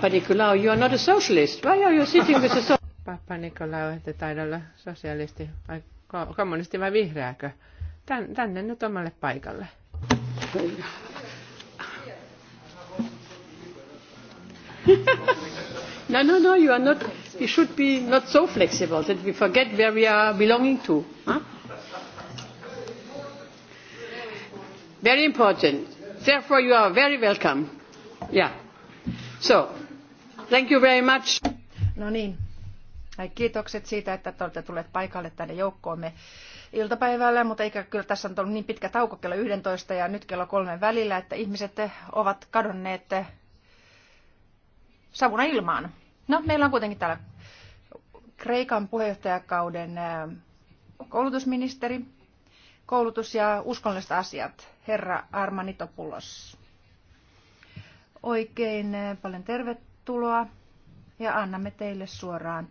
Papa Nikolaou, you are not a socialist. Why are you sitting with a socialist? Papa että taida olla sosialisti vai kommunisti vai vihreäkö? Tän, tänne nyt omalle paikalle. no, no, no, you are not, we should be not so flexible that we forget where we are belonging to. Huh? Very important. Therefore, you are very welcome. Yeah. So, No niin. Kiitokset siitä, että te olette tulleet paikalle tänne joukkoomme iltapäivällä, mutta eikä kyllä tässä on ollut niin pitkä tauko kello 11 ja nyt kello kolmen välillä, että ihmiset ovat kadonneet eh, savuna ilmaan. No, meillä on kuitenkin täällä Kreikan puheenjohtajakauden eh, koulutusministeri, koulutus ja uskonnolliset asiat, herra Armanitopoulos. Oikein eh, paljon tervetuloa tervetuloa ja annamme teille suoraan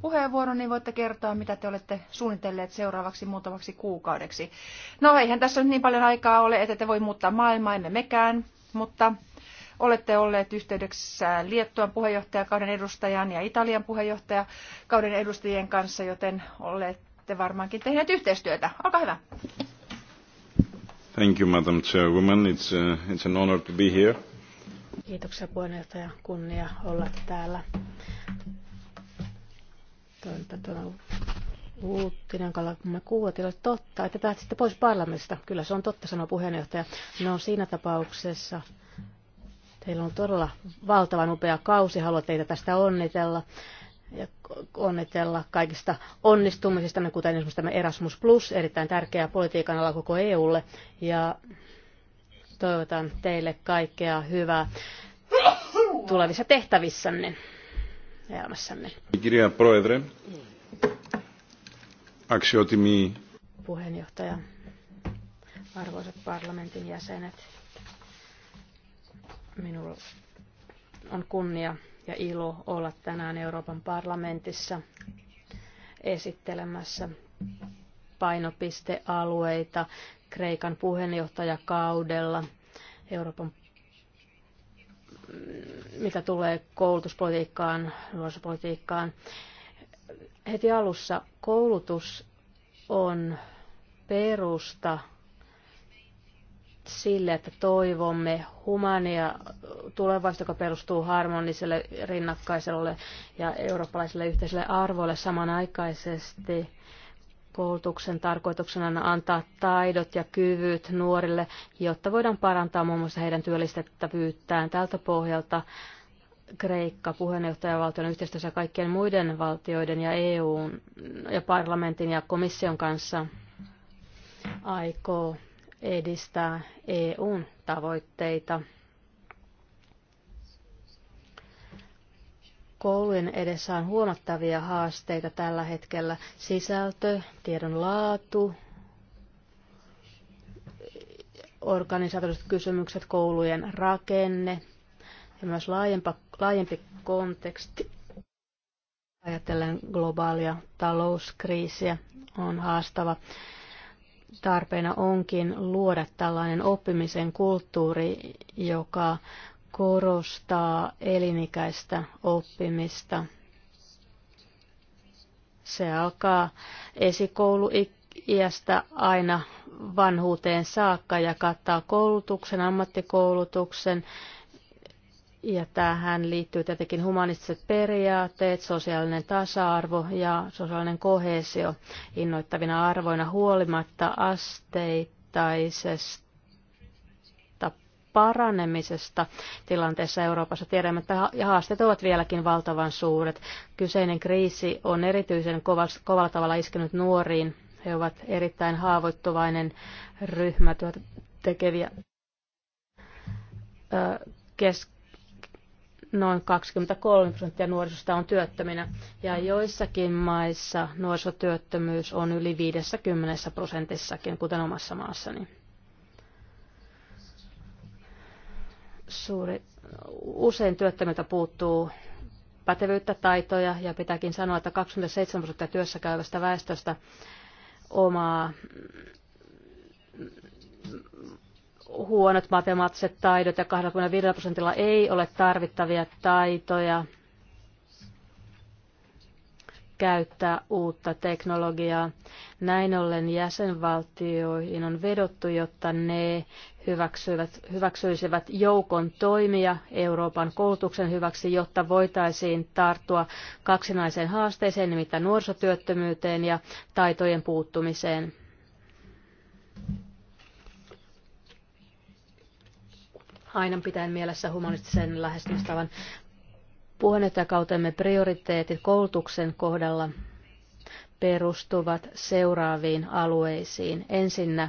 puheenvuoron, niin voitte kertoa, mitä te olette suunnitelleet seuraavaksi muutamaksi kuukaudeksi. No eihän tässä nyt niin paljon aikaa ole, että te voi muuttaa maailmaa, emme mekään, mutta olette olleet yhteydessä Liettuan puheenjohtajakauden edustajan ja Italian puheenjohtajakauden edustajien kanssa, joten olette varmaankin tehneet yhteistyötä. Olkaa hyvä. Thank you, Madam Chairwoman. It's, uh, it's an honor to be here. Kiitoksia puheenjohtaja. Kunnia olla täällä. Tuo uutinen, jonka me kuulotimme, totta, että sitten pois parlamentista. Kyllä se on totta, sanoo puheenjohtaja. No siinä tapauksessa teillä on todella valtavan upea kausi. Haluan teitä tästä onnitella ja onnitella kaikista onnistumisista, kuten esimerkiksi tämä Erasmus Plus, erittäin tärkeä politiikan ala koko EUlle. Ja Toivotan teille kaikkea hyvää tulevissa tehtävissänne ja elämässänne. Kirja Proedre, aksiotimi. Puheenjohtaja, arvoisat parlamentin jäsenet, minulla on kunnia ja ilo olla tänään Euroopan parlamentissa esittelemässä painopistealueita Kreikan puheenjohtajakaudella Euroopan mitä tulee koulutuspolitiikkaan, nuorisopolitiikkaan. Heti alussa koulutus on perusta sille, että toivomme humania tulevaisuutta, joka perustuu harmoniselle, rinnakkaiselle ja eurooppalaiselle yhteiselle arvoille samanaikaisesti Koulutuksen tarkoituksena on antaa taidot ja kyvyt nuorille, jotta voidaan parantaa muun muassa heidän työllistettävyyttään. Tältä pohjalta Kreikka puheenjohtajavaltion yhteistyössä kaikkien muiden valtioiden ja EUn ja parlamentin ja komission kanssa aikoo edistää EUn tavoitteita Koulujen edessä on huomattavia haasteita tällä hetkellä. Sisältö, tiedon laatu, organisatoriset kysymykset, koulujen rakenne ja myös laajempa, laajempi konteksti. Ajatellen globaalia talouskriisiä on haastava. Tarpeena onkin luoda tällainen oppimisen kulttuuri, joka korostaa elinikäistä oppimista. Se alkaa esikouluiästä aina vanhuuteen saakka ja kattaa koulutuksen, ammattikoulutuksen, ja tähän liittyy tietenkin humanistiset periaatteet, sosiaalinen tasa-arvo ja sosiaalinen kohesio innoittavina arvoina huolimatta asteittaisesta paranemisesta tilanteessa Euroopassa. Tiedämme, että haasteet ovat vieläkin valtavan suuret. Kyseinen kriisi on erityisen kovalla tavalla iskenyt nuoriin. He ovat erittäin haavoittuvainen ryhmä tuota tekeviä kes- noin 23 prosenttia nuorisosta on työttöminä, ja joissakin maissa nuorisotyöttömyys on yli 50 prosentissakin, kuten omassa maassani. suuri, usein työttömiltä puuttuu pätevyyttä, taitoja ja pitääkin sanoa, että 27 prosenttia työssä käyvästä väestöstä omaa huonot matemaattiset taidot ja 25 prosentilla ei ole tarvittavia taitoja käyttää uutta teknologiaa. Näin ollen jäsenvaltioihin on vedottu, jotta ne hyväksyivät, hyväksyisivät joukon toimia Euroopan koulutuksen hyväksi, jotta voitaisiin tarttua kaksinaiseen haasteeseen, nimittäin nuorisotyöttömyyteen ja taitojen puuttumiseen. Aina pitäen mielessä humanistisen lähestymistavan puheenjohtajakautemme prioriteetit koulutuksen kohdalla perustuvat seuraaviin alueisiin. Ensinnä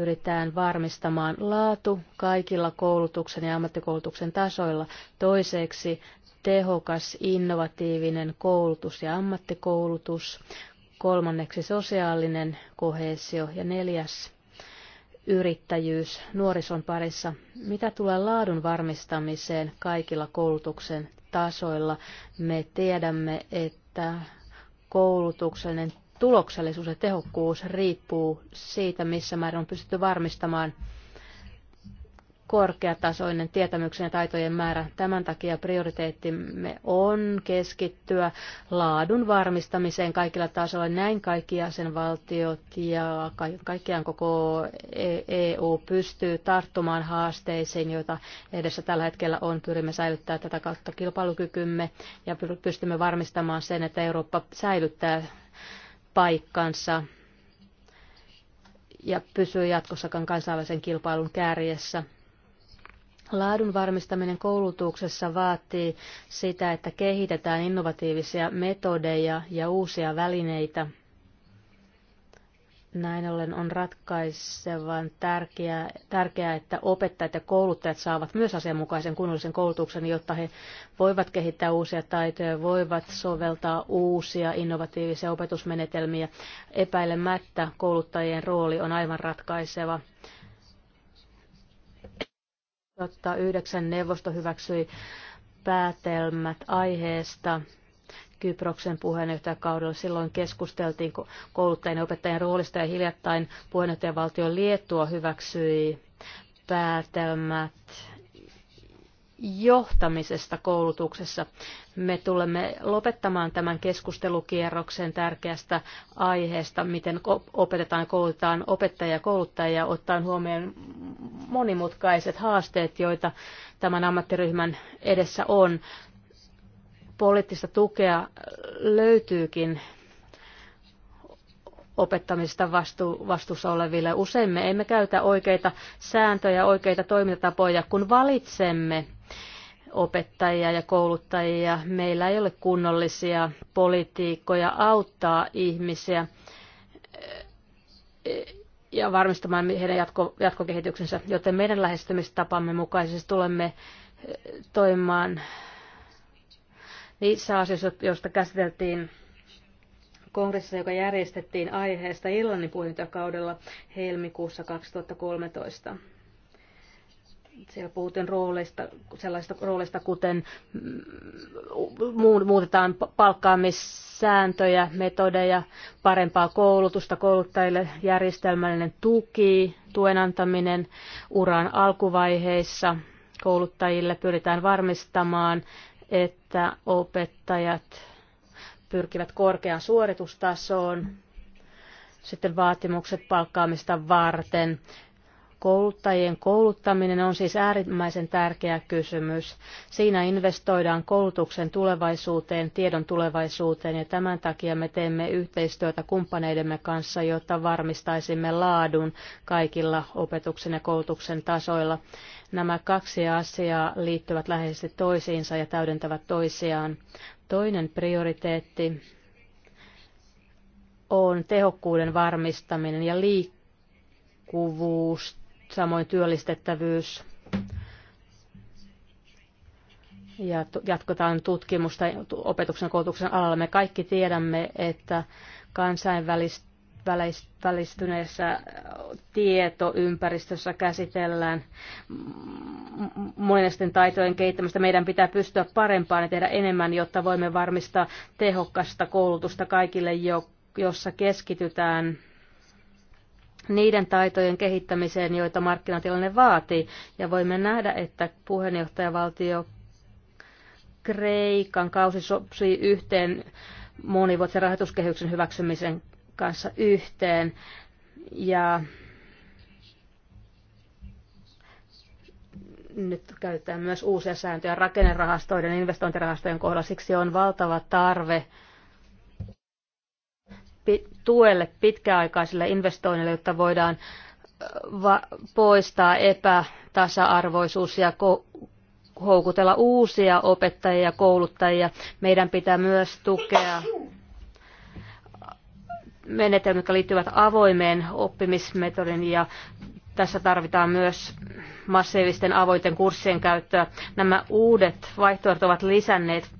pyritään varmistamaan laatu kaikilla koulutuksen ja ammattikoulutuksen tasoilla. Toiseksi tehokas, innovatiivinen koulutus ja ammattikoulutus. Kolmanneksi sosiaalinen kohesio ja neljäs yrittäjyys nuorison parissa. Mitä tulee laadun varmistamiseen kaikilla koulutuksen tasoilla, me tiedämme, että koulutuksellinen tuloksellisuus ja tehokkuus riippuu siitä, missä määrin on pystytty varmistamaan korkeatasoinen tietämyksen ja taitojen määrä. Tämän takia prioriteettimme on keskittyä laadun varmistamiseen kaikilla tasoilla. Näin kaikki jäsenvaltiot ja kaikkiaan koko EU e pystyy tarttumaan haasteisiin, joita edessä tällä hetkellä on. Pyrimme säilyttämään tätä kautta kilpailukykymme ja pystymme varmistamaan sen, että Eurooppa säilyttää paikkansa ja pysyy jatkossakaan kansainvälisen kilpailun kärjessä. Laadun varmistaminen koulutuksessa vaatii sitä, että kehitetään innovatiivisia metodeja ja uusia välineitä – näin ollen on ratkaisevan tärkeää, tärkeää, että opettajat ja kouluttajat saavat myös asianmukaisen kunnollisen koulutuksen, jotta he voivat kehittää uusia taitoja, voivat soveltaa uusia innovatiivisia opetusmenetelmiä. Epäilemättä kouluttajien rooli on aivan ratkaiseva. yhdeksän neuvosto hyväksyi päätelmät aiheesta Kyproksen puheenjohtajakaudella. Silloin keskusteltiin kouluttajien ja opettajien roolista ja hiljattain puheenjohtajavaltio Liettua hyväksyi päätelmät johtamisesta koulutuksessa. Me tulemme lopettamaan tämän keskustelukierroksen tärkeästä aiheesta, miten opetetaan ja koulutetaan opettajia kouluttajia, ottaen huomioon monimutkaiset haasteet, joita tämän ammattiryhmän edessä on poliittista tukea löytyykin opettamista vastu, vastuussa oleville. Usein me emme käytä oikeita sääntöjä, oikeita toimintatapoja, kun valitsemme opettajia ja kouluttajia. Meillä ei ole kunnollisia politiikkoja auttaa ihmisiä e, ja varmistamaan heidän jatko, jatkokehityksensä, joten meidän lähestymistapamme mukaisesti tulemme e, toimimaan niissä asioissa, joista käsiteltiin kongressissa, joka järjestettiin aiheesta Irlannin puheenjohtajakaudella helmikuussa 2013. Siellä puhutin rooleista, sellaista rooleista, kuten mm, muutetaan palkkaamissääntöjä, metodeja, parempaa koulutusta kouluttajille, järjestelmällinen tuki, tuen antaminen uran alkuvaiheissa, kouluttajille pyritään varmistamaan että opettajat pyrkivät korkeaan suoritustasoon, sitten vaatimukset palkkaamista varten. Kouluttajien kouluttaminen on siis äärimmäisen tärkeä kysymys. Siinä investoidaan koulutuksen tulevaisuuteen, tiedon tulevaisuuteen ja tämän takia me teemme yhteistyötä kumppaneidemme kanssa, jotta varmistaisimme laadun kaikilla opetuksen ja koulutuksen tasoilla. Nämä kaksi asiaa liittyvät läheisesti toisiinsa ja täydentävät toisiaan. Toinen prioriteetti on tehokkuuden varmistaminen ja liikkuvuus, samoin työllistettävyys. Ja jatkotaan tutkimusta opetuksen ja koulutuksen alalla. Me kaikki tiedämme, että kansainvälistä välistyneessä tietoympäristössä käsitellään monenlaisten taitojen kehittämistä. Meidän pitää pystyä parempaan ja tehdä enemmän, jotta voimme varmistaa tehokasta koulutusta kaikille, jossa keskitytään niiden taitojen kehittämiseen, joita markkinatilanne vaatii. Ja voimme nähdä, että puheenjohtajavaltio Kreikan kausi sopii yhteen monivuotisen rahoituskehyksen hyväksymisen kanssa yhteen. Ja nyt käytetään myös uusia sääntöjä rakennerahastoiden ja investointirahastojen kohdalla. Siksi on valtava tarve tuelle pitkäaikaisille investoinnille, jotta voidaan poistaa epätasa-arvoisuus ja houkutella uusia opettajia ja kouluttajia. Meidän pitää myös tukea menetelmät, jotka liittyvät avoimeen oppimismetodin ja tässä tarvitaan myös massiivisten avointen kurssien käyttöä. Nämä uudet vaihtoehdot ovat lisänneet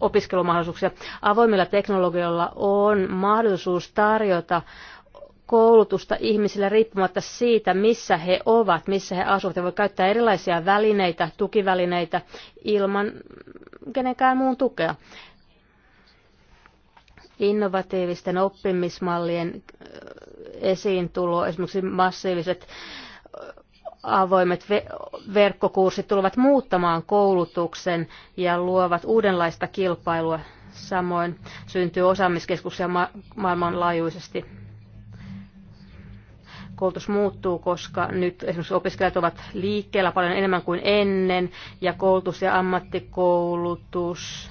opiskelumahdollisuuksia. Avoimilla teknologioilla on mahdollisuus tarjota koulutusta ihmisille riippumatta siitä, missä he ovat, missä he asuvat. He voivat käyttää erilaisia välineitä, tukivälineitä ilman kenenkään muun tukea innovatiivisten oppimismallien äh, esiintulo, esimerkiksi massiiviset äh, avoimet verkkokurssit tulevat muuttamaan koulutuksen ja luovat uudenlaista kilpailua. Samoin syntyy osaamiskeskuksia ma- maailmanlaajuisesti. Koulutus muuttuu, koska nyt esimerkiksi opiskelijat ovat liikkeellä paljon enemmän kuin ennen, ja koulutus ja ammattikoulutus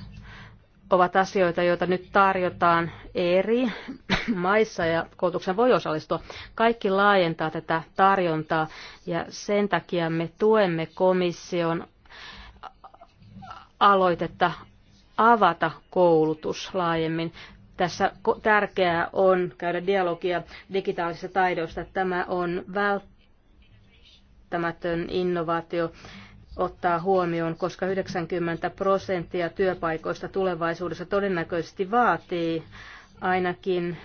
ovat asioita, joita nyt tarjotaan eri maissa ja koulutuksen voi osallistua. Kaikki laajentaa tätä tarjontaa ja sen takia me tuemme komission aloitetta avata koulutus laajemmin. Tässä tärkeää on käydä dialogia digitaalisista taidoista. Tämä on välttämätön innovaatio ottaa huomioon, koska 90 prosenttia työpaikoista tulevaisuudessa todennäköisesti vaatii ainakin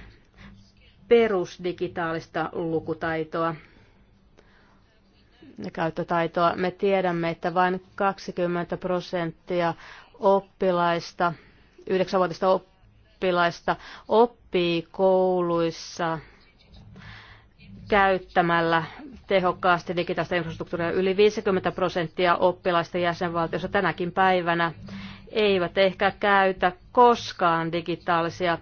perusdigitaalista lukutaitoa ja käyttötaitoa. Me tiedämme, että vain 20 prosenttia oppilaista, 9 oppilaista oppii kouluissa käyttämällä tehokkaasti digitaalista infrastruktuuria. Yli 50 prosenttia oppilaista jäsenvaltiossa tänäkin päivänä eivät ehkä käytä koskaan digitaalisia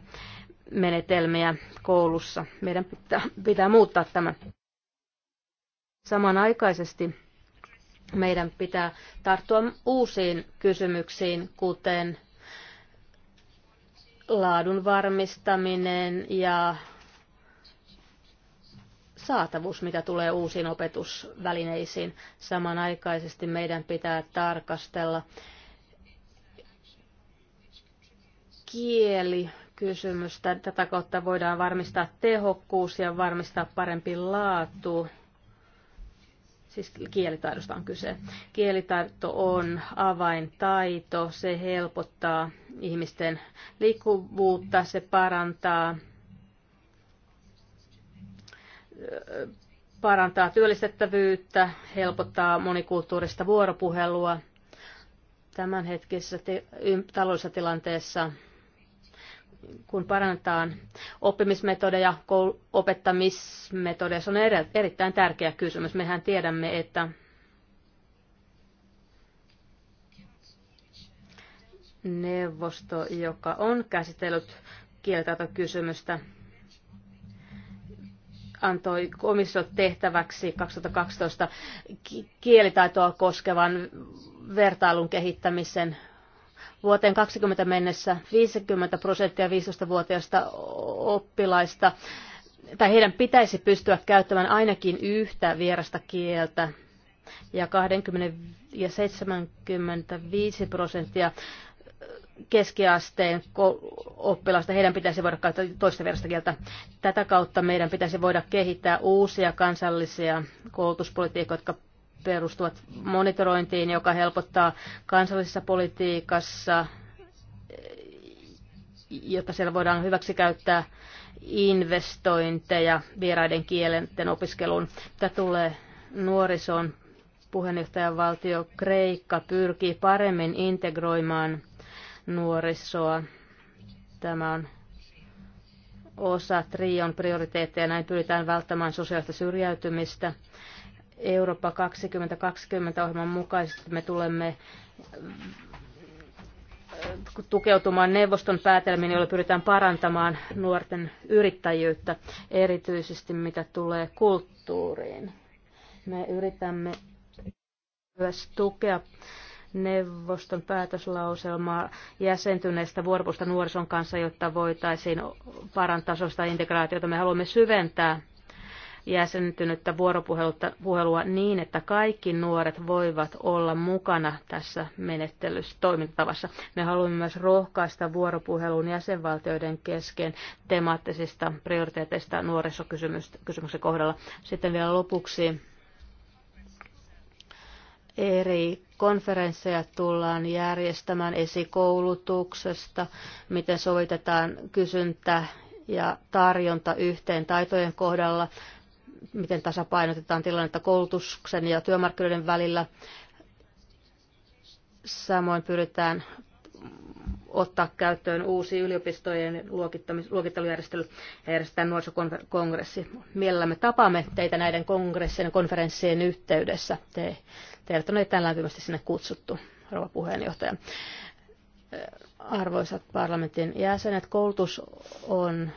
menetelmiä koulussa. Meidän pitää, pitää muuttaa tämä. Samanaikaisesti meidän pitää tarttua uusiin kysymyksiin, kuten laadun varmistaminen ja saatavuus, mitä tulee uusiin opetusvälineisiin. Samanaikaisesti meidän pitää tarkastella kieli kielikysymystä. Tätä kautta voidaan varmistaa tehokkuus ja varmistaa parempi laatu. Siis kielitaidosta on kyse. Kielitaito on avaintaito, se helpottaa ihmisten liikkuvuutta, se parantaa parantaa työllistettävyyttä, helpottaa monikulttuurista vuoropuhelua tämänhetkisessä te- taloudellisessa tilanteessa, kun parannetaan oppimismetodeja, koul- opettamismetodeja. Se on er- erittäin tärkeä kysymys. Mehän tiedämme, että neuvosto, joka on käsitellyt kieltäytökysymystä, kysymystä antoi komissio tehtäväksi 2012 kielitaitoa koskevan vertailun kehittämisen vuoteen 20 mennessä 50 prosenttia 15-vuotiaista oppilaista, tai heidän pitäisi pystyä käyttämään ainakin yhtä vierasta kieltä, ja 20 ja 75 prosenttia keskiasteen oppilasta, heidän pitäisi voida käyttää toista verrasta kieltä. Tätä kautta meidän pitäisi voida kehittää uusia kansallisia koulutuspolitiikkoja, jotka perustuvat monitorointiin, joka helpottaa kansallisessa politiikassa, jotta siellä voidaan hyväksi käyttää investointeja vieraiden kielenten opiskeluun. Tämä tulee nuorison valtio Kreikka pyrkii paremmin integroimaan nuorisoa. Tämä on osa trion prioriteetteja. Näin pyritään välttämään sosiaalista syrjäytymistä. Eurooppa 2020 ohjelman mukaisesti me tulemme äh, tukeutumaan neuvoston päätelmiin, joilla pyritään parantamaan nuorten yrittäjyyttä, erityisesti mitä tulee kulttuuriin. Me yritämme myös tukea neuvoston päätöslauselmaa jäsentyneestä vuoropusta nuorison kanssa, jotta voitaisiin parantaa sosiaalista integraatiota. Me haluamme syventää jäsentynyttä vuoropuhelua niin, että kaikki nuoret voivat olla mukana tässä menettelyssä toimintavassa. Me haluamme myös rohkaista vuoropuhelun jäsenvaltioiden kesken temaattisista prioriteeteista nuorisokysymyksen kohdalla. Sitten vielä lopuksi eri konferensseja tullaan järjestämään esikoulutuksesta, miten sovitetaan kysyntä ja tarjonta yhteen taitojen kohdalla, miten tasapainotetaan tilannetta koulutuksen ja työmarkkinoiden välillä. Samoin pyritään ottaa käyttöön uusi yliopistojen luokittelujärjestely ja järjestetään nuorisokongressi. Mielellämme tapaamme teitä näiden kongressien ja konferenssien yhteydessä. Te, teidät on erittäin lämpimästi sinne kutsuttu, rouva puheenjohtaja. Arvoisat parlamentin jäsenet, koulutus on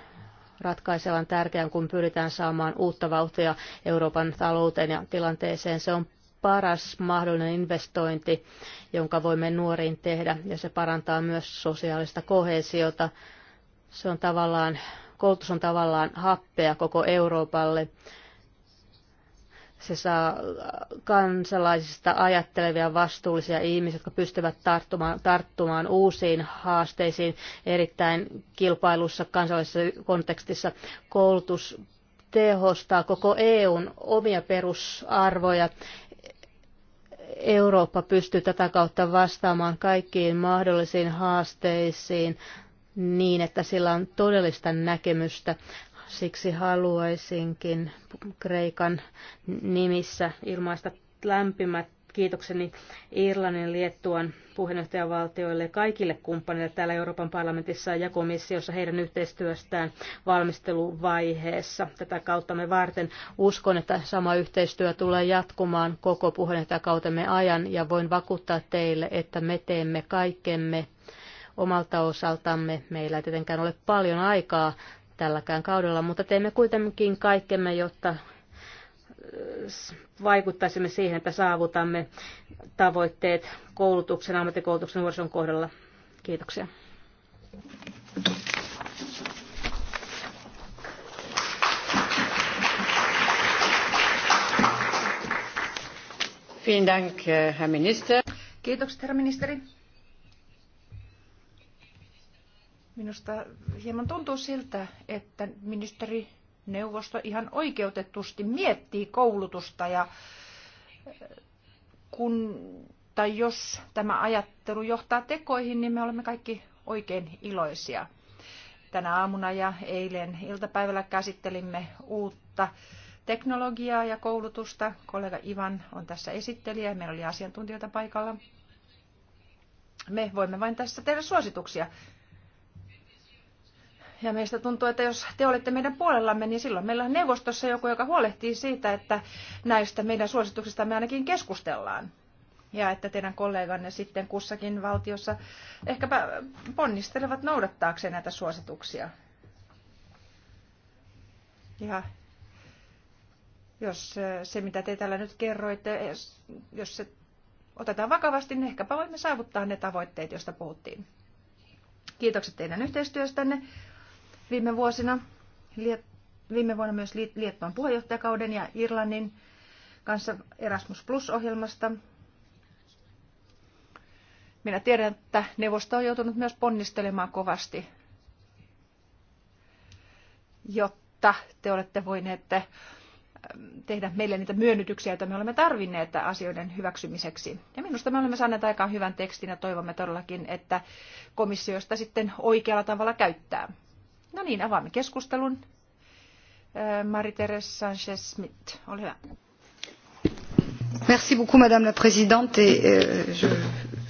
ratkaisevan tärkeän, kun pyritään saamaan uutta vauhtia Euroopan talouteen ja tilanteeseen. Se on paras mahdollinen investointi, jonka voimme nuoriin tehdä, ja se parantaa myös sosiaalista kohesiota. Se on tavallaan, koulutus on tavallaan happea koko Euroopalle. Se saa kansalaisista ajattelevia vastuullisia ihmisiä, jotka pystyvät tarttumaan, tarttumaan uusiin haasteisiin erittäin kilpailussa kansallisessa kontekstissa. Koulutus tehostaa koko EUn omia perusarvoja, Eurooppa pystyy tätä kautta vastaamaan kaikkiin mahdollisiin haasteisiin niin, että sillä on todellista näkemystä. Siksi haluaisinkin Kreikan nimissä ilmaista lämpimät kiitokseni Irlannin, Liettuan puheenjohtajavaltioille ja kaikille kumppaneille täällä Euroopan parlamentissa ja komissiossa heidän yhteistyöstään valmisteluvaiheessa. Tätä kautta me varten uskon, että sama yhteistyö tulee jatkumaan koko puheenjohtajakautemme ajan ja voin vakuuttaa teille, että me teemme kaikkemme omalta osaltamme. Meillä ei tietenkään ole paljon aikaa tälläkään kaudella, mutta teemme kuitenkin kaikkemme, jotta vaikuttaisimme siihen, että saavutamme tavoitteet koulutuksen, ammattikoulutuksen nuorison kohdalla. Kiitoksia. Dank, eh, Herr Minister. Kiitokset, herra ministeri. Minusta hieman tuntuu siltä, että ministeri neuvosto ihan oikeutetusti miettii koulutusta ja kun, tai jos tämä ajattelu johtaa tekoihin, niin me olemme kaikki oikein iloisia. Tänä aamuna ja eilen iltapäivällä käsittelimme uutta teknologiaa ja koulutusta. Kollega Ivan on tässä esittelijä ja meillä oli asiantuntijoita paikalla. Me voimme vain tässä tehdä suosituksia. Ja meistä tuntuu, että jos te olette meidän puolellamme, niin silloin meillä on neuvostossa joku, joka huolehtii siitä, että näistä meidän suosituksista me ainakin keskustellaan. Ja että teidän kolleganne sitten kussakin valtiossa ehkäpä ponnistelevat noudattaakseen näitä suosituksia. Ja jos eh, se, mitä te täällä nyt kerroitte, jos se otetaan vakavasti, niin ehkäpä voimme saavuttaa ne tavoitteet, joista puhuttiin. Kiitokset teidän yhteistyöstänne viime vuosina. Viime vuonna myös Liettuan puheenjohtajakauden ja Irlannin kanssa Erasmus Plus-ohjelmasta. Minä tiedän, että neuvosto on joutunut myös ponnistelemaan kovasti, jotta te olette voineet eh, tehdä meille niitä myönnytyksiä, joita me olemme tarvinneet asioiden hyväksymiseksi. Ja minusta me olemme saaneet aikaan hyvän tekstin ja toivomme todellakin, että komissiosta sitten oikealla tavalla käyttää. No niin, avaamme keskustelun. Marie-Thérèse Sanchez-Smith, ole hyvä. Merci beaucoup, Madame la Présidente. Et, euh, je...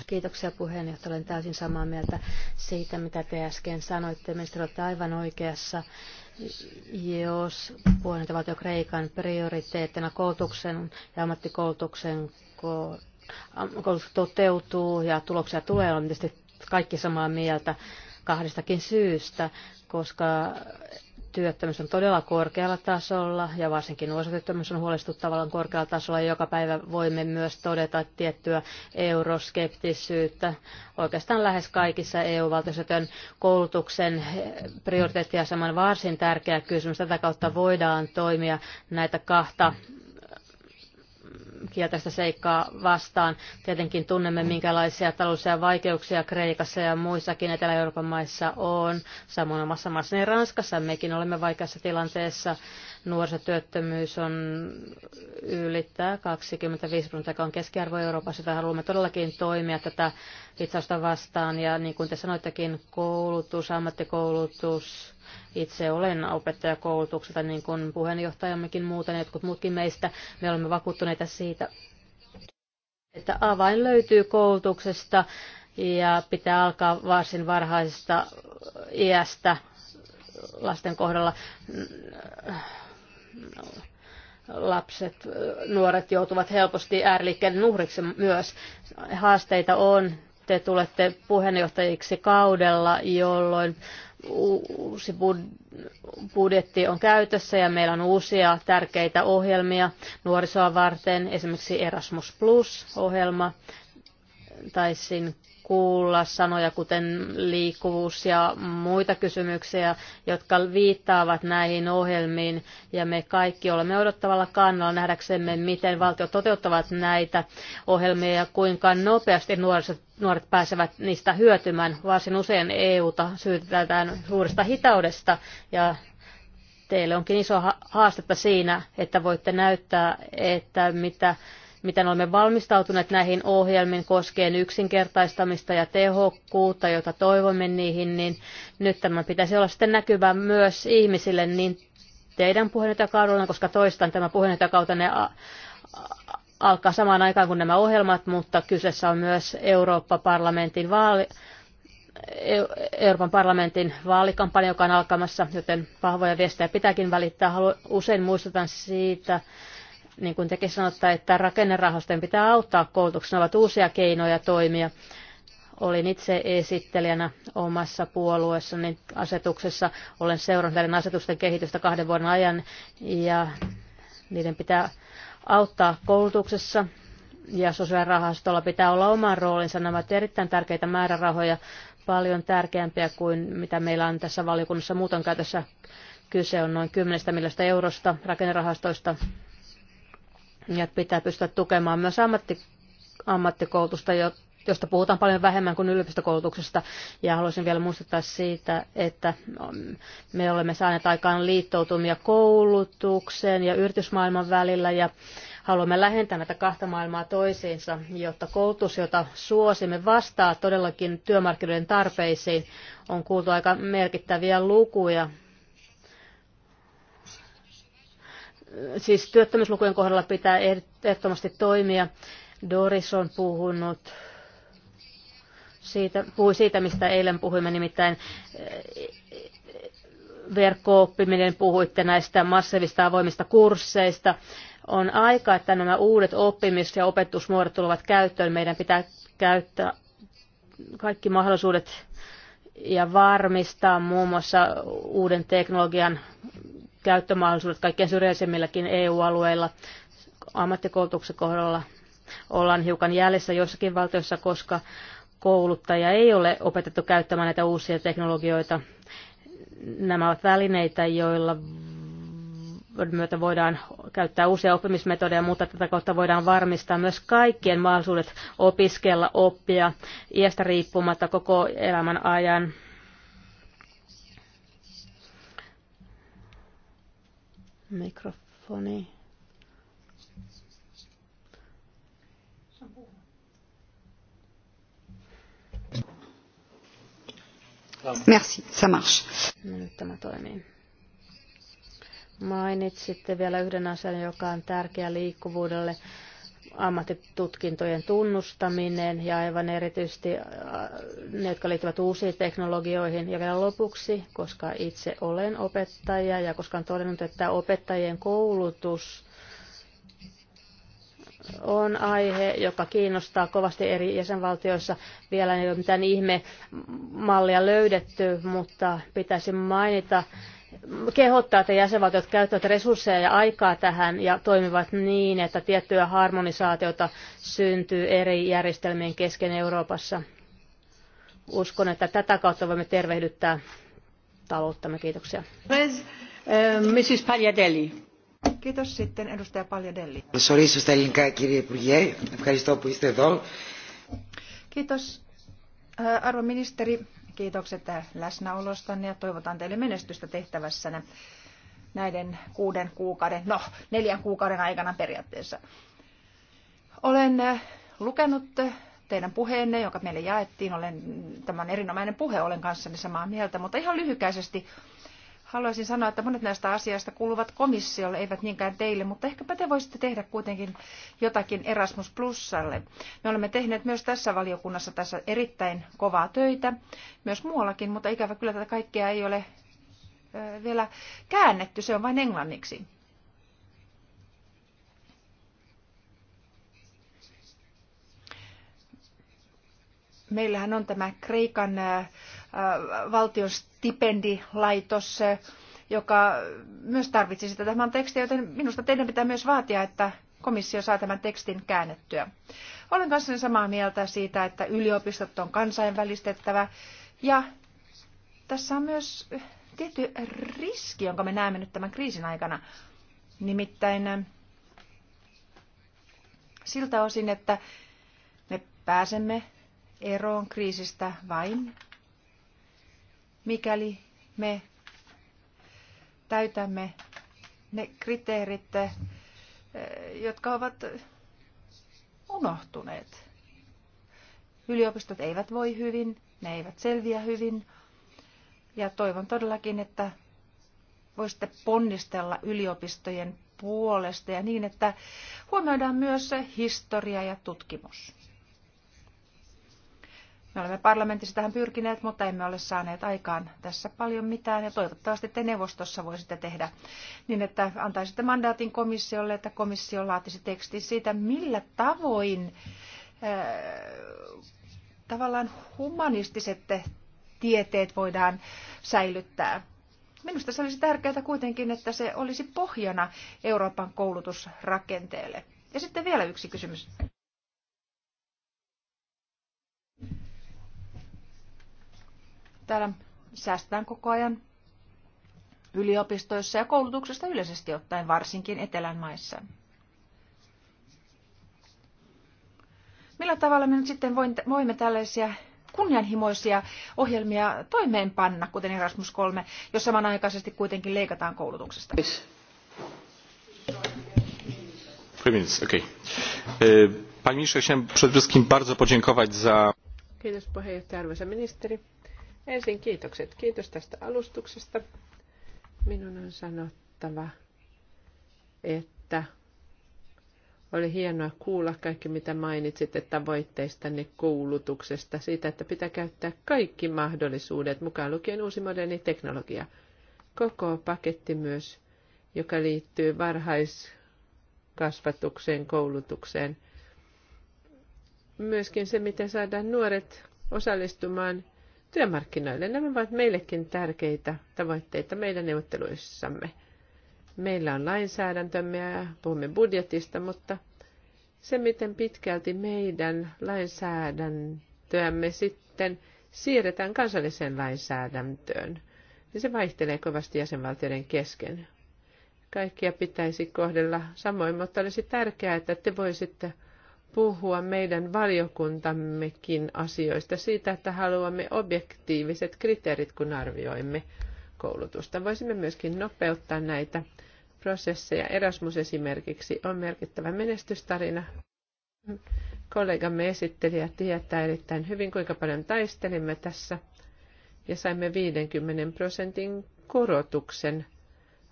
Kiitoksia puheenjohtaja. Olen täysin samaa mieltä siitä, mitä te äsken sanoitte. Ministeri, olette aivan oikeassa. Jos puheenjohtajavaltio Kreikan prioriteettina koulutuksen ja ammattikoulutuksen koulutus toteutuu ja tuloksia tulee, on tietysti kaikki samaa mieltä kahdestakin syystä, koska työttömyys on todella korkealla tasolla ja varsinkin nuorisotyöttömyys on huolestuttavan korkealla tasolla ja joka päivä voimme myös todeta tiettyä euroskeptisyyttä oikeastaan lähes kaikissa EU-valtioissa, joten koulutuksen prioriteettiasema on varsin tärkeä kysymys. Tätä kautta voidaan toimia näitä kahta kielteistä seikkaa vastaan. Tietenkin tunnemme, minkälaisia taloudellisia vaikeuksia Kreikassa ja muissakin Etelä-Euroopan maissa on. Samoin omassa maassa niin Ranskassa mekin olemme vaikeassa tilanteessa. Nuorisotyöttömyys on ylittää 25 prosenttia, joka on keskiarvo Euroopassa. Tätä haluamme todellakin toimia tätä vitsausta vastaan. Ja niin kuin te sanoittekin, koulutus, ammattikoulutus, itse olen opettajakoulutukselta, niin kuin puheenjohtajammekin muuten, jotkut muutkin meistä. Me olemme vakuuttuneita siitä, että avain löytyy koulutuksesta ja pitää alkaa varsin varhaisesta iästä lasten kohdalla lapset, nuoret joutuvat helposti ääriliikkeiden uhriksi myös. Haasteita on. Te tulette puheenjohtajiksi kaudella, jolloin uusi budjetti on käytössä ja meillä on uusia tärkeitä ohjelmia nuorisoa varten, esimerkiksi Erasmus Plus-ohjelma. Taisin kuulla sanoja kuten liikkuvuus ja muita kysymyksiä, jotka viittaavat näihin ohjelmiin. Ja me kaikki olemme odottavalla kannalla nähdäksemme, miten valtiot toteuttavat näitä ohjelmia ja kuinka nopeasti nuoriset, nuoret pääsevät niistä hyötymään. Varsin usein EUta syytetään suuresta hitaudesta ja teille onkin iso haastetta siinä, että voitte näyttää, että mitä miten olemme valmistautuneet näihin ohjelmiin koskien yksinkertaistamista ja tehokkuutta, jota toivomme niihin, niin nyt tämä pitäisi olla sitten näkyvä myös ihmisille niin teidän puheenjohtajakaudellanne, koska toistan tämä puheenjohtajakautanne alkaa samaan aikaan kuin nämä ohjelmat, mutta kyseessä on myös Eurooppa-parlamentin vaali, e- Euroopan parlamentin vaalikampanja, joka on alkamassa, joten vahvoja viestejä pitääkin välittää. Usein muistutan siitä, niin kuin tekin sanotte, että rakennerahastojen pitää auttaa koulutuksena, ovat uusia keinoja toimia. Olin itse esittelijänä omassa puolueessani asetuksessa. Olen seurannut näiden asetusten kehitystä kahden vuoden ajan ja niiden pitää auttaa koulutuksessa ja sosiaalirahastolla pitää olla oma roolinsa. Nämä ovat erittäin tärkeitä määrärahoja, paljon tärkeämpiä kuin mitä meillä on tässä valiokunnassa muuton käytössä. Kyse on noin 10 miljoonasta eurosta rakennerahastoista ja pitää pystyä tukemaan myös ammatti, ammattikoulutusta, josta puhutaan paljon vähemmän kuin yliopistokoulutuksesta. Ja haluaisin vielä muistuttaa siitä, että mm, me olemme saaneet aikaan liittoutumia koulutuksen ja yritysmaailman välillä ja haluamme lähentää näitä kahta maailmaa toisiinsa, jotta koulutus, jota suosimme, vastaa todellakin työmarkkinoiden tarpeisiin. On kuultu aika merkittäviä lukuja siis työttömyyslukujen kohdalla pitää ehdottomasti toimia. Doris on puhunut siitä, puhui siitä, mistä eilen puhuimme, nimittäin eh, verkko-oppiminen, puhuitte näistä massiivista avoimista kursseista. On aika, että nämä uudet oppimis- ja opetusmuodot tulevat käyttöön. Meidän pitää käyttää kaikki mahdollisuudet ja varmistaa muun muassa uuden teknologian käyttömahdollisuudet kaikkein syrjäisemmilläkin EU-alueilla ammattikoulutuksen kohdalla ollaan hiukan jäljessä joissakin valtioissa, koska kouluttaja ei ole opetettu käyttämään näitä uusia teknologioita. Nämä ovat välineitä, joilla myötä voidaan käyttää uusia oppimismetodeja, mutta tätä kautta voidaan varmistaa myös kaikkien mahdollisuudet opiskella, oppia iästä riippumatta koko elämän ajan. Mikrofoni. Merci, ça marche. No nyt tämä toimii. Mainitsitte vielä yhden asian, joka on tärkeä liikkuvuudelle ammattitutkintojen tunnustaminen ja aivan erityisesti äh, ne, jotka liittyvät uusiin teknologioihin. Ja vielä lopuksi, koska itse olen opettaja ja koska olen todennut, että opettajien koulutus on aihe, joka kiinnostaa kovasti eri jäsenvaltioissa. Vielä ei ole mitään ihme mallia löydetty, mutta pitäisi mainita kehottaa, että jäsenvaltiot käyttävät resursseja ja aikaa tähän ja toimivat niin, että tiettyä harmonisaatiota syntyy eri järjestelmien kesken Euroopassa. Uskon, että tätä kautta voimme tervehdyttää talouttamme. Kiitoksia. Mrs. Eh, Pagliadelli. Kiitos sitten edustaja Pagliadelli. Kiitos. Eh, Arvo ministeri, Kiitokset läsnäolostanne ja toivotan teille menestystä tehtävässänne näiden kuuden kuukauden, no neljän kuukauden aikana periaatteessa. Olen äh, lukenut teidän puheenne, joka meille jaettiin. Olen, tämä on erinomainen puhe, olen kanssani samaa mieltä, mutta ihan lyhykäisesti haluaisin sanoa, että monet näistä asioista kuuluvat komissiolle, eivät niinkään teille, mutta ehkäpä te voisitte tehdä kuitenkin jotakin Erasmus Plusalle. Me olemme tehneet myös tässä valiokunnassa tässä erittäin kovaa töitä, myös muuallakin, mutta ikävä kyllä tätä kaikkea ei ole vielä käännetty, se on vain englanniksi. Meillähän on tämä Kreikan Äh, valtion stipendilaitos, joka myös tarvitsi sitä tämän tekstin, joten minusta teidän pitää myös vaatia, että komissio saa tämän tekstin käännettyä. Olen kanssani samaa mieltä siitä, että yliopistot on kansainvälistettävä ja tässä on myös tietty riski, jonka me näemme nyt tämän kriisin aikana. Nimittäin äh, siltä osin, että me pääsemme eroon kriisistä vain mikäli me täytämme ne kriteerit, eh, jotka ovat unohtuneet. Yliopistot eivät voi hyvin, ne eivät selviä hyvin. Ja toivon todellakin, että voisitte ponnistella yliopistojen puolesta ja niin, että huomioidaan myös historia ja tutkimus. Me olemme parlamentissa tähän pyrkineet, mutta emme ole saaneet aikaan tässä paljon mitään ja toivottavasti te neuvostossa voisitte tehdä niin, että antaisitte mandaatin komissiolle, että komissio laatisi tekstin siitä, millä tavoin äh, tavallaan humanistiset tieteet voidaan säilyttää. Minusta se olisi tärkeää kuitenkin, että se olisi pohjana Euroopan koulutusrakenteelle. Ja sitten vielä yksi kysymys. Täällä säästetään koko ajan yliopistoissa ja koulutuksesta yleisesti ottaen, varsinkin etelän maissa. Millä tavalla me nyt sitten voimme tällaisia kunnianhimoisia ohjelmia toimeenpanna, kuten Erasmus 3, jos samanaikaisesti kuitenkin leikataan koulutuksesta? Eh, Kiitos puheenjohtaja, arvoisa ministeri. Ensin kiitokset. Kiitos tästä alustuksesta. Minun on sanottava, että oli hienoa kuulla kaikki, mitä mainitsit, mainitsitte tavoitteistanne koulutuksesta, siitä, että pitää käyttää kaikki mahdollisuudet, mukaan lukien uusi moderni teknologia. Koko paketti myös, joka liittyy varhaiskasvatukseen, koulutukseen. Myöskin se, miten saadaan nuoret osallistumaan työmarkkinoille. Nämä ovat meillekin tärkeitä tavoitteita meidän neuvotteluissamme. Meillä on lainsäädäntömme ja puhumme budjetista, mutta se, miten pitkälti meidän lainsäädäntöämme sitten siirretään kansalliseen lainsäädäntöön, niin se vaihtelee kovasti jäsenvaltioiden kesken. Kaikkia pitäisi kohdella samoin, mutta olisi tärkeää, että te voisitte puhua meidän valiokuntammekin asioista siitä, että haluamme objektiiviset kriteerit, kun arvioimme koulutusta. Voisimme myöskin nopeuttaa näitä prosesseja. Erasmus esimerkiksi on merkittävä menestystarina. Kollegamme esittelijä tietää erittäin hyvin, kuinka paljon taistelimme tässä ja saimme 50 prosentin korotuksen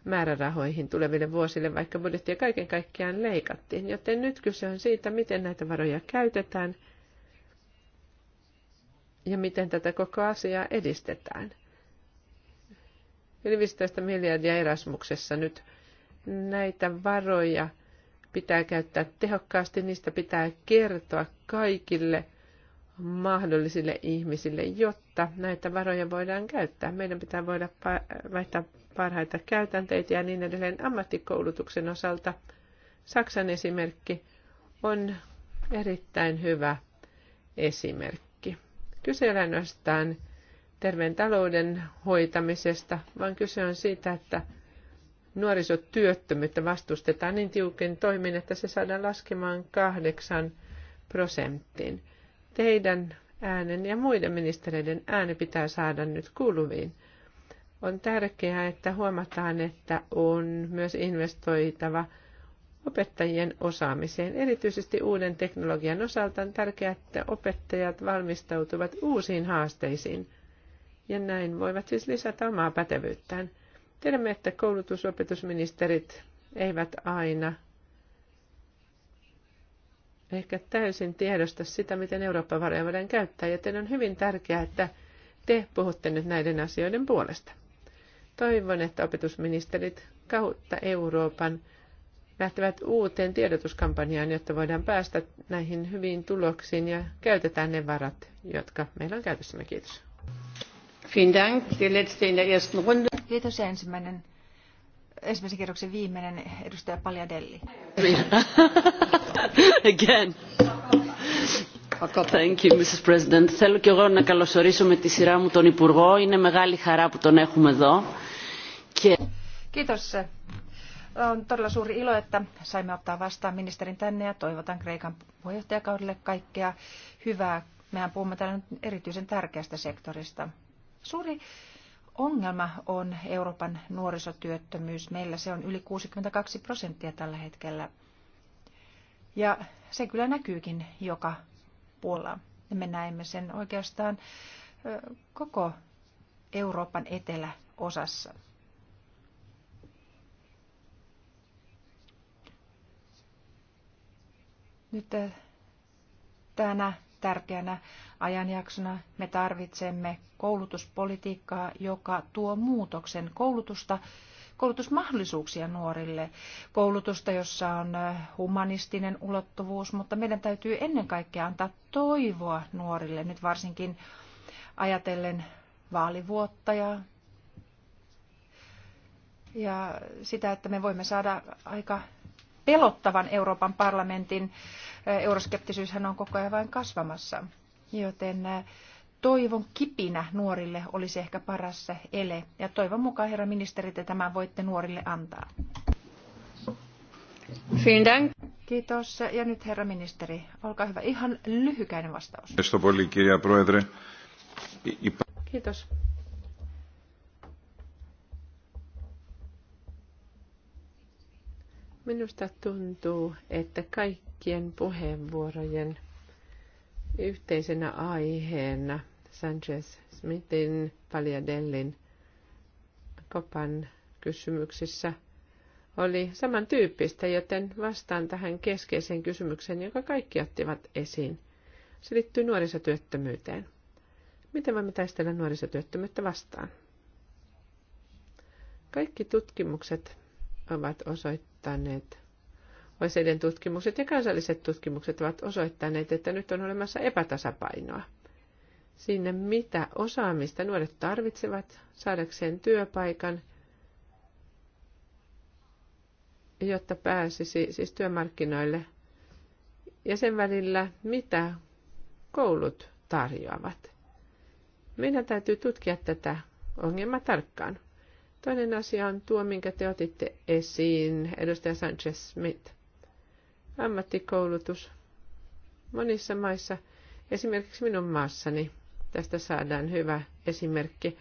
määrärahoihin tuleville vuosille, vaikka budjettia kaiken kaikkiaan leikattiin. Joten nyt kyse on siitä, miten näitä varoja käytetään ja miten tätä koko asiaa edistetään. Yli 15 miljardia Erasmuksessa nyt näitä varoja pitää käyttää tehokkaasti, niistä pitää kertoa kaikille mahdollisille ihmisille, jotta näitä varoja voidaan käyttää. Meidän pitää voida vaihtaa parhaita käytänteitä ja niin edelleen ammattikoulutuksen osalta. Saksan esimerkki on erittäin hyvä esimerkki. Kyse ei ainoastaan terveen talouden hoitamisesta, vaan kyse on siitä, että nuorisotyöttömyyttä vastustetaan niin tiukin toimin, että se saadaan laskemaan kahdeksan prosenttiin. Teidän äänen ja muiden ministereiden ääni pitää saada nyt kuuluviin – on tärkeää, että huomataan, että on myös investoitava opettajien osaamiseen. Erityisesti uuden teknologian osalta on tärkeää, että opettajat valmistautuvat uusiin haasteisiin ja näin voivat siis lisätä omaa pätevyyttään. Tiedämme, että koulutusopetusministerit eivät aina ehkä täysin tiedosta sitä, miten Euroopan varoja voidaan käyttää, joten on hyvin tärkeää, että te puhutte nyt näiden asioiden puolesta. Toivon, että opetusministerit kautta Euroopan lähtevät uuteen tiedotuskampanjaan, jotta voidaan päästä näihin hyviin tuloksiin ja käytetään ne varat, jotka meillä on käytössämme. Kiitos. Kiitos ja ensimmäinen, ensimmäisen kerroksen viimeinen edustaja Delli. Again. Thank you, Mrs. President. Θέλω και εγώ να καλωσορίσω με τη σειρά μου τον Υπουργό. Είναι μεγάλη χαρά που τον έχουμε εδώ. Kiitos. On todella suuri ilo, että saimme ottaa vastaan ministerin tänne ja toivotan Kreikan puheenjohtajakaudelle kaikkea hyvää. Mehän puhumme täällä nyt erityisen tärkeästä sektorista. Suuri ongelma on Euroopan nuorisotyöttömyys. Meillä se on yli 62 prosenttia tällä hetkellä. Ja se kyllä näkyykin joka puolella. Me näemme sen oikeastaan koko Euroopan eteläosassa. Nyt eh, tänä tärkeänä ajanjaksona me tarvitsemme koulutuspolitiikkaa, joka tuo muutoksen koulutusta, koulutusmahdollisuuksia nuorille, koulutusta, jossa on eh, humanistinen ulottuvuus, mutta meidän täytyy ennen kaikkea antaa toivoa nuorille, nyt varsinkin ajatellen vaalivuotta ja, ja sitä, että me voimme saada aika pelottavan Euroopan parlamentin euroskeptisyyshän on koko ajan vain kasvamassa. Joten toivon kipinä nuorille olisi ehkä paras ele. Ja toivon mukaan, herra ministeri, te tämän voitte nuorille antaa. Kiitos. Ja nyt herra ministeri, olkaa hyvä. Ihan lyhykäinen vastaus. Kiitos. Minusta tuntuu, että kaikkien puheenvuorojen yhteisenä aiheena Sanchez Smithin, Paliadellin Kopan kysymyksissä oli samantyyppistä, joten vastaan tähän keskeiseen kysymykseen, jonka kaikki ottivat esiin. Se liittyy nuorisotyöttömyyteen. Miten voimme taistella nuorisotyöttömyyttä vastaan? Kaikki tutkimukset ovat osoittaneet, OECDn tutkimukset ja kansalliset tutkimukset ovat osoittaneet, että nyt on olemassa epätasapainoa sinne, mitä osaamista nuoret tarvitsevat saadakseen työpaikan, jotta pääsisi siis työmarkkinoille, ja sen välillä, mitä koulut tarjoavat. Meidän täytyy tutkia tätä ongelmaa tarkkaan. Toinen asia on tuo, minkä te otitte esiin, edustaja Sanchez-Smith. Ammattikoulutus. Monissa maissa, esimerkiksi minun maassani, tästä saadaan hyvä esimerkki.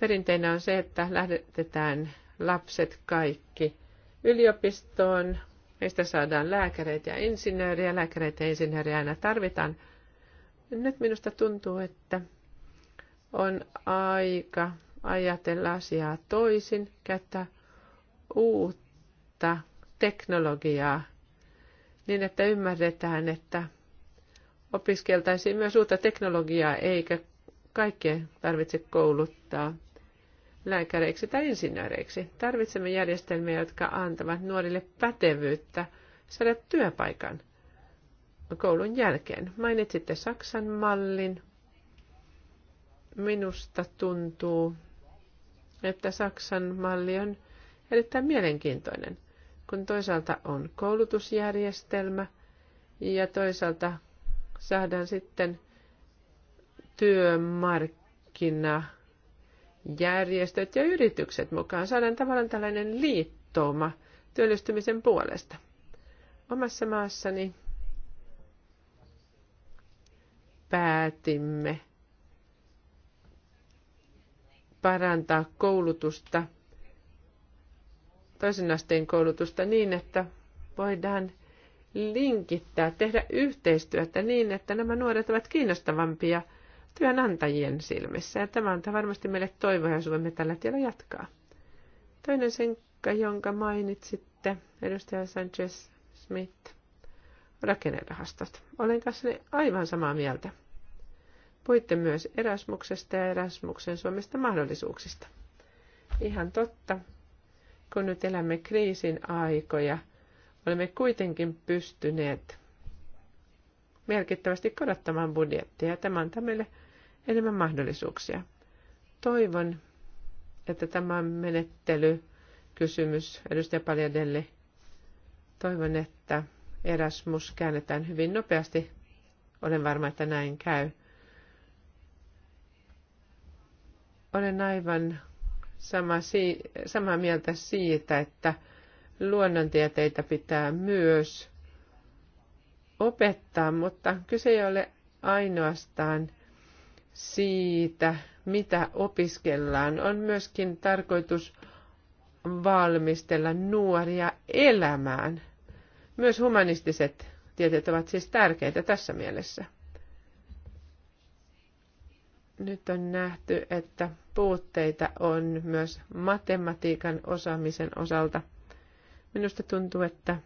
Perinteinä on se, että lähdetään lapset kaikki yliopistoon. Meistä saadaan lääkäreitä ja insinööriä. Lääkäreitä ja insinööriä aina tarvitaan. Nyt minusta tuntuu, että on aika ajatella asiaa toisin, käyttää uutta teknologiaa niin, että ymmärretään, että opiskeltaisiin myös uutta teknologiaa, eikä kaikkien tarvitse kouluttaa lääkäreiksi tai insinööreiksi. Tarvitsemme järjestelmiä, jotka antavat nuorille pätevyyttä saada työpaikan koulun jälkeen. Mainitsitte Saksan mallin. Minusta tuntuu, että Saksan malli on erittäin mielenkiintoinen, kun toisaalta on koulutusjärjestelmä ja toisaalta saadaan sitten työmarkkina järjestöt ja yritykset mukaan. Saadaan tavallaan tällainen liittouma työllistymisen puolesta. Omassa maassani päätimme parantaa koulutusta, toisen asteen koulutusta niin, että voidaan linkittää, tehdä yhteistyötä niin, että nämä nuoret ovat kiinnostavampia työnantajien silmissä. Ja tämä antaa varmasti meille toivoa, jos voimme tällä tiellä jatkaa. Toinen senkka, jonka mainitsitte, edustaja Sanchez Smith, rakennerahastot. Olen kanssani aivan samaa mieltä. Puitte myös Erasmuksesta ja Erasmuksen Suomesta mahdollisuuksista. Ihan totta, kun nyt elämme kriisin aikoja, olemme kuitenkin pystyneet merkittävästi korottamaan budjettia tämä antaa meille enemmän mahdollisuuksia. Toivon, että tämä menettely kysymys edustaja Paljadelle. Toivon, että Erasmus käännetään hyvin nopeasti. Olen varma, että näin käy. Olen aivan sama, samaa mieltä siitä, että luonnontieteitä pitää myös opettaa, mutta kyse ei ole ainoastaan siitä, mitä opiskellaan. On myöskin tarkoitus valmistella nuoria elämään. Myös humanistiset tieteet ovat siis tärkeitä tässä mielessä nyt on nähty, että puutteita on myös matematiikan osaamisen osalta. Minusta tuntuu, että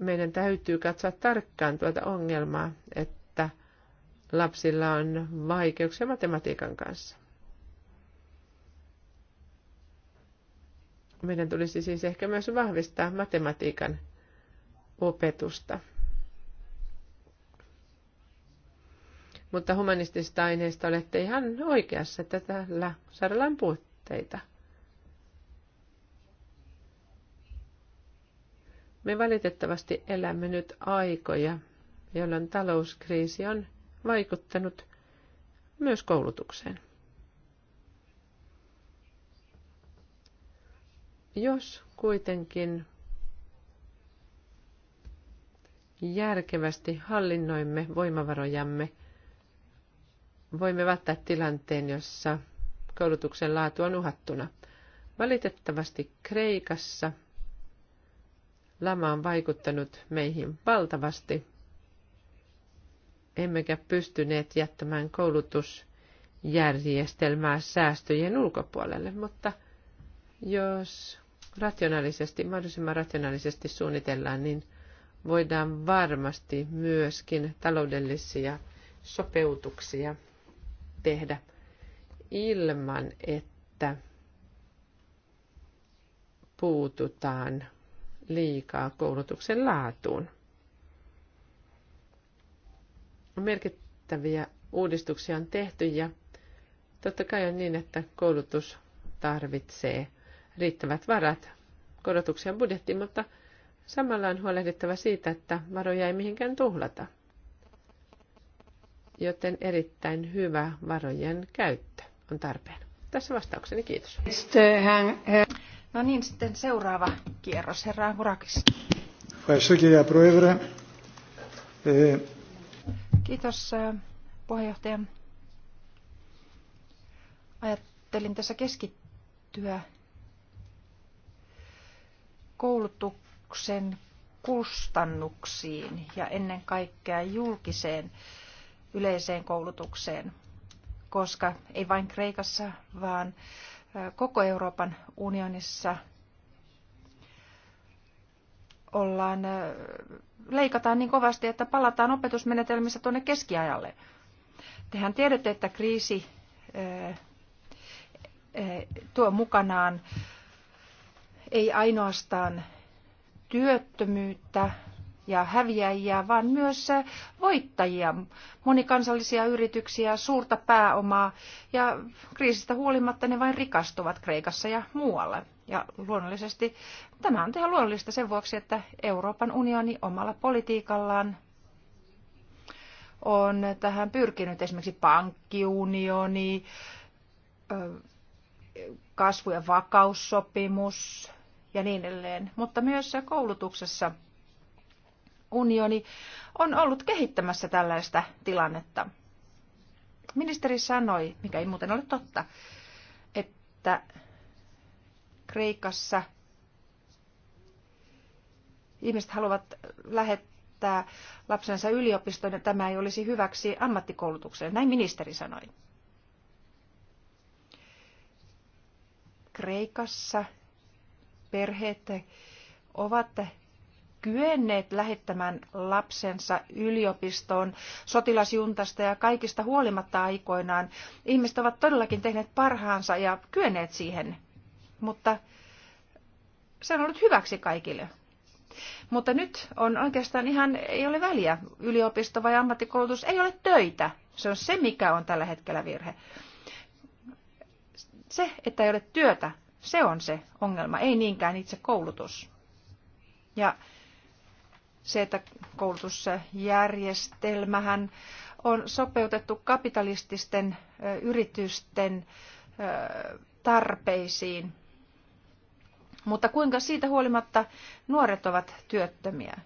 meidän täytyy katsoa tarkkaan tuota ongelmaa, että lapsilla on vaikeuksia matematiikan kanssa. Meidän tulisi siis ehkä myös vahvistaa matematiikan opetusta. Mutta humanistista aineista olette ihan oikeassa, että tällä saralla on puutteita. Me valitettavasti elämme nyt aikoja, jolloin talouskriisi on vaikuttanut myös koulutukseen. Jos kuitenkin järkevästi hallinnoimme voimavarojamme, voimme välttää tilanteen, jossa koulutuksen laatu on uhattuna. Valitettavasti Kreikassa lama on vaikuttanut meihin valtavasti, emmekä pystyneet jättämään koulutusjärjestelmää säästöjen ulkopuolelle, mutta jos rationaalisesti, mahdollisimman rationaalisesti suunnitellaan, niin voidaan varmasti myöskin taloudellisia sopeutuksia tehdä ilman, että puututaan liikaa koulutuksen laatuun. Merkittäviä uudistuksia on tehty ja totta kai on niin, että koulutus tarvitsee riittävät varat korotuksia budjettiin, mutta samalla on huolehdittava siitä, että varoja ei mihinkään tuhlata – joten erittäin hyvä varojen käyttö on tarpeen. Tässä vastaukseni, kiitos. No niin, sitten seuraava kierros, herra Hurakis. Eh, kiitos eh, puheenjohtaja. Ajattelin tässä keskittyä koulutuksen kustannuksiin ja ennen kaikkea julkiseen yleiseen koulutukseen, koska ei vain Kreikassa, vaan koko Euroopan unionissa ollaan, leikataan niin kovasti, että palataan opetusmenetelmissä tuonne keskiajalle. Tehän tiedätte, että kriisi tuo mukanaan ei ainoastaan työttömyyttä, ja häviäjiä, vaan myös voittajia, monikansallisia yrityksiä, suurta pääomaa ja kriisistä huolimatta ne vain rikastuvat Kreikassa ja muualla. Ja luonnollisesti tämä on ihan luonnollista sen vuoksi, että Euroopan unioni omalla politiikallaan on tähän pyrkinyt esimerkiksi pankkiunioni, kasvu- ja vakaussopimus ja niin edelleen, mutta myös koulutuksessa – unioni on ollut kehittämässä tällaista tilannetta. Ministeri sanoi, mikä ei muuten ole totta, että Kreikassa ihmiset haluavat lähettää lapsensa yliopistoon ja tämä ei olisi hyväksi ammattikoulutukseen. Näin ministeri sanoi. Kreikassa perheet ovat kyenneet lähettämään lapsensa yliopistoon sotilasjuntasta ja kaikista huolimatta aikoinaan. Ihmiset ovat todellakin tehneet parhaansa ja kyenneet siihen, mutta se on ollut hyväksi kaikille. Mutta nyt on oikeastaan ihan, ei ole väliä, yliopisto vai ammattikoulutus, ei ole töitä. Se on se, mikä on tällä hetkellä virhe. Se, että ei ole työtä, se on se ongelma, ei niinkään itse koulutus. Ja se, että koulutusjärjestelmähän on sopeutettu kapitalististen yritysten tarpeisiin. Mutta kuinka siitä huolimatta nuoret ovat työttömiä?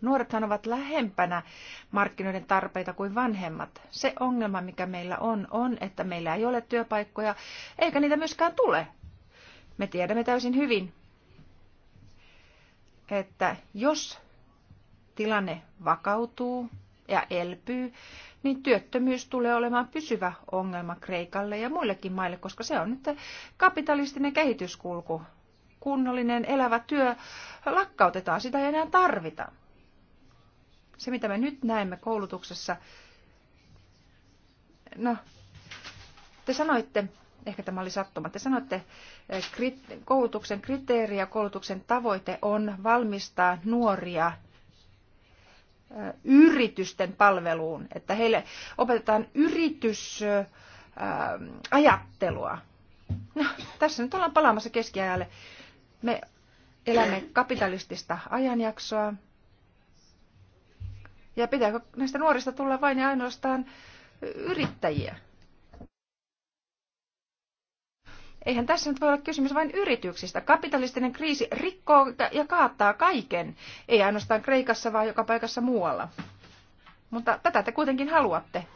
Nuorethan ovat lähempänä markkinoiden tarpeita kuin vanhemmat. Se ongelma, mikä meillä on, on, että meillä ei ole työpaikkoja, eikä niitä myöskään tule. Me tiedämme täysin hyvin, että jos tilanne vakautuu ja elpyy, niin työttömyys tulee olemaan pysyvä ongelma Kreikalle ja muillekin maille, koska se on nyt kapitalistinen kehityskulku. Kunnollinen elävä työ lakkautetaan, sitä ei enää tarvita. Se, mitä me nyt näemme koulutuksessa, no, te sanoitte, ehkä tämä oli sattuma. Te sanotte, eh, koulutuksen kriteeri ja koulutuksen tavoite on valmistaa nuoria eh, yritysten palveluun, että heille opetetaan yritysajattelua. No, tässä nyt ollaan palaamassa keskiajalle. Me elämme kapitalistista ajanjaksoa. Ja pitääkö näistä nuorista tulla vain ja ainoastaan yrittäjiä? Eihän tässä nyt voi olla kysymys vain yrityksistä. Kapitalistinen kriisi rikkoo ja kaattaa kaiken, ei ainoastaan Kreikassa, vaan joka paikassa muualla. Mutta tätä te kuitenkin haluatte.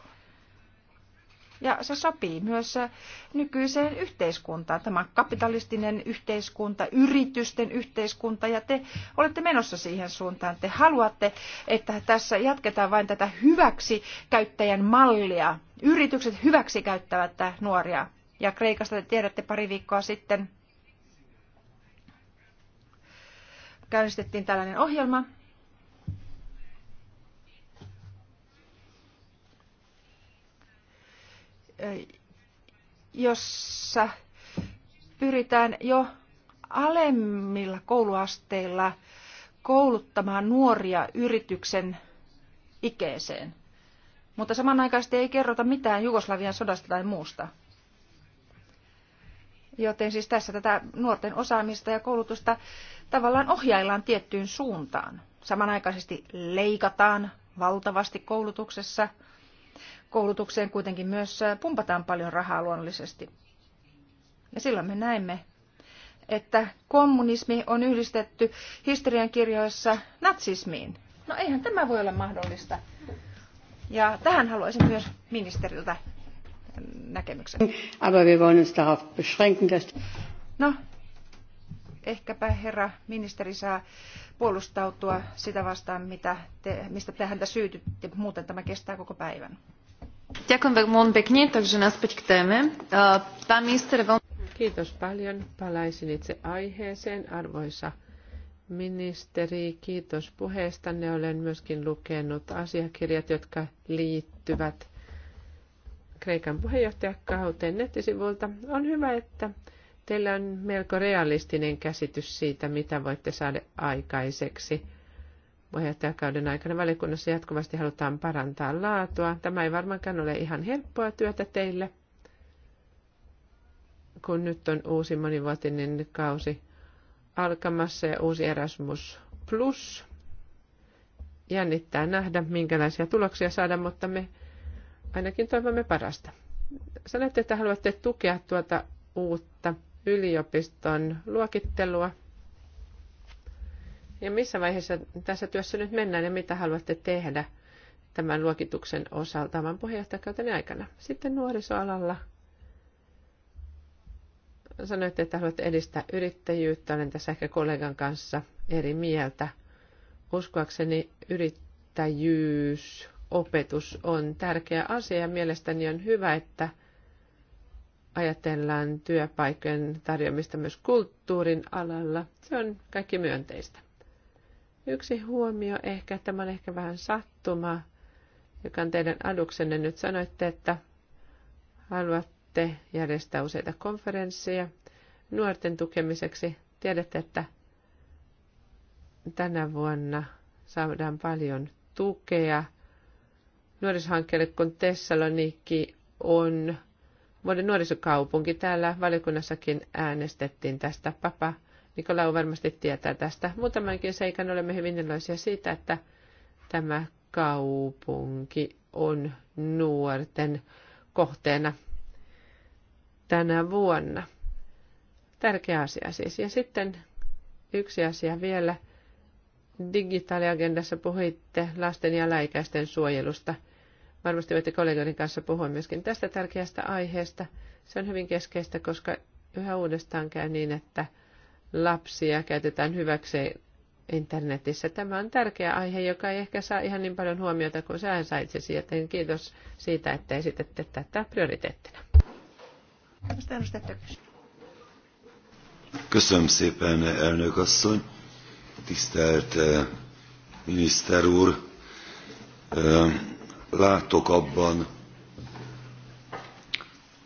Ja se sopii myös äh, nykyiseen yhteiskuntaan, tämä kapitalistinen yhteiskunta, yritysten yhteiskunta, ja te olette menossa siihen suuntaan. Te haluatte, että tässä jatketaan vain tätä hyväksikäyttäjän mallia. Yritykset hyväksikäyttävät äh, nuoria ja Kreikasta te tiedätte pari viikkoa sitten käynnistettiin tällainen ohjelma, jossa pyritään jo alemmilla kouluasteilla kouluttamaan nuoria yrityksen ikeeseen. Mutta samanaikaisesti ei kerrota mitään Jugoslavian sodasta tai muusta. Joten siis tässä tätä nuorten osaamista ja koulutusta tavallaan ohjaillaan tiettyyn suuntaan. Samanaikaisesti leikataan valtavasti koulutuksessa. Koulutukseen kuitenkin myös äh, pumpataan paljon rahaa luonnollisesti. Ja silloin me näemme, että kommunismi on yhdistetty historiankirjoissa natsismiin. No eihän tämä voi olla mahdollista. Ja tähän haluaisin myös ministeriltä näkemyksen. Aber wir wollen uns darauf beschränken, dass... No, ehkäpä herra ministeri saa puolustautua sitä vastaan, mitä te, mistä te häntä syytytte. Muuten tämä kestää koko päivän. Kiitos paljon. Palaisin itse aiheeseen, arvoisa ministeri. Kiitos puheestanne. Olen myöskin lukenut asiakirjat, jotka liittyvät Kreikan puheenjohtajakauteen nettisivulta. On hyvä, että teillä on melko realistinen käsitys siitä, mitä voitte saada aikaiseksi. Puheenjohtajakauden aikana valiokunnassa jatkuvasti halutaan parantaa laatua. Tämä ei varmaankaan ole ihan helppoa työtä teille, kun nyt on uusi monivuotinen kausi alkamassa ja uusi Erasmus Plus. Jännittää nähdä, minkälaisia tuloksia saadaan, mutta me ainakin toivomme parasta. Sanoitte, että haluatte tukea tuota uutta yliopiston luokittelua. Ja missä vaiheessa tässä työssä nyt mennään ja mitä haluatte tehdä tämän luokituksen osalta tämän puheenjohtajakautenne aikana? Sitten nuorisoalalla sanoitte, että haluatte edistää yrittäjyyttä. Olen tässä ehkä kollegan kanssa eri mieltä. Uskoakseni yrittäjyys opetus on tärkeä asia ja mielestäni on hyvä, että ajatellaan työpaikan tarjoamista myös kulttuurin alalla. Se on kaikki myönteistä. Yksi huomio ehkä, tämä on ehkä vähän sattuma, joka on teidän aduksenne. Nyt sanoitte, että haluatte järjestää useita konferensseja nuorten tukemiseksi. Tiedätte, että tänä vuonna saadaan paljon tukea – nuorisohankkeelle, kun Thessaloniki on vuoden nuorisokaupunki. Täällä valiokunnassakin äänestettiin tästä. Papa Nikolau varmasti tietää tästä. Muutamankin seikan olemme hyvin iloisia siitä, että tämä kaupunki on nuorten kohteena tänä vuonna. Tärkeä asia siis. Ja sitten yksi asia vielä. Digitaaliagendassa puhuitte lasten ja läikäisten suojelusta – varmasti voitte kollegoiden kanssa puhua myöskin tästä tärkeästä aiheesta. Se on hyvin keskeistä, koska yhä uudestaan käy niin, että lapsia käytetään hyväksi internetissä. Tämä on tärkeä aihe, joka ei ehkä saa ihan niin paljon huomiota kuin sä saitsisi, joten kiitos siitä, että esitette tätä prioriteettina. Köszönöm szépen, elnök asszony, tisztelt eh, miniszter úr. Eh, látok abban,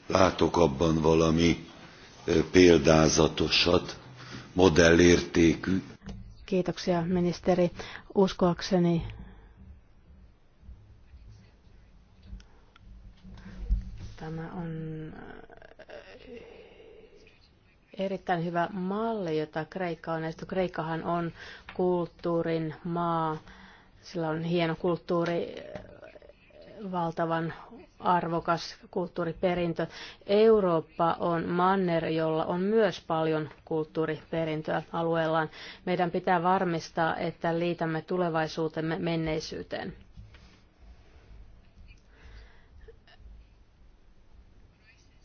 látok abban valami példázatosat, modellértékű. Kiitoksia, ministeri. Uskoakseni tämä on erittäin hyvä malli, jota Kreikka on. Kreikkahan on kulttuurin maa, sillä on hieno kulttuuri, valtavan arvokas kulttuuriperintö. Eurooppa on manner, jolla on myös paljon kulttuuriperintöä alueellaan. Meidän pitää varmistaa, että liitämme tulevaisuutemme menneisyyteen.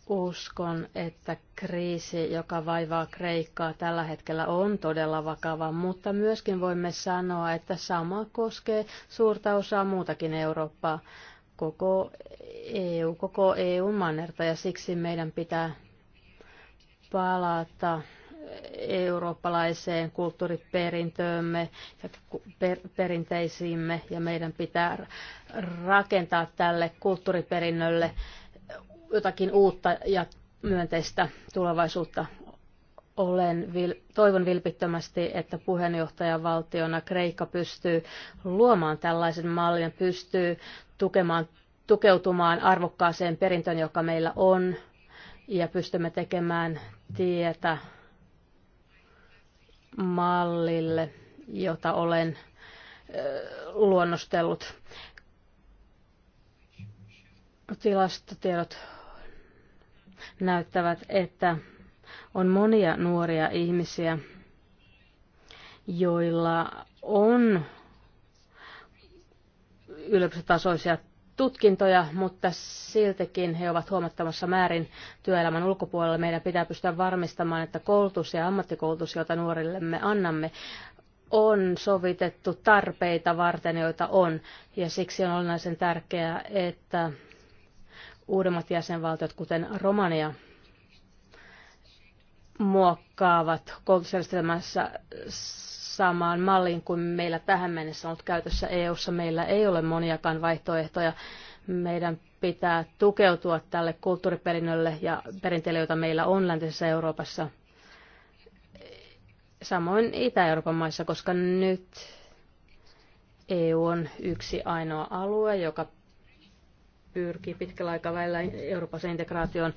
Uskon, että kriisi, joka vaivaa Kreikkaa tällä hetkellä, on todella vakava, mutta myöskin voimme sanoa, että sama koskee suurta osaa muutakin Eurooppaa koko EU, koko EU-mannerta ja siksi meidän pitää palata eurooppalaiseen kulttuuriperintöömme ja per, perinteisiimme ja meidän pitää rakentaa tälle kulttuuriperinnölle jotakin uutta ja myönteistä tulevaisuutta. Olen, vil, toivon vilpittömästi, että puheenjohtajavaltiona Kreikka pystyy luomaan tällaisen mallin, pystyy tukemaan, tukeutumaan arvokkaaseen perintöön, joka meillä on, ja pystymme tekemään tietä mallille, jota olen luonnostellut. Tilastotiedot näyttävät, että on monia nuoria ihmisiä, joilla on yliopistotasoisia tutkintoja, mutta siltikin he ovat huomattavassa määrin työelämän ulkopuolella. Meidän pitää pystyä varmistamaan, että koulutus ja ammattikoulutus, jota nuorillemme annamme, on sovitettu tarpeita varten, joita on. Ja siksi on olennaisen tärkeää, että uudemmat jäsenvaltiot, kuten Romania, muokkaavat koulutusjärjestelmässä samaan malliin kuin meillä tähän mennessä on ollut käytössä EU:ssa. Meillä ei ole moniakaan vaihtoehtoja. Meidän pitää tukeutua tälle kulttuuriperinnölle ja perinteelle, jota meillä on läntisessä Euroopassa, samoin Itä-Euroopan maissa, koska nyt EU on yksi ainoa alue, joka pyrkii pitkällä aikavälillä Euroopan integraation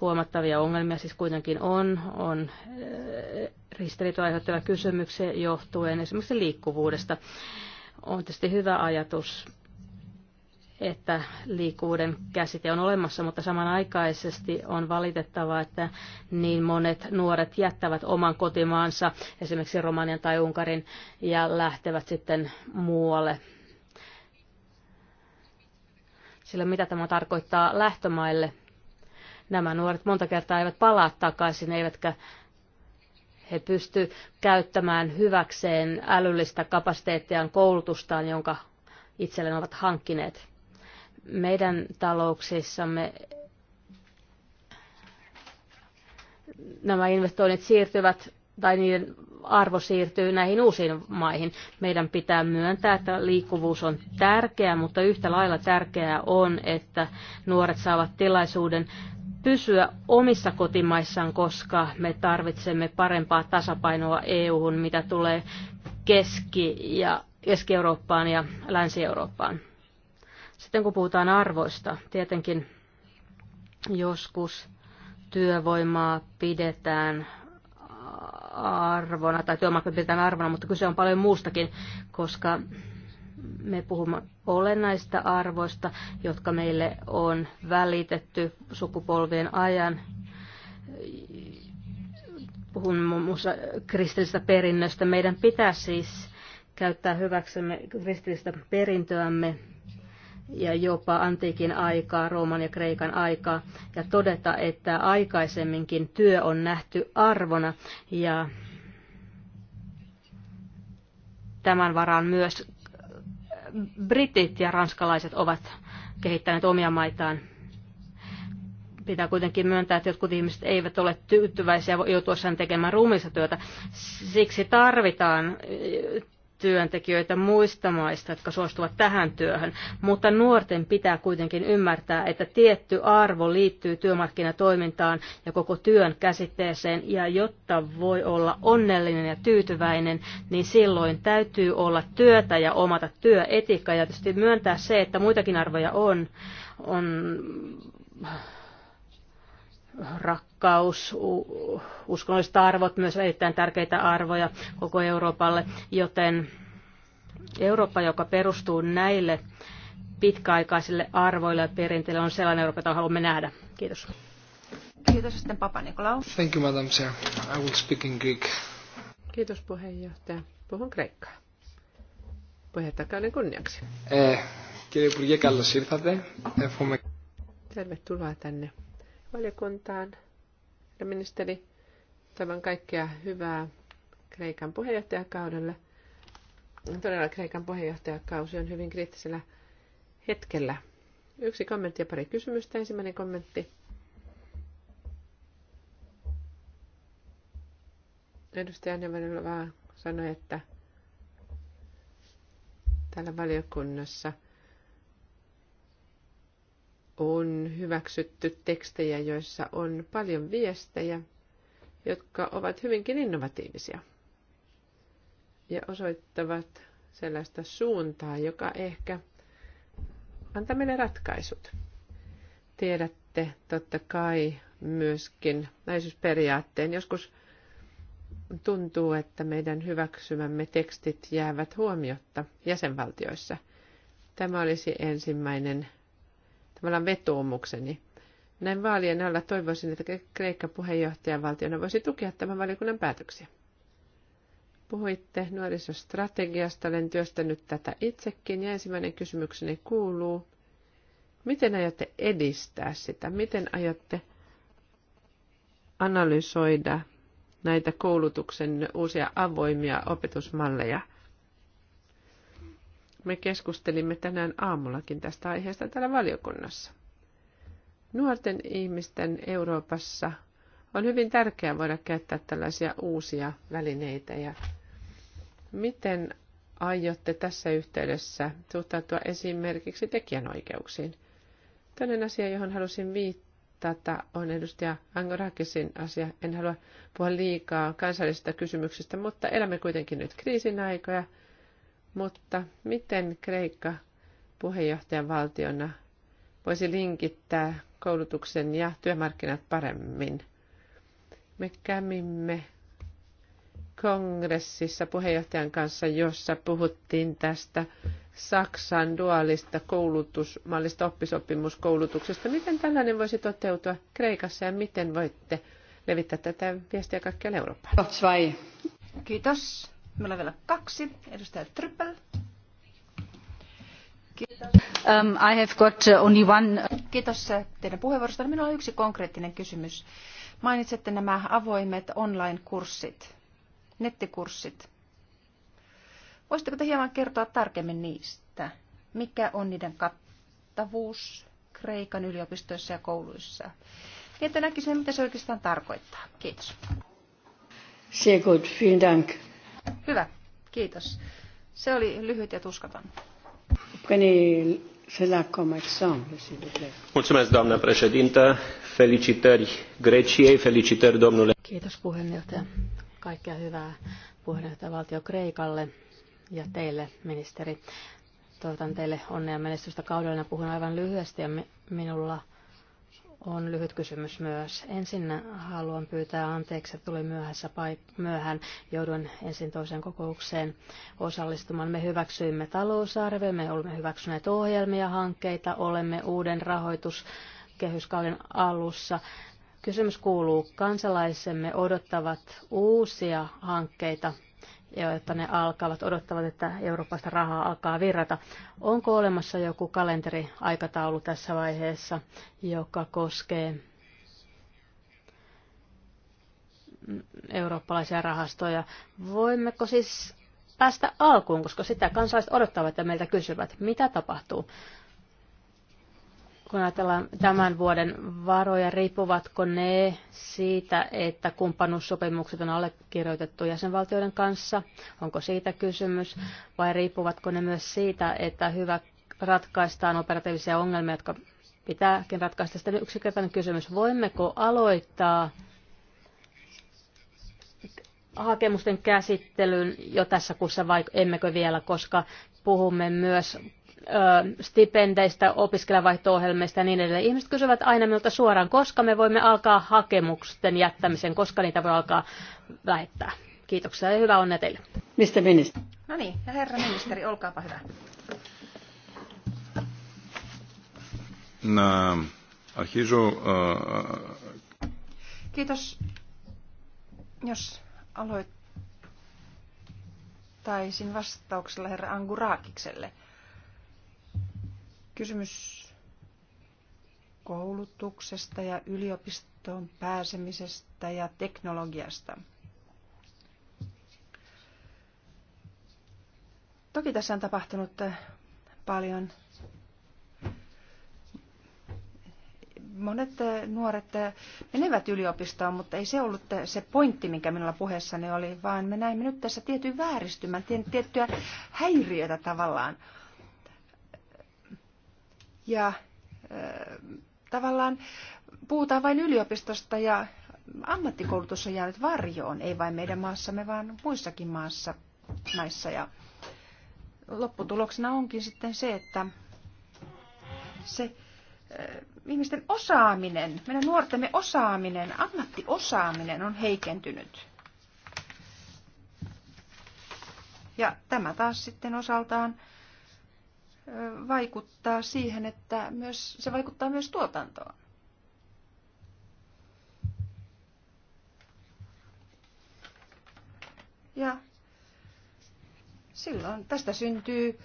Huomattavia ongelmia siis kuitenkin on. On eh, ristiriitoa aiheuttavia kysymyksiä johtuen esimerkiksi liikkuvuudesta. On tietysti hyvä ajatus että liikkuvuuden käsite on olemassa, mutta samanaikaisesti on valitettavaa, että niin monet nuoret jättävät oman kotimaansa, esimerkiksi Romanian tai Unkarin, ja lähtevät sitten muualle. Sillä mitä tämä tarkoittaa lähtömaille? Nämä nuoret monta kertaa eivät palaa takaisin, eivätkä he pysty käyttämään hyväkseen älyllistä kapasiteettiaan koulutustaan, jonka itselleen ovat hankkineet. Meidän talouksissamme nämä investoinnit siirtyvät tai niiden arvo siirtyy näihin uusiin maihin. Meidän pitää myöntää, että liikkuvuus on tärkeää, mutta yhtä lailla tärkeää on, että nuoret saavat tilaisuuden pysyä omissa kotimaissaan, koska me tarvitsemme parempaa tasapainoa EU-hun, mitä tulee Keski- ja Keski-Eurooppaan ja Länsi-Eurooppaan. Sitten kun puhutaan arvoista, tietenkin joskus työvoimaa pidetään arvona tai työmarkkinoita pidetään arvona, mutta kyse on paljon muustakin, koska me puhumme olennaista arvoista, jotka meille on välitetty sukupolvien ajan. Puhun muun muassa kristillisestä perinnöstä. Meidän pitää siis käyttää hyväksemme kristillistä perintöämme ja jopa antiikin aikaa, Rooman ja Kreikan aikaa, ja todeta, että aikaisemminkin työ on nähty arvona, ja tämän varaan myös britit ja ranskalaiset ovat kehittäneet omia maitaan. Pitää kuitenkin myöntää, että jotkut ihmiset eivät ole tyytyväisiä joutuessaan tekemään ruumiinsa työtä. Siksi tarvitaan työntekijöitä muista maista, jotka suostuvat tähän työhön, mutta nuorten pitää kuitenkin ymmärtää, että tietty arvo liittyy työmarkkinatoimintaan ja koko työn käsitteeseen, ja jotta voi olla onnellinen ja tyytyväinen, niin silloin täytyy olla työtä ja omata työetiikkaa, ja tietysti myöntää se, että muitakin arvoja on, on rakkaus, uskonnolliset arvot, myös erittäin tärkeitä arvoja koko Euroopalle, joten Eurooppa, joka perustuu näille pitkäaikaisille arvoille ja perinteille, on sellainen Eurooppa, jota haluamme nähdä. Kiitos. Kiitos sitten Papa Nikolaus. Thank you, Madam Chair. I will speak in Greek. Kiitos puheenjohtaja. Puhun kreikkaa. Puheenjohtajakauden niin kunniaksi. Eh, kiitos, Purje, eh, Tervetuloa tänne valiokuntaan. Ja ministeri, tämän kaikkea hyvää Kreikan puheenjohtajakaudelle. Todella Kreikan puheenjohtajakausi on hyvin kriittisellä hetkellä. Yksi kommentti ja pari kysymystä. Ensimmäinen kommentti. Edustaja vaan sanoi, että täällä valiokunnassa – on hyväksytty tekstejä, joissa on paljon viestejä, jotka ovat hyvinkin innovatiivisia ja osoittavat sellaista suuntaa, joka ehkä antaa meille ratkaisut. Tiedätte totta kai myöskin naisuusperiaatteen. Joskus tuntuu, että meidän hyväksymämme tekstit jäävät huomiotta jäsenvaltioissa. Tämä olisi ensimmäinen tavallaan vetoomukseni. Näin vaalien alla toivoisin, että Kreikka puheenjohtajavaltiona voisi tukea tämän valiokunnan päätöksiä. Puhuitte nuorisostrategiasta, olen työstänyt tätä itsekin ja ensimmäinen kysymykseni kuuluu, miten aiotte edistää sitä, miten aiotte analysoida näitä koulutuksen uusia avoimia opetusmalleja – me keskustelimme tänään aamullakin tästä aiheesta täällä valiokunnassa. Nuorten ihmisten Euroopassa on hyvin tärkeää voida käyttää tällaisia uusia välineitä ja miten aiotte tässä yhteydessä suhtautua esimerkiksi tekijänoikeuksiin? Toinen asia, johon halusin viittata, on edustaja Angorakisin asia. En halua puhua liikaa kansallisista kysymyksistä, mutta elämme kuitenkin nyt kriisin aikoja. Mutta miten Kreikka puheenjohtajan valtiona voisi linkittää koulutuksen ja työmarkkinat paremmin? Me kävimme kongressissa puheenjohtajan kanssa, jossa puhuttiin tästä Saksan duaalista koulutusmallista oppisopimuskoulutuksesta. Miten tällainen voisi toteutua Kreikassa ja miten voitte levittää tätä viestiä kaikkialle Eurooppaan? Kiitos. Meillä on vielä kaksi. Edustaja Trippel. Kiitos. Um, I have got uh, only one... Uh, Kiitos teidän puheenvuorosta. Minulla on yksi konkreettinen kysymys. Mainitsette nämä avoimet online-kurssit, nettikurssit. Voisitteko te hieman kertoa tarkemmin niistä? Mikä on niiden kattavuus Kreikan yliopistoissa ja kouluissa? Niin, että näkisimme, mitä se oikeastaan tarkoittaa. Kiitos. Sehr gut, vielen Dank. Hyvä, kiitos. Se oli lyhyt ja tuskaton. Mulțumesc, doamnă președintă. Felicitări Greciei, felicitări domnule. Kiitos puheenjohtaja. Kaikkea hyvää valtio Kreikalle ja teille, ministeri. Toivotan teille onnea menestystä kaudella. Puhun aivan lyhyesti ja minulla on lyhyt kysymys myös. Ensin haluan pyytää anteeksi, että tulin myöhässä paik- myöhään. Joudun ensin toiseen kokoukseen osallistumaan. Me hyväksyimme talousarveen, me olemme hyväksyneet ohjelmia, hankkeita, olemme uuden rahoituskehyskauden alussa. Kysymys kuuluu, kansalaisemme odottavat uusia hankkeita ja että ne alkavat, odottavat, että Euroopasta rahaa alkaa virrata. Onko olemassa joku kalenteriaikataulu tässä vaiheessa, joka koskee eurooppalaisia rahastoja? Voimmeko siis päästä alkuun, koska sitä kansalaiset odottavat ja meiltä kysyvät, mitä tapahtuu? kun ajatellaan tämän vuoden varoja, riippuvatko ne siitä, että kumppanuussopimukset on allekirjoitettu jäsenvaltioiden kanssa? Onko siitä kysymys? Vai riippuvatko ne myös siitä, että hyvä ratkaistaan operatiivisia ongelmia, jotka pitääkin ratkaista? Sitten yksinkertainen kysymys. Voimmeko aloittaa hakemusten käsittelyn jo tässä kuussa vai emmekö vielä, koska puhumme myös stipendeistä, opiskelijavaihto-ohjelmista ja niin edelleen. Ihmiset kysyvät aina minulta suoraan, koska me voimme alkaa hakemusten jättämisen, koska niitä voi alkaa lähettää. Kiitoksia ja hyvää onnea teille. Mistä ministeri? No niin, ja herra ministeri, olkaapa hyvä. Να αρχίζω... Kiitos. Jos aloittaisin vastauksella herra Angurakikselle. Kysymys koulutuksesta ja yliopistoon pääsemisestä ja teknologiasta. Toki tässä on tapahtunut paljon. Monet nuoret menevät yliopistoon, mutta ei se ollut se pointti, mikä minulla puheessani oli, vaan me näimme nyt tässä tietyn vääristymän, tiettyä häiriötä tavallaan ja tavallaan puhutaan vain yliopistosta ja ammattikoulutus on jäänyt varjoon, ei vain meidän maassamme, vaan muissakin maassa, maissa. Ja lopputuloksena onkin sitten se, että se ihmisten osaaminen, meidän nuortemme osaaminen, ammattiosaaminen on heikentynyt. Ja tämä taas sitten osaltaan vaikuttaa siihen, että myös, se vaikuttaa myös tuotantoon. Ja silloin tästä syntyy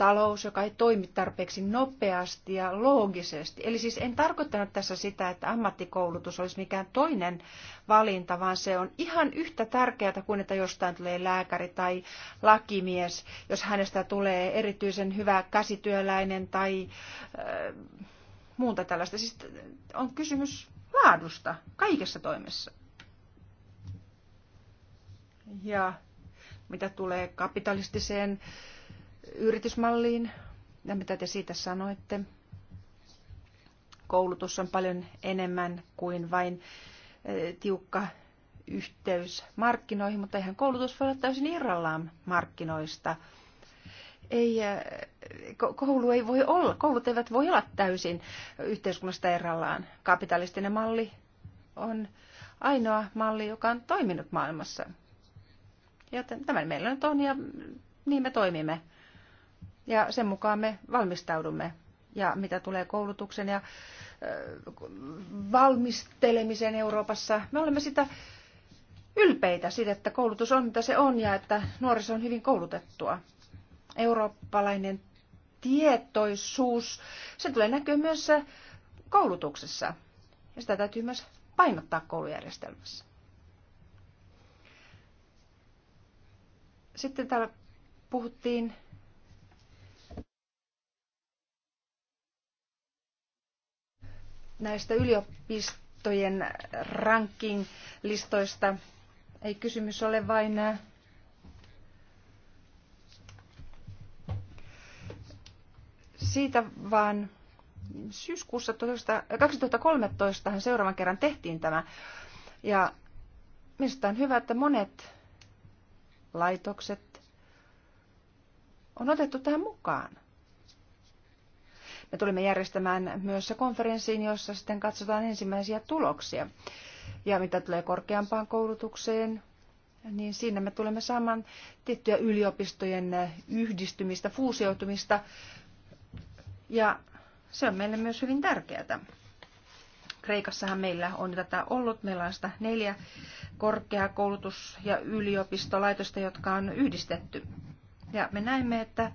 talous, joka ei toimi tarpeeksi nopeasti ja loogisesti. Eli siis en tarkoittanut tässä sitä, että ammattikoulutus olisi mikään toinen valinta, vaan se on ihan yhtä tärkeää kuin, että jostain tulee lääkäri tai lakimies, jos hänestä tulee erityisen hyvä käsityöläinen tai äh, muuta tällaista. Siis on kysymys laadusta kaikessa toimessa. Ja mitä tulee kapitalistiseen äh, yritysmalliin ja mitä te siitä sanoitte. Koulutus on paljon enemmän kuin vain eh, tiukka yhteys markkinoihin, mutta eihän koulutus voi olla täysin irrallaan markkinoista. Ei, eh, koulu ei voi olla, koulut eivät voi olla täysin yhteiskunnasta irrallaan. Kapitalistinen malli on ainoa malli, joka on toiminut maailmassa. Joten tämän meillä nyt on ja niin me toimimme ja sen mukaan me valmistaudumme. Ja mitä tulee koulutuksen ja äh, valmistelemiseen Euroopassa, me olemme sitä ylpeitä siitä, että koulutus on mitä se on ja että nuoriso on hyvin koulutettua. Eurooppalainen tietoisuus, se tulee näkyä myös äh, koulutuksessa ja sitä täytyy myös painottaa koulujärjestelmässä. Sitten täällä puhuttiin näistä yliopistojen ranking-listoista ei kysymys ole vain äh, siitä, vaan syyskuussa 2013 hän seuraavan kerran tehtiin tämä. Ja minusta on hyvä, että monet laitokset on otettu tähän mukaan. Me tulemme järjestämään myös konferenssiin, jossa sitten katsotaan ensimmäisiä tuloksia. Ja mitä tulee korkeampaan koulutukseen, niin siinä me tulemme saamaan tiettyjä yliopistojen yhdistymistä, fuusioitumista. Ja se on meille myös hyvin tärkeää. Kreikassahan meillä on tätä ollut. Meillä on sitä neljä korkeakoulutus- ja yliopistolaitosta, jotka on yhdistetty. Ja me näemme, että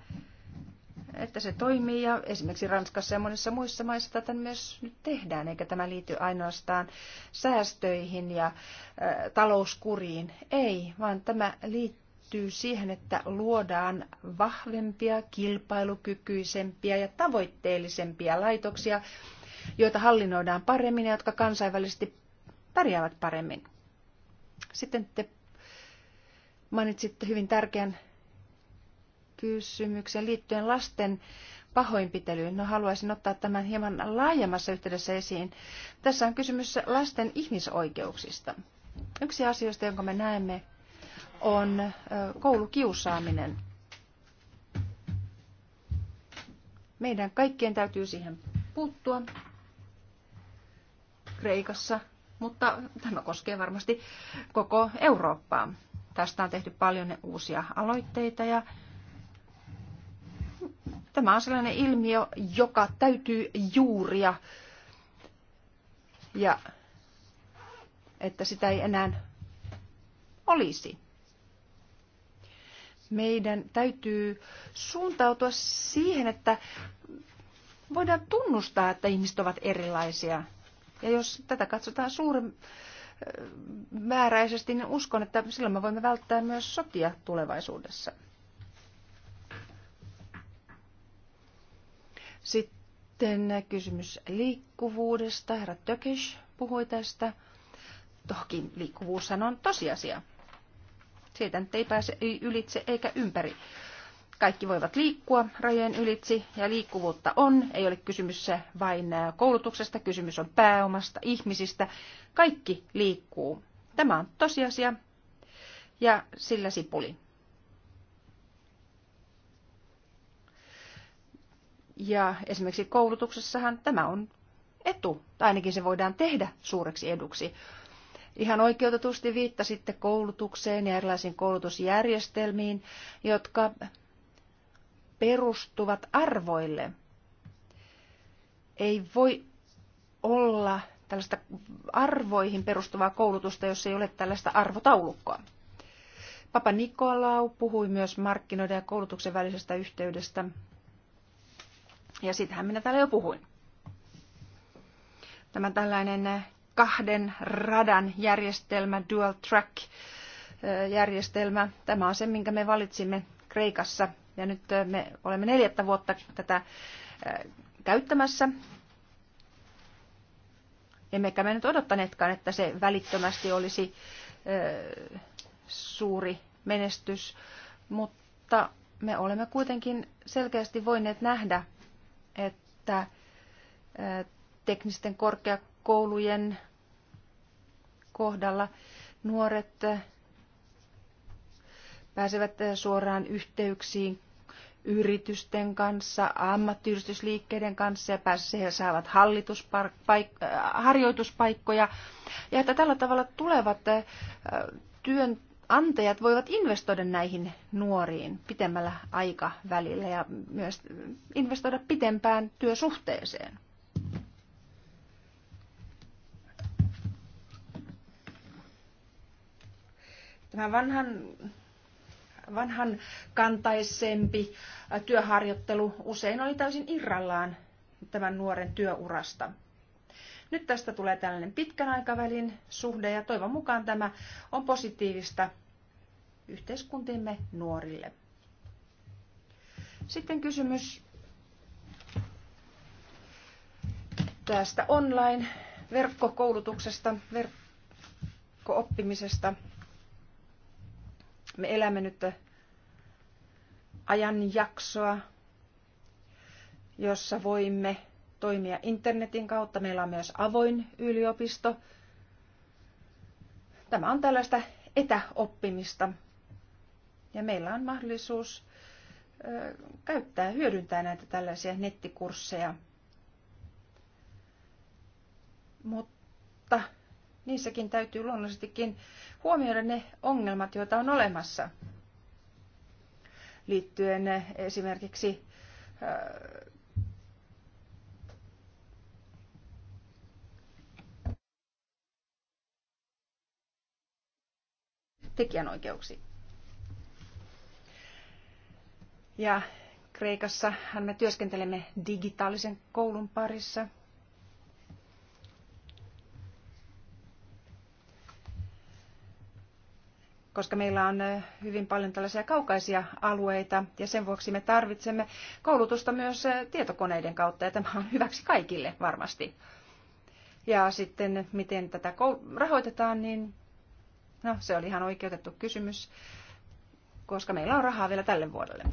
että se toimii ja esimerkiksi Ranskassa ja monissa muissa maissa tätä myös nyt tehdään, eikä tämä liity ainoastaan säästöihin ja ä, talouskuriin. Ei, vaan tämä liittyy siihen, että luodaan vahvempia, kilpailukykyisempiä ja tavoitteellisempia laitoksia, joita hallinnoidaan paremmin ja jotka kansainvälisesti pärjäävät paremmin. Sitten te mainitsitte hyvin tärkeän kysymyksen liittyen lasten pahoinpitelyyn. No haluaisin ottaa tämän hieman laajemmassa yhteydessä esiin. Tässä on kysymys lasten ihmisoikeuksista. Yksi asioista, jonka me näemme, on koulukiusaaminen. Meidän kaikkien täytyy siihen puuttua Kreikassa, mutta tämä koskee varmasti koko Eurooppaa. Tästä on tehty paljon uusia aloitteita ja Tämä on sellainen ilmiö, joka täytyy juuria ja että sitä ei enää olisi. Meidän täytyy suuntautua siihen, että voidaan tunnustaa, että ihmiset ovat erilaisia. Ja jos tätä katsotaan suuren äh, määräisesti, niin uskon, että silloin me voimme välttää myös sotia tulevaisuudessa. Sitten kysymys liikkuvuudesta. Herra Tökes puhui tästä. Toki liikkuvuus on tosiasia. Siitä nyt ei pääse ylitse eikä ympäri. Kaikki voivat liikkua rajojen ylitse ja liikkuvuutta on. Ei ole kysymys vain äh, koulutuksesta, kysymys on pääomasta, ihmisistä. Kaikki liikkuu. Tämä on tosiasia ja sillä sipuli. Ja esimerkiksi koulutuksessahan tämä on etu, tai ainakin se voidaan tehdä suureksi eduksi. Ihan oikeutetusti viittasitte koulutukseen ja erilaisiin koulutusjärjestelmiin, jotka perustuvat arvoille. Ei voi olla tällaista arvoihin perustuvaa koulutusta, jos ei ole tällaista arvotaulukkoa. Papa Nikolau puhui myös markkinoiden ja koulutuksen välisestä yhteydestä ja sitähän minä täällä jo puhuin. Tämä tällainen kahden radan järjestelmä, dual track järjestelmä, tämä on se, minkä me valitsimme Kreikassa. Ja nyt me olemme neljättä vuotta tätä käyttämässä. Emmekä me nyt odottaneetkaan, että se välittömästi olisi suuri menestys, mutta me olemme kuitenkin selkeästi voineet nähdä, että teknisten korkeakoulujen kohdalla nuoret pääsevät suoraan yhteyksiin yritysten kanssa, ammattiyhdistysliikkeiden kanssa ja pääsee ja saavat harjoituspaikkoja. Ja että tällä tavalla tulevat työn antajat voivat investoida näihin nuoriin pitemmällä aikavälillä ja myös investoida pitempään työsuhteeseen. Tämä vanhan, vanhan kantaisempi työharjoittelu usein oli täysin irrallaan tämän nuoren työurasta – nyt tästä tulee tällainen pitkän aikavälin suhde ja toivon mukaan tämä on positiivista yhteiskuntimme nuorille. Sitten kysymys tästä online-verkkokoulutuksesta, verkkooppimisesta. Me elämme nyt ajanjaksoa, jossa voimme toimia internetin kautta. Meillä on myös avoin yliopisto. Tämä on tällaista etäoppimista. Ja meillä on mahdollisuus käyttää, hyödyntää näitä tällaisia nettikursseja. Mutta niissäkin täytyy luonnollisestikin huomioida ne ongelmat, joita on olemassa liittyen esimerkiksi tekijänoikeuksiin. Ja Kreikassa me työskentelemme digitaalisen koulun parissa. koska meillä on hyvin paljon tällaisia kaukaisia alueita ja sen vuoksi me tarvitsemme koulutusta myös tietokoneiden kautta ja tämä on hyväksi kaikille varmasti. Ja sitten miten tätä rahoitetaan, niin No, se oli ihan oikeutettu kysymys, koska meillä on rahaa vielä tälle vuodelle.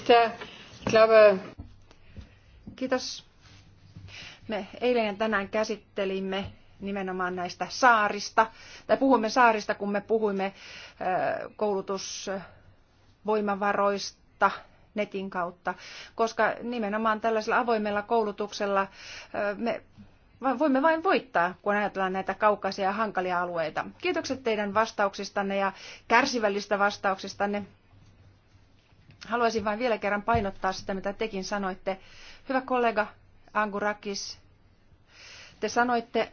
Kiitos. Me eilen ja tänään käsittelimme nimenomaan näistä saarista, tai puhuimme saarista, kun me puhuimme koulutusvoimavaroista netin kautta, koska nimenomaan tällaisella avoimella koulutuksella me voimme vain voittaa, kun ajatellaan näitä kaukaisia ja hankalia alueita. Kiitokset teidän vastauksistanne ja kärsivällistä vastauksistanne. Haluaisin vain vielä kerran painottaa sitä, mitä tekin sanoitte. Hyvä kollega Angurakis, te sanoitte,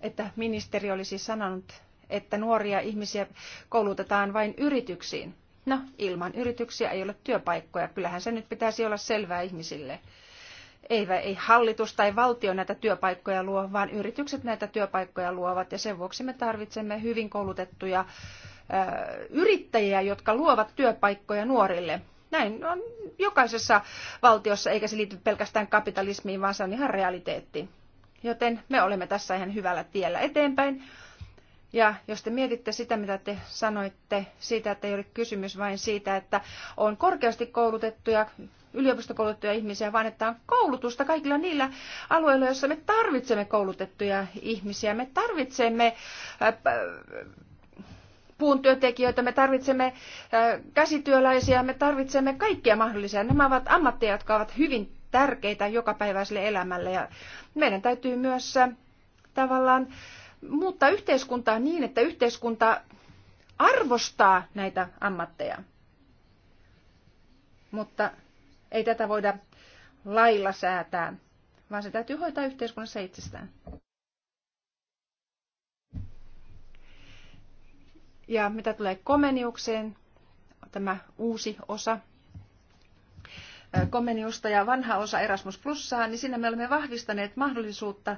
että ministeri olisi sanonut, että nuoria ihmisiä koulutetaan vain yrityksiin. No, ilman yrityksiä ei ole työpaikkoja. Kyllähän se nyt pitäisi olla selvää ihmisille ei, ei hallitus tai valtio näitä työpaikkoja luo, vaan yritykset näitä työpaikkoja luovat ja sen vuoksi me tarvitsemme hyvin koulutettuja yrittäjiä, jotka luovat työpaikkoja nuorille. Näin on jokaisessa valtiossa, eikä se liity pelkästään kapitalismiin, vaan se on ihan realiteetti. Joten me olemme tässä ihan hyvällä tiellä eteenpäin. Ja jos te mietitte sitä, mitä te sanoitte siitä, että ei ole kysymys vain siitä, että on korkeasti koulutettuja yliopistokoulutettuja ihmisiä, vaan että on koulutusta kaikilla niillä alueilla, joissa me tarvitsemme koulutettuja ihmisiä. Me tarvitsemme äh, puun työntekijöitä, me tarvitsemme äh, käsityöläisiä, me tarvitsemme kaikkia mahdollisia. Nämä ovat ammatteja, jotka ovat hyvin tärkeitä jokapäiväiselle elämälle ja meidän täytyy myös äh, tavallaan muuttaa yhteiskuntaa niin, että yhteiskunta arvostaa näitä ammatteja. Mutta ei tätä voida lailla säätää, vaan se täytyy hoitaa yhteiskunnassa itsestään. Ja mitä tulee komeniukseen, tämä uusi osa komeniusta ja vanha osa Erasmus Plussaa, niin siinä me olemme vahvistaneet mahdollisuutta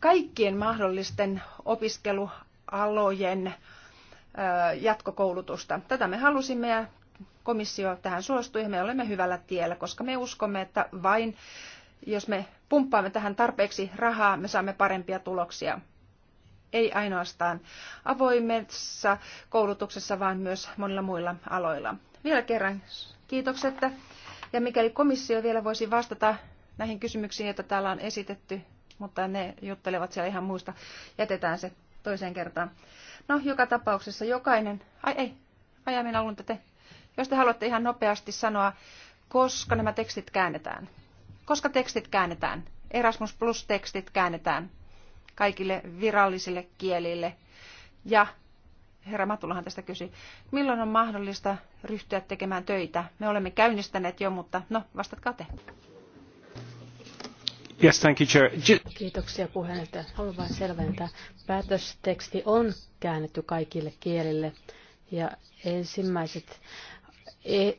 kaikkien mahdollisten opiskelualojen jatkokoulutusta. Tätä me halusimme ja komissio tähän suostui ja me olemme hyvällä tiellä, koska me uskomme, että vain jos me pumppaamme tähän tarpeeksi rahaa, me saamme parempia tuloksia. Ei ainoastaan avoimessa koulutuksessa, vaan myös monilla muilla aloilla. Vielä kerran kiitokset. Ja mikäli komissio vielä voisi vastata näihin kysymyksiin, joita täällä on esitetty, mutta ne juttelevat siellä ihan muista, jätetään se toiseen kertaan. No, joka tapauksessa jokainen... Ai ei, ajaa minä tätä. Jos te haluatte ihan nopeasti sanoa, koska nämä tekstit käännetään. Koska tekstit käännetään. Erasmus Plus-tekstit käännetään kaikille virallisille kielille. Ja herra Matulahan tästä kysyi, milloin on mahdollista ryhtyä tekemään töitä? Me olemme käynnistäneet jo, mutta no, vastatkaa te. Yes, thank you, Chair. Kiitoksia puheenjohtaja. Haluan vain selventää. Päätösteksti on käännetty kaikille kielille ja ensimmäiset E,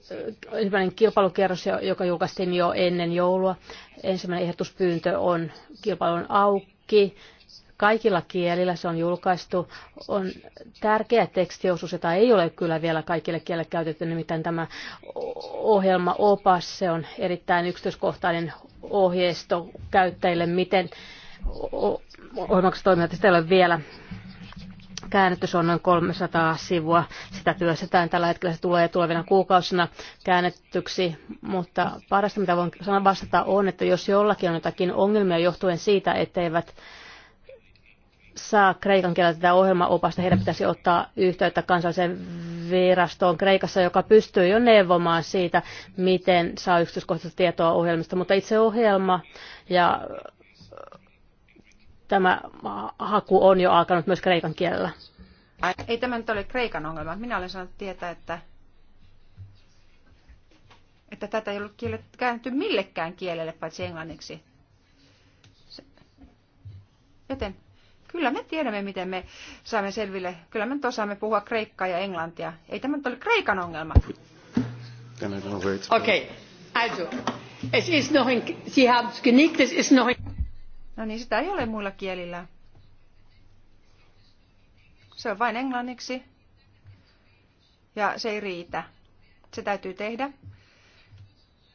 ensimmäinen kilpailukierros, joka julkaistiin jo ennen joulua. Ensimmäinen ehdotuspyyntö on kilpailun auki. Kaikilla kielillä se on julkaistu. On tärkeä tekstiosuus, jota ei ole kyllä vielä kaikille kielille käytetty, nimittäin tämä ohjelma OPAS, se on erittäin yksityiskohtainen ohjeisto käyttäjille, miten ohjelmaksi toimivat. Sitä ei ole vielä se on noin 300 sivua. Sitä työstetään tällä hetkellä. Se tulee tulevina kuukausina käännettyksi. Mutta parasta, mitä voin sanoa vastata, on, että jos jollakin on jotakin ongelmia johtuen siitä, etteivät saa kreikan kielellä tätä ohjelmaopasta, heidän pitäisi ottaa yhteyttä kansalliseen virastoon Kreikassa, joka pystyy jo neuvomaan siitä, miten saa yksityiskohtaista tietoa ohjelmista. Mutta itse ohjelma ja tämä haku on jo alkanut myös kreikan kielellä. Ei tämä nyt ole kreikan ongelma. Minä olen saanut tietää, että, että tätä ei ollut kielet, käännetty millekään kielelle paitsi englanniksi. Joten kyllä me tiedämme, miten me saamme selville. Kyllä me nyt osaamme puhua kreikkaa ja englantia. Ei tämä nyt ole kreikan ongelma. Okei, okay. also, es ist noch ein, Sie haben es genickt, es ist noch ein... No niin, sitä ei ole muilla kielillä. Se on vain englanniksi. Ja se ei riitä. Se täytyy tehdä.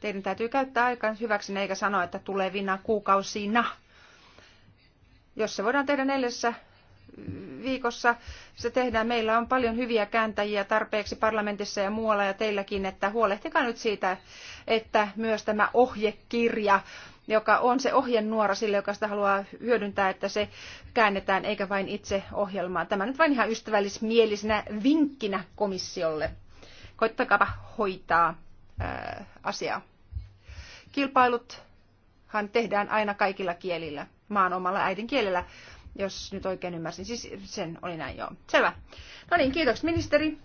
Teidän täytyy käyttää aikaa hyväksi eikä sanoa, että tulevina kuukausina. Jos se voidaan tehdä neljässä viikossa, se tehdään. Meillä on paljon hyviä kääntäjiä tarpeeksi parlamentissa ja muualla ja teilläkin, että huolehtikaa nyt siitä, että myös tämä ohjekirja joka on se ohjenuora sille, joka sitä haluaa hyödyntää, että se käännetään eikä vain itse ohjelmaa. Tämä nyt vain ihan ystävällismielisenä vinkkinä komissiolle. Koittakaa hoitaa ää, äh, asiaa. Kilpailuthan tehdään aina kaikilla kielillä, maan omalla äidinkielellä, jos nyt oikein ymmärsin. Siis sen oli näin joo. Selvä. No niin, kiitokset ministeri.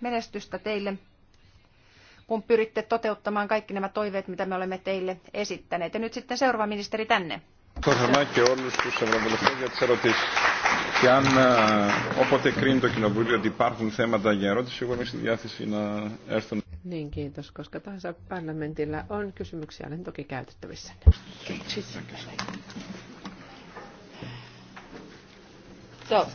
Menestystä teille kun pyritte toteuttamaan kaikki nämä toiveet, mitä me olemme teille esittäneet. Ja nyt sitten seuraava ministeri tänne. Και αν όποτε κρίνει το Κοινοβούλιο ότι υπάρχουν θέματα για ερώτηση, εγώ είμαι στη διάθεση να έρθω. Niin, kiitos. Koska tahansa parlamentilla on kysymyksiä, olen toki käytettävissä. So,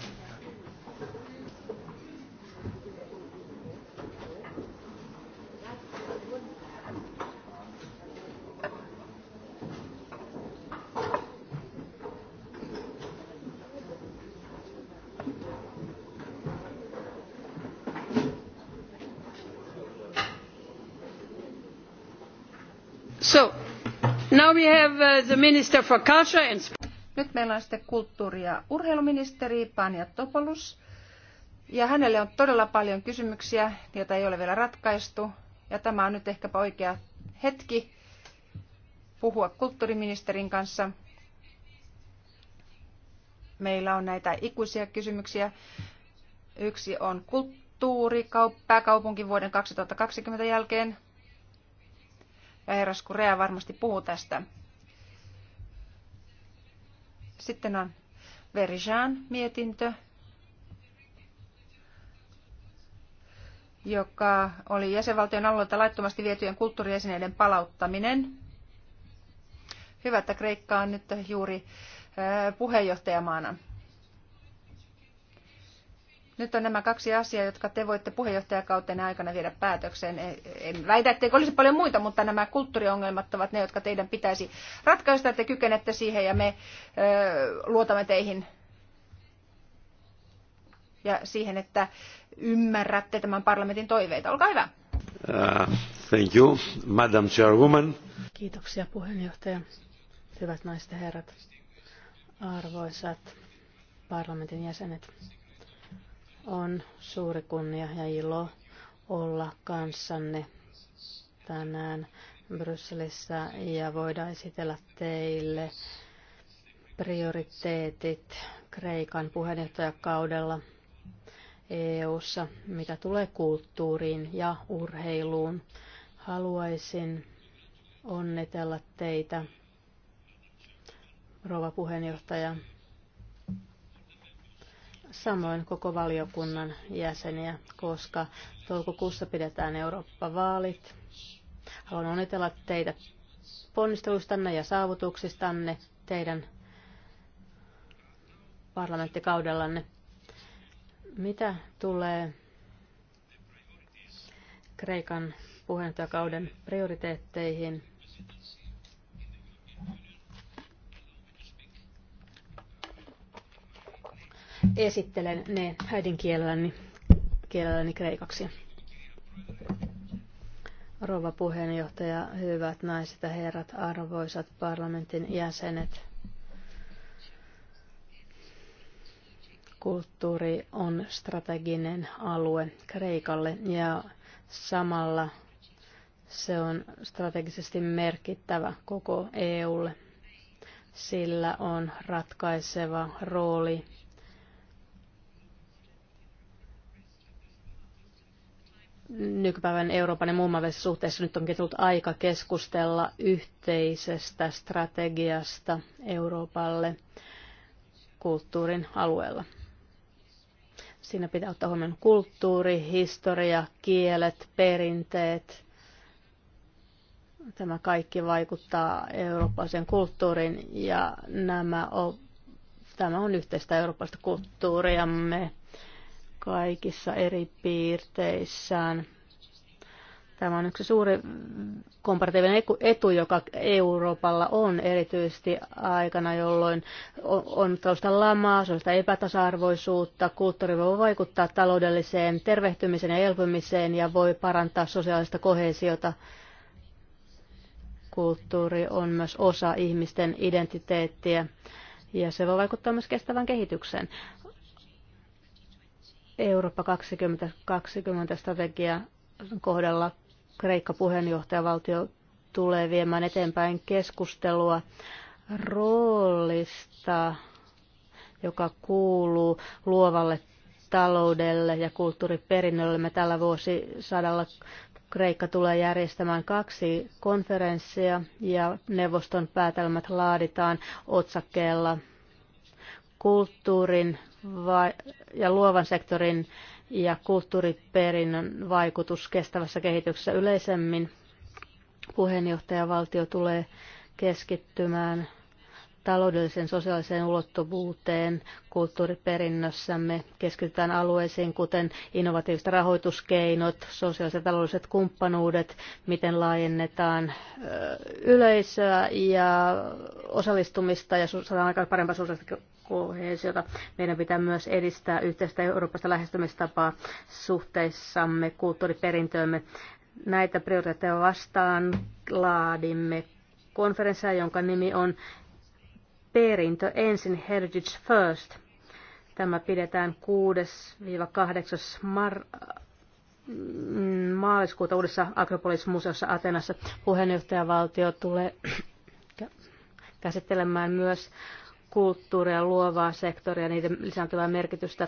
Uh, nyt meillä on sitten kulttuuri- ja urheiluministeri Pania Topolus. Ja hänelle on todella paljon kysymyksiä, joita ei ole vielä ratkaistu. Ja tämä on nyt ehkäpä oikea hetki puhua kulttuuriministerin kanssa. Meillä on näitä ikuisia kysymyksiä. Yksi on kulttuuri, pääkaupunki vuoden 2020 jälkeen ja herras Kurea varmasti puhuu tästä. Sitten on Verijan mietintö, joka oli jäsenvaltion alueelta laittomasti vietyjen kulttuuriesineiden palauttaminen. Hyvä, että Kreikka on nyt juuri puheenjohtajamaana nyt on nämä kaksi asiaa, jotka te voitte puheenjohtajakauten aikana viedä päätökseen. En väitä, etteikö olisi paljon muita, mutta nämä kulttuuriongelmat ovat ne, jotka teidän pitäisi ratkaista. että kykenette siihen ja me ö, luotamme teihin ja siihen, että ymmärrätte tämän parlamentin toiveita. Olkaa hyvä. Uh, thank you, Madam Chairwoman. Kiitoksia puheenjohtaja. Hyvät naiset ja herrat, arvoisat parlamentin jäsenet. On suuri kunnia ja ilo olla kanssanne tänään Brysselissä ja voida esitellä teille prioriteetit Kreikan puheenjohtajakaudella EU:ssa, mitä tulee kulttuuriin ja urheiluun. Haluaisin onnitella teitä, rouva puheenjohtaja, samoin koko valiokunnan jäseniä, koska toukokuussa pidetään Eurooppa-vaalit. Haluan onnitella teitä ponnisteluistanne ja saavutuksistanne teidän parlamenttikaudellanne. Mitä tulee Kreikan puheenjohtajakauden prioriteetteihin, esittelen ne äidinkielelläni kielelläni kreikaksi. Rouva puheenjohtaja, hyvät naiset ja herrat, arvoisat parlamentin jäsenet. Kulttuuri on strateginen alue Kreikalle ja samalla se on strategisesti merkittävä koko EUlle. Sillä on ratkaiseva rooli nykypäivän Euroopan ja muun maailman suhteessa nyt onkin tullut aika keskustella yhteisestä strategiasta Euroopalle kulttuurin alueella. Siinä pitää ottaa huomioon kulttuuri, historia, kielet, perinteet. Tämä kaikki vaikuttaa eurooppalaisen kulttuuriin ja nämä on, tämä on yhteistä eurooppalaista kulttuuriamme kaikissa eri piirteissään. Tämä on yksi suuri komparatiivinen etu, joka Euroopalla on erityisesti aikana, jolloin on tällaista lamaa, sellaista epätasa-arvoisuutta. Kulttuuri voi vaikuttaa taloudelliseen tervehtymiseen ja elpymiseen ja voi parantaa sosiaalista kohesiota. Kulttuuri on myös osa ihmisten identiteettiä ja se voi vaikuttaa myös kestävään kehitykseen. Eurooppa 2020 strategia kohdalla Kreikka puheenjohtajavaltio tulee viemään eteenpäin keskustelua roolista, joka kuuluu luovalle taloudelle ja kulttuuriperinnöllemme tällä vuosisadalla. Kreikka tulee järjestämään kaksi konferenssia ja neuvoston päätelmät laaditaan otsakkeella kulttuurin ja luovan sektorin ja kulttuuriperinnön vaikutus kestävässä kehityksessä yleisemmin. Puheenjohtajavaltio tulee keskittymään taloudelliseen, sosiaaliseen ulottuvuuteen kulttuuriperinnössämme. Keskitytään alueisiin, kuten innovatiiviset rahoituskeinot, sosiaaliset ja taloudelliset kumppanuudet, miten laajennetaan yleisöä ja osallistumista ja saadaan aika parempaa sosiaalista koheesiota. Meidän pitää myös edistää yhteistä Euroopasta lähestymistapaa suhteissamme kulttuuriperintöömme. Näitä prioriteetteja vastaan laadimme konferenssia, jonka nimi on Perintö ensin Heritage First. Tämä pidetään 6-8. Mar- maaliskuuta uudessa Akropolis-museossa Atenassa. Puheenjohtajavaltio tulee käsittelemään myös kulttuuria, luovaa sektoria, niiden lisääntyvää merkitystä.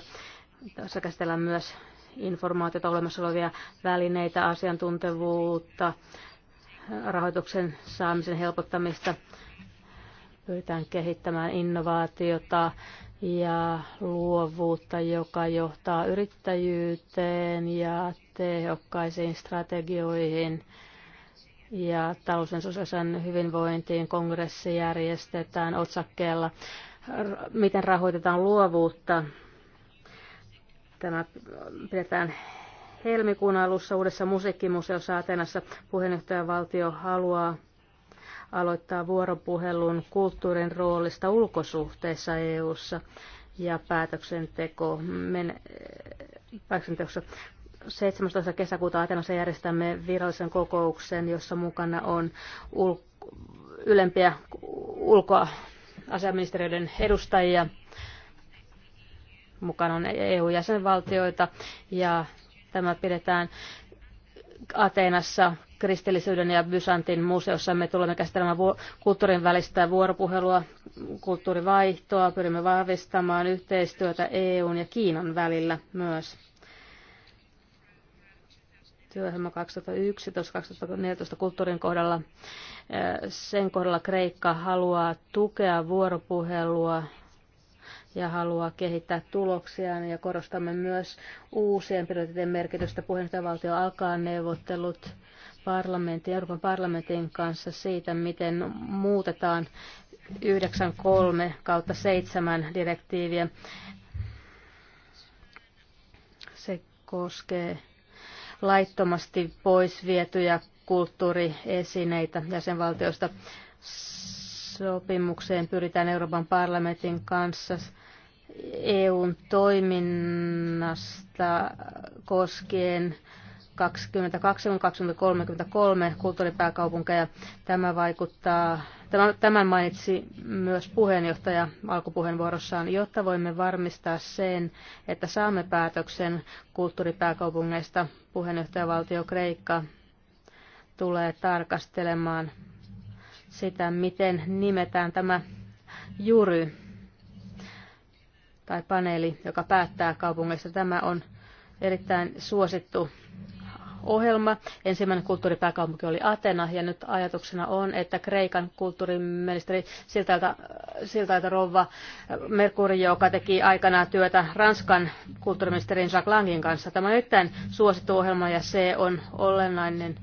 Tässä käsitellään myös informaatiota, olemassa olevia välineitä, asiantuntevuutta, rahoituksen saamisen helpottamista. Pyritään kehittämään innovaatiota ja luovuutta, joka johtaa yrittäjyyteen ja tehokkaisiin strategioihin ja talousen sosiaalisen hyvinvointiin kongressi järjestetään otsakkeella, miten rahoitetaan luovuutta. Tämä pidetään helmikuun alussa uudessa musiikkimuseossa Atenassa. Puheenjohtajavaltio haluaa aloittaa vuoropuhelun kulttuurin roolista ulkosuhteissa EU:ssa ja päätöksenteko, men, päätöksenteossa 17. kesäkuuta Atenassa järjestämme virallisen kokouksen, jossa mukana on ul- ylempiä ulkoasiaministeriöiden edustajia. Mukana on EU-jäsenvaltioita ja tämä pidetään Ateenassa kristillisyyden ja Byzantin museossa. Me tulemme käsittelemään kulttuurin välistä vuoropuhelua, kulttuurivaihtoa, pyrimme vahvistamaan yhteistyötä EUn ja Kiinan välillä myös työohjelma 2011-2014 kulttuurin kohdalla. Sen kohdalla Kreikka haluaa tukea vuoropuhelua ja haluaa kehittää tuloksiaan ja korostamme myös uusien prioriteettien merkitystä. Puheenjohtajavaltio alkaa neuvottelut parlamentin, Euroopan parlamentin kanssa siitä, miten muutetaan 93 kautta 7 direktiiviä. Se koskee laittomasti pois vietyjä kulttuuriesineitä jäsenvaltioista. Sopimukseen pyritään Euroopan parlamentin kanssa EUn toiminnasta koskien 2022 2033 kulttuuripääkaupunkeja. Tämä vaikuttaa, tämän mainitsi myös puheenjohtaja alkupuheenvuorossaan, jotta voimme varmistaa sen, että saamme päätöksen kulttuuripääkaupungeista. Puheenjohtajavaltio Kreikka tulee tarkastelemaan sitä, miten nimetään tämä jury tai paneeli, joka päättää kaupungeista. Tämä on erittäin suosittu ohjelma. Ensimmäinen kulttuuripääkaupunki oli Atena ja nyt ajatuksena on, että Kreikan kulttuuriministeri siltä, siltä Rova Merkuri, joka teki aikanaan työtä Ranskan kulttuuriministerin Jacques Langin kanssa. Tämä on erittäin suosittu ohjelma ja se on olennainen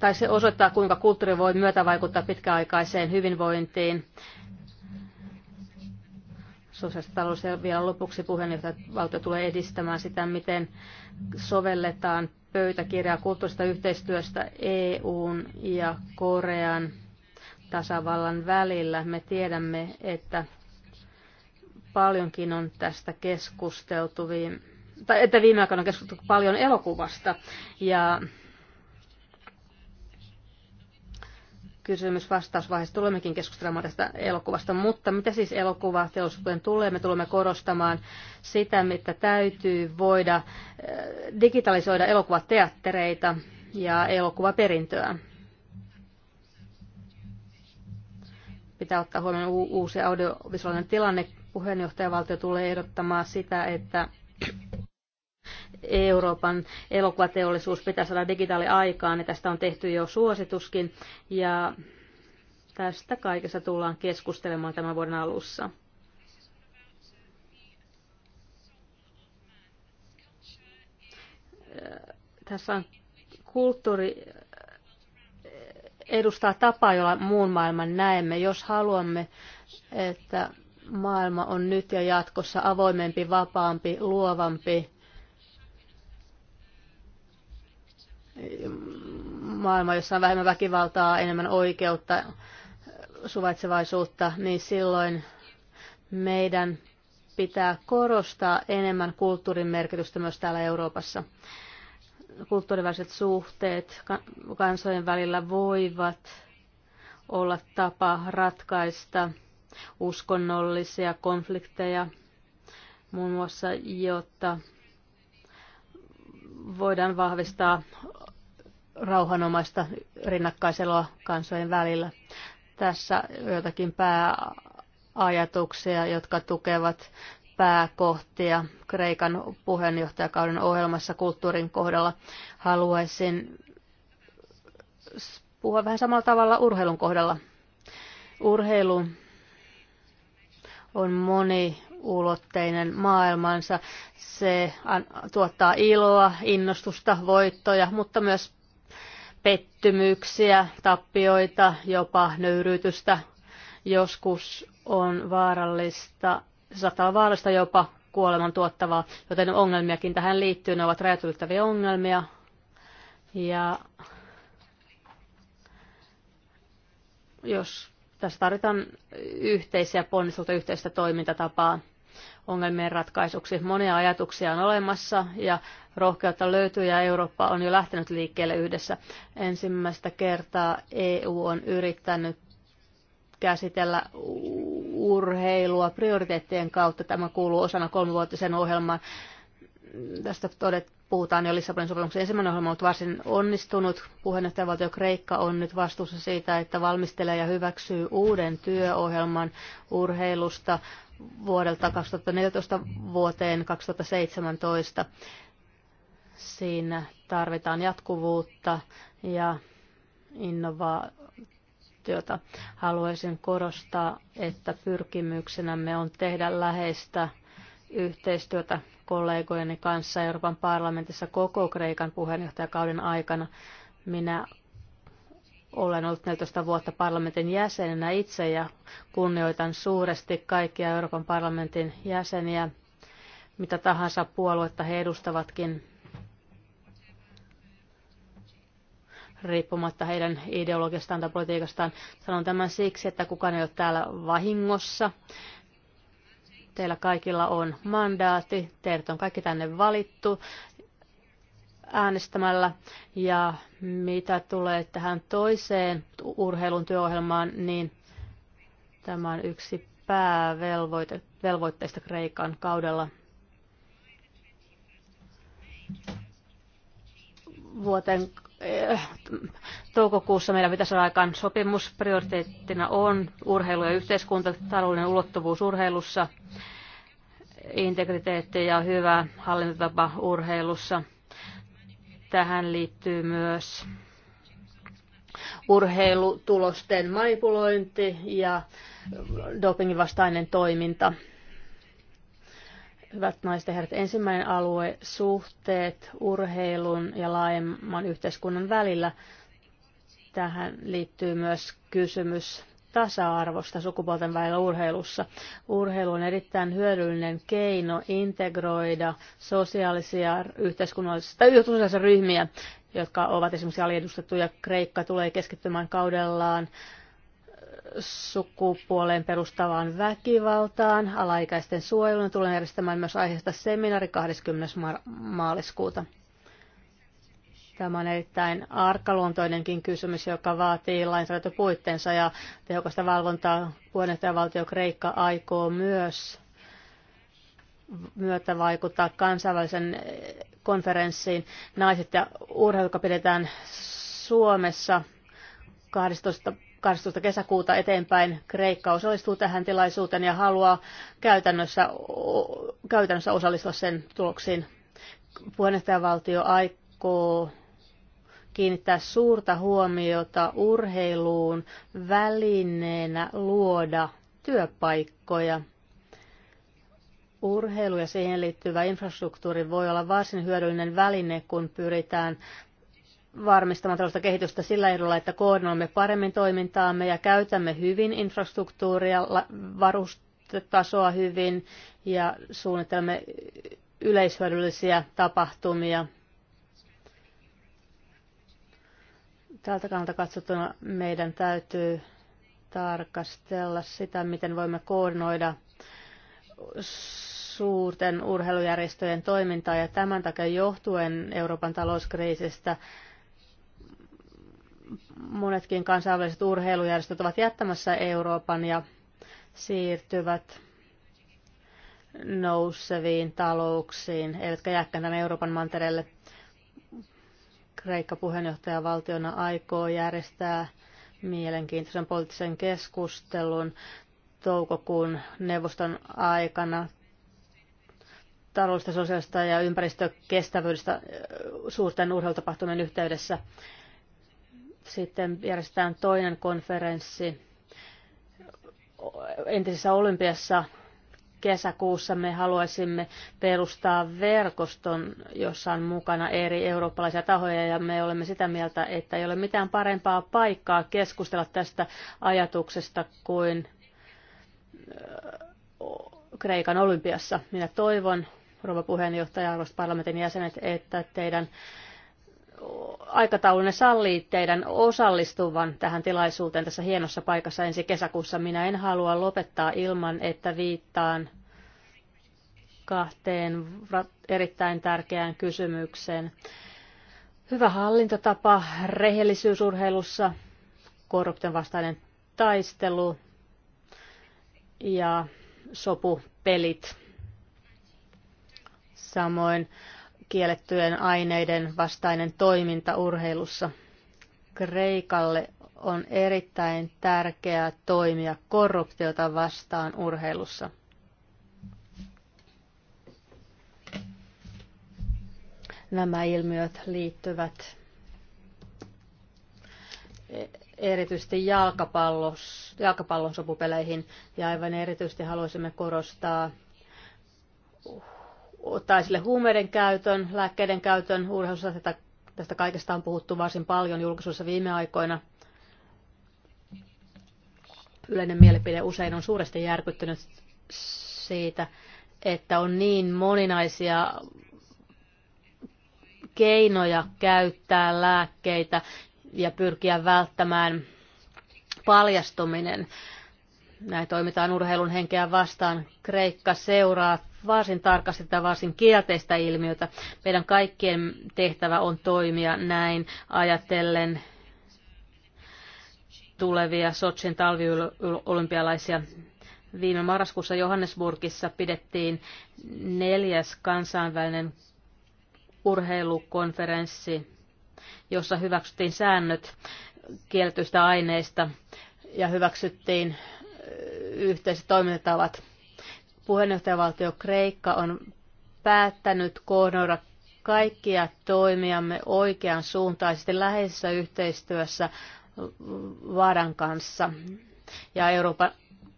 tai se osoittaa, kuinka kulttuuri voi myötävaikuttaa pitkäaikaiseen hyvinvointiin sosiaalista talous. Ja vielä lopuksi puheenjohtaja valtio tulee edistämään sitä, miten sovelletaan pöytäkirjaa kulttuurista yhteistyöstä EUn ja Korean tasavallan välillä. Me tiedämme, että paljonkin on tästä keskusteltu viime, tai että viime aikoina on keskusteltu paljon elokuvasta ja kysymys-vastausvaiheessa tulemmekin keskustelemaan tästä elokuvasta, mutta mitä siis teollisuuteen tulee? Me tulemme korostamaan sitä, mitä täytyy voida eh, digitalisoida elokuvateattereita ja elokuvaperintöä. Pitää ottaa huomioon uusi audiovisuaalinen tilanne. Puheenjohtajavaltio tulee ehdottamaan sitä, että Euroopan elokuvateollisuus pitää saada digitaaliaikaan, niin tästä on tehty jo suosituskin, ja tästä kaikessa tullaan keskustelemaan tämän vuoden alussa. Tässä on kulttuuri edustaa tapaa, jolla muun maailman näemme, jos haluamme, että maailma on nyt ja jatkossa avoimempi, vapaampi, luovampi, maailma, jossa on vähemmän väkivaltaa, enemmän oikeutta, suvaitsevaisuutta, niin silloin meidän pitää korostaa enemmän kulttuurin merkitystä myös täällä Euroopassa. Kulttuuriväliset suhteet kansojen välillä voivat olla tapa ratkaista uskonnollisia konflikteja, muun muassa, jotta voidaan vahvistaa rauhanomaista rinnakkaiseloa kansojen välillä. Tässä joitakin pääajatuksia, jotka tukevat pääkohtia Kreikan puheenjohtajakauden ohjelmassa kulttuurin kohdalla. Haluaisin puhua vähän samalla tavalla urheilun kohdalla. Urheilu on moniulotteinen maailmansa. Se tuottaa iloa, innostusta, voittoja, mutta myös pettymyksiä, tappioita, jopa nöyryytystä. Joskus on vaarallista, saattaa olla vaarallista jopa kuoleman tuottavaa, joten ongelmiakin tähän liittyy. Ne ovat rajatylyttäviä ongelmia. Ja jos tässä tarvitaan yhteisiä ponnisteluita, yhteistä toimintatapaa ongelmien ratkaisuksi. Monia ajatuksia on olemassa ja rohkeutta löytyy ja Eurooppa on jo lähtenyt liikkeelle yhdessä. Ensimmäistä kertaa EU on yrittänyt käsitellä urheilua prioriteettien kautta. Tämä kuuluu osana kolmivuotisen ohjelmaan. Tästä todet, puhutaan jo Lissabonin sopimuksen ensimmäinen ohjelma on varsin onnistunut. Puheenjohtajavaltio Kreikka on nyt vastuussa siitä, että valmistelee ja hyväksyy uuden työohjelman urheilusta vuodelta 2014 vuoteen 2017. Siinä tarvitaan jatkuvuutta ja innovaatiota. Haluaisin korostaa, että pyrkimyksenämme on tehdä läheistä yhteistyötä kollegojeni kanssa Euroopan parlamentissa koko Kreikan puheenjohtajakauden aikana. Minä olen ollut 14 vuotta parlamentin jäsenenä itse ja kunnioitan suuresti kaikkia Euroopan parlamentin jäseniä, mitä tahansa puoluetta he edustavatkin, riippumatta heidän ideologiastaan tai politiikastaan. Sanon tämän siksi, että kukaan ei ole täällä vahingossa. Teillä kaikilla on mandaatti, teidät on kaikki tänne valittu äänestämällä. Ja mitä tulee tähän toiseen urheilun työohjelmaan, niin tämä on yksi päävelvoitteista Kreikan kaudella. Vuoteen eh, toukokuussa meillä pitäisi olla aikaan sopimus. Prioriteettina on urheilu ja yhteiskunta, taloudellinen ulottuvuus urheilussa, integriteetti ja hyvä hallintotapa urheilussa – Tähän liittyy myös urheilutulosten manipulointi ja dopingin vastainen toiminta. Hyvät naiset ja herrat, ensimmäinen alue, suhteet urheilun ja laajemman yhteiskunnan välillä. Tähän liittyy myös kysymys tasa-arvosta sukupuolten välillä urheilussa. Urheilu on erittäin hyödyllinen keino integroida sosiaalisia yhteiskunnallisia tai yhteiskunnallisia ryhmiä, jotka ovat esimerkiksi aliedustettuja. Kreikka tulee keskittymään kaudellaan sukupuoleen perustavaan väkivaltaan, alaikäisten suojelun tulee järjestämään myös aiheesta seminaari 20. maaliskuuta. Tämä on erittäin arkaluontoinenkin kysymys, joka vaatii lainsäädäntöpuitteensa ja tehokasta valvontaa. Puheenjohtajavaltio Kreikka aikoo myös myötä vaikuttaa kansainvälisen konferenssiin naiset ja urheilu, joka pidetään Suomessa 12. 12. kesäkuuta eteenpäin Kreikka osallistuu tähän tilaisuuteen ja haluaa käytännössä, käytännössä osallistua sen tuloksiin. Puheenjohtajavaltio aikoo kiinnittää suurta huomiota urheiluun välineenä luoda työpaikkoja. Urheilu ja siihen liittyvä infrastruktuuri voi olla varsin hyödyllinen väline, kun pyritään varmistamaan tällaista kehitystä sillä ehdolla, että koordinoimme paremmin toimintaamme ja käytämme hyvin infrastruktuuria, varustetasoa hyvin ja suunnittelemme yleishyödyllisiä tapahtumia Tältä kannalta katsottuna meidän täytyy tarkastella sitä, miten voimme koordinoida suurten urheilujärjestöjen toimintaa ja tämän takia johtuen Euroopan talouskriisistä monetkin kansainväliset urheilujärjestöt ovat jättämässä Euroopan ja siirtyvät nouseviin talouksiin, eivätkä jääkään Euroopan mantereelle. Kreikka puheenjohtajavaltiona aikoo järjestää mielenkiintoisen poliittisen keskustelun toukokuun neuvoston aikana taloudellisesta, sosiaalista ja ympäristökestävyydestä suurten urheilutapahtumien yhteydessä. Sitten järjestetään toinen konferenssi entisessä olympiassa kesäkuussa me haluaisimme perustaa verkoston, jossa on mukana eri eurooppalaisia tahoja ja me olemme sitä mieltä, että ei ole mitään parempaa paikkaa keskustella tästä ajatuksesta kuin Kreikan olympiassa. Minä toivon, rouva puheenjohtaja, arvoisat parlamentin jäsenet, että teidän aikataulunne sallii teidän osallistuvan tähän tilaisuuteen tässä hienossa paikassa ensi kesäkuussa. Minä en halua lopettaa ilman, että viittaan kahteen erittäin tärkeään kysymykseen. Hyvä hallintotapa rehellisyysurheilussa, korruption vastainen taistelu ja sopupelit. Samoin kiellettyjen aineiden vastainen toiminta urheilussa. Kreikalle on erittäin tärkeää toimia korruptiota vastaan urheilussa. Nämä ilmiöt liittyvät erityisesti jalkapallon sopupeleihin ja aivan erityisesti haluaisimme korostaa tai sille huumeiden käytön, lääkkeiden käytön, urheilussa tätä tästä kaikesta on puhuttu varsin paljon julkisuudessa viime aikoina. Yleinen mielipide usein on suuresti järkyttynyt siitä, että on niin moninaisia keinoja käyttää lääkkeitä ja pyrkiä välttämään paljastuminen. Näin toimitaan urheilun henkeä vastaan. Kreikka seuraa varsin tarkasti tai varsin kielteistä ilmiötä. Meidän kaikkien tehtävä on toimia näin ajatellen tulevia Sotsin talviolympialaisia. Viime marraskuussa Johannesburgissa pidettiin neljäs kansainvälinen urheilukonferenssi, jossa hyväksyttiin säännöt kielletyistä aineista ja hyväksyttiin yhteiset toimintatavat Puheenjohtajavaltio Kreikka on päättänyt koordinoida kaikkia toimiamme oikean suuntaisesti läheisessä yhteistyössä Vaadan kanssa ja Euroopan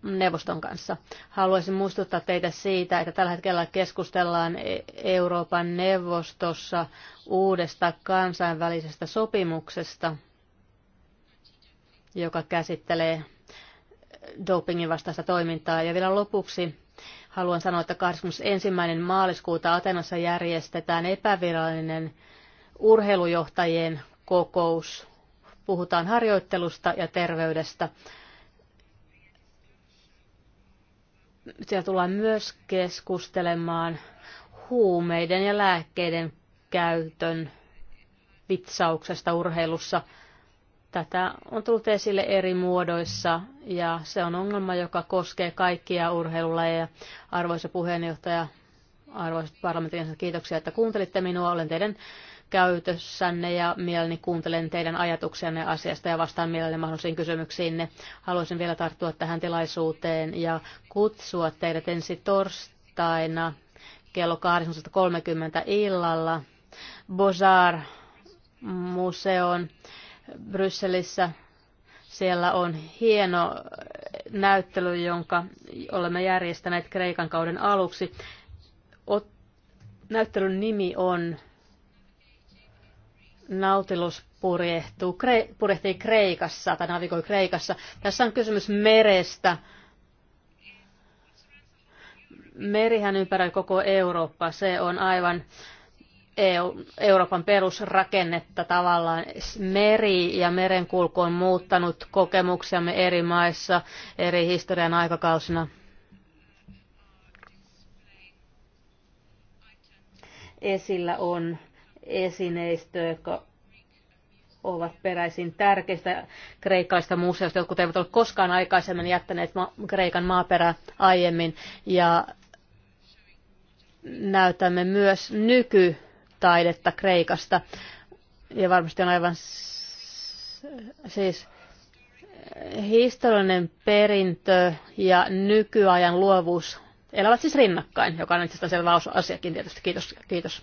neuvoston kanssa. Haluaisin muistuttaa teitä siitä, että tällä hetkellä keskustellaan e- Euroopan neuvostossa uudesta kansainvälisestä sopimuksesta, joka käsittelee dopingin vastaista toimintaa. Ja vielä lopuksi haluan sanoa, että 21. maaliskuuta Atenassa järjestetään epävirallinen urheilujohtajien kokous. Puhutaan harjoittelusta ja terveydestä. Siellä tullaan myös keskustelemaan huumeiden ja lääkkeiden käytön vitsauksesta urheilussa – Tätä on tullut esille eri muodoissa ja se on ongelma, joka koskee kaikkia urheilulajeja. Arvoisa puheenjohtaja, arvoisat parlamentin kiitoksia, että kuuntelitte minua. Olen teidän käytössänne ja mielelläni kuuntelen teidän ajatuksianne asiasta ja vastaan mielelläni mahdollisiin kysymyksiinne. Haluaisin vielä tarttua tähän tilaisuuteen ja kutsua teidät ensi torstaina kello 18.30 illalla Bozar museon Brysselissä. Siellä on hieno näyttely, jonka olemme järjestäneet Kreikan kauden aluksi. Ot- näyttelyn nimi on Nautilus purjehtuu, kre, purjehtii Kreikassa tai navigoi Kreikassa. Tässä on kysymys merestä. Merihän ympäröi koko Eurooppaa. Se on aivan EU, Euroopan perusrakennetta tavallaan. Meri ja merenkulku on muuttanut kokemuksiamme eri maissa eri historian aikakausina. Esillä on esineistö, joka ovat peräisin tärkeistä kreikkalaisista museoista, jotka eivät ole koskaan aikaisemmin jättäneet ma- Kreikan maaperää aiemmin. Ja näytämme myös nyky taidetta Kreikasta. Ja varmasti on aivan siis historiallinen perintö ja nykyajan luovuus elävät siis rinnakkain, joka on asiassa selvä asiakin tietysti. Kiitos. Kiitos.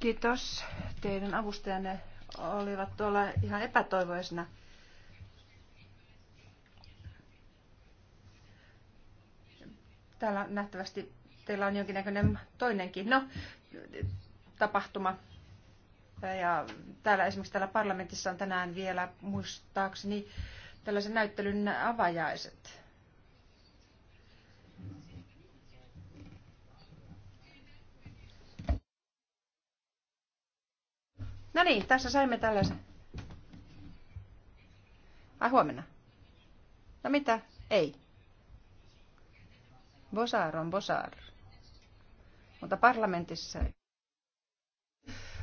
Kiitos. Teidän avustajanne olivat tuolla ihan epätoivoisena. Täällä on nähtävästi teillä on jonkinnäköinen toinenkin no, tapahtuma. Ja täällä esimerkiksi täällä parlamentissa on tänään vielä muistaakseni tällaisen näyttelyn avajaiset. No niin, tässä saimme tällaisen. Ai huomenna. No mitä? Ei. Bosar on bosar. Mutta parlamentissa,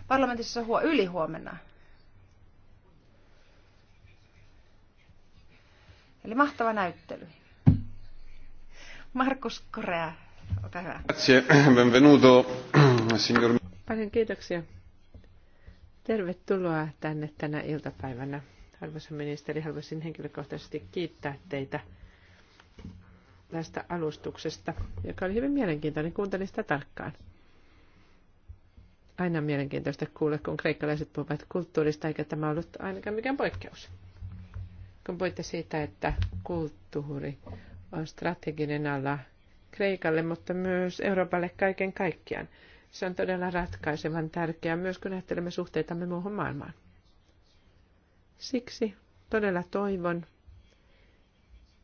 parlamentissa huo, yli huomenna. Eli mahtava näyttely. Markus Korea, olkaa hyvä. Grazie, benvenuto, signor... Paljon kiitoksia. Tervetuloa tänne tänä iltapäivänä. Arvoisa ministeri, haluaisin henkilökohtaisesti kiittää teitä – tästä alustuksesta, joka oli hyvin mielenkiintoinen. Kuuntelin sitä tarkkaan. Aina on mielenkiintoista kuulla, kun kreikkalaiset puhuvat kulttuurista, eikä tämä ollut ainakaan mikään poikkeus. Kun puhuitte siitä, että kulttuuri on strateginen ala Kreikalle, mutta myös Euroopalle kaiken kaikkiaan. Se on todella ratkaisevan tärkeää myös, kun ajattelemme suhteitamme muuhun maailmaan. Siksi todella toivon,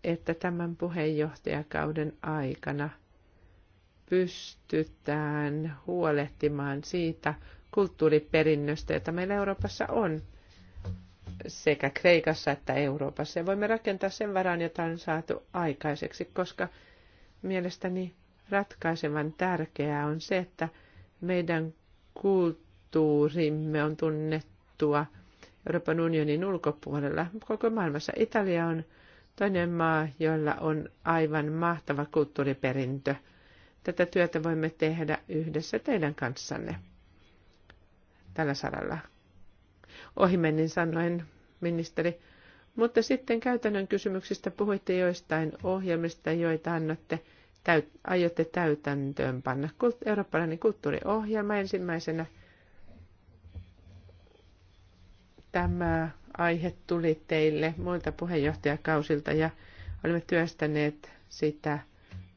että tämän puheenjohtajakauden aikana pystytään huolehtimaan siitä kulttuuriperinnöstä, jota meillä Euroopassa on sekä Kreikassa että Euroopassa. Ja voimme rakentaa sen varaan, jota on saatu aikaiseksi, koska mielestäni ratkaisevan tärkeää on se, että meidän kulttuurimme on tunnettua Euroopan unionin ulkopuolella koko maailmassa. Italia on toinen maa, jolla on aivan mahtava kulttuuriperintö. Tätä työtä voimme tehdä yhdessä teidän kanssanne tällä saralla. Ohimennin sanoen, ministeri, mutta sitten käytännön kysymyksistä puhuitte joistain ohjelmista, joita annatte, täyt, aiotte täytäntöön panna. eurooppalainen kulttuuriohjelma ensimmäisenä – Tämä aihe tuli teille muilta puheenjohtajakausilta ja olemme työstäneet sitä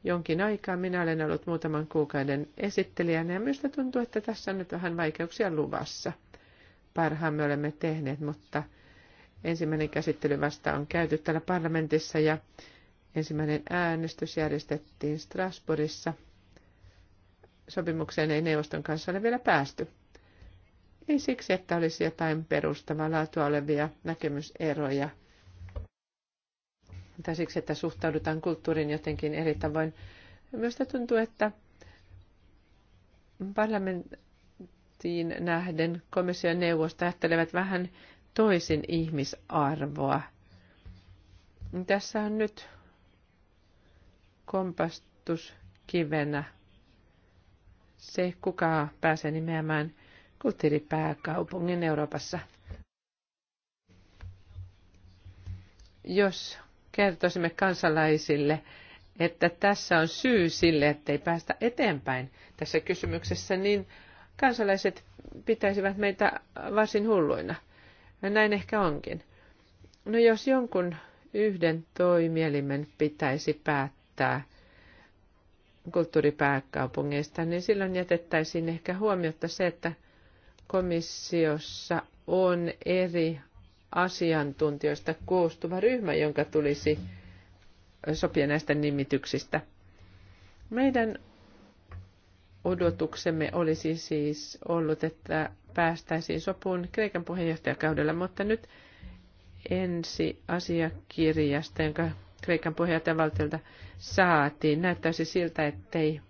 jonkin aikaa. Minä olen ollut muutaman kuukauden esittelijänä ja minusta tuntuu, että tässä on nyt vähän vaikeuksia luvassa. Parhaamme olemme tehneet, mutta ensimmäinen käsittely vasta on käyty täällä parlamentissa ja ensimmäinen äänestys järjestettiin Strasbourgissa. Sopimukseen ei neuvoston kanssa ole vielä päästy. Ei siksi, että olisi jotain perustavaa laatua olevia näkemyseroja tai siksi, että suhtaudutaan kulttuuriin jotenkin eri tavoin. Myös tuntuu, että parlamenttiin nähden komission neuvosto ajattelevat vähän toisin ihmisarvoa. Tässä on nyt kompastuskivenä se, kuka pääsee nimeämään kulttuuripääkaupungin Euroopassa. Jos kertoisimme kansalaisille, että tässä on syy sille, ettei päästä eteenpäin tässä kysymyksessä, niin kansalaiset pitäisivät meitä varsin hulluina. Ja näin ehkä onkin. No jos jonkun yhden toimielimen pitäisi päättää kulttuuripääkaupungeista, niin silloin jätettäisiin ehkä huomiota se, että komissiossa on eri asiantuntijoista koostuva ryhmä, jonka tulisi sopia näistä nimityksistä. Meidän odotuksemme olisi siis ollut, että päästäisiin sopuun Kreikan puheenjohtajakaudella, mutta nyt ensi asiakirjasta, jonka Kreikan puheenjohtajavaltiolta saatiin, näyttäisi siltä, ettei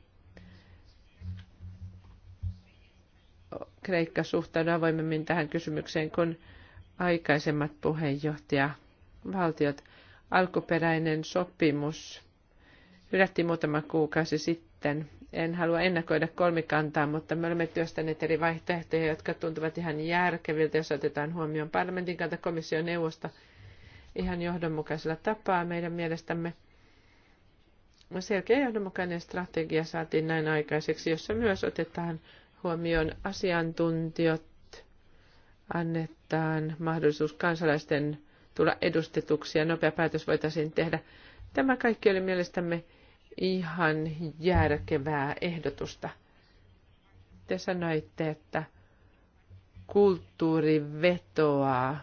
Kreikka suhtaudu avoimemmin tähän kysymykseen kuin aikaisemmat puheenjohtajavaltiot. Alkuperäinen sopimus hylättiin muutama kuukausi sitten. En halua ennakoida kolmikantaa, mutta me olemme työstäneet eri vaihtoehtoja, jotka tuntuvat ihan järkeviltä, jos otetaan huomioon parlamentin kanta komission neuvosta ihan johdonmukaisella tapaa meidän mielestämme. Selkeä johdonmukainen strategia saatiin näin aikaiseksi, jossa myös otetaan huomioon asiantuntijat, annetaan mahdollisuus kansalaisten tulla edustetuksi ja nopea päätös voitaisiin tehdä. Tämä kaikki oli mielestämme ihan järkevää ehdotusta. Te sanoitte, että kulttuuri vetoaa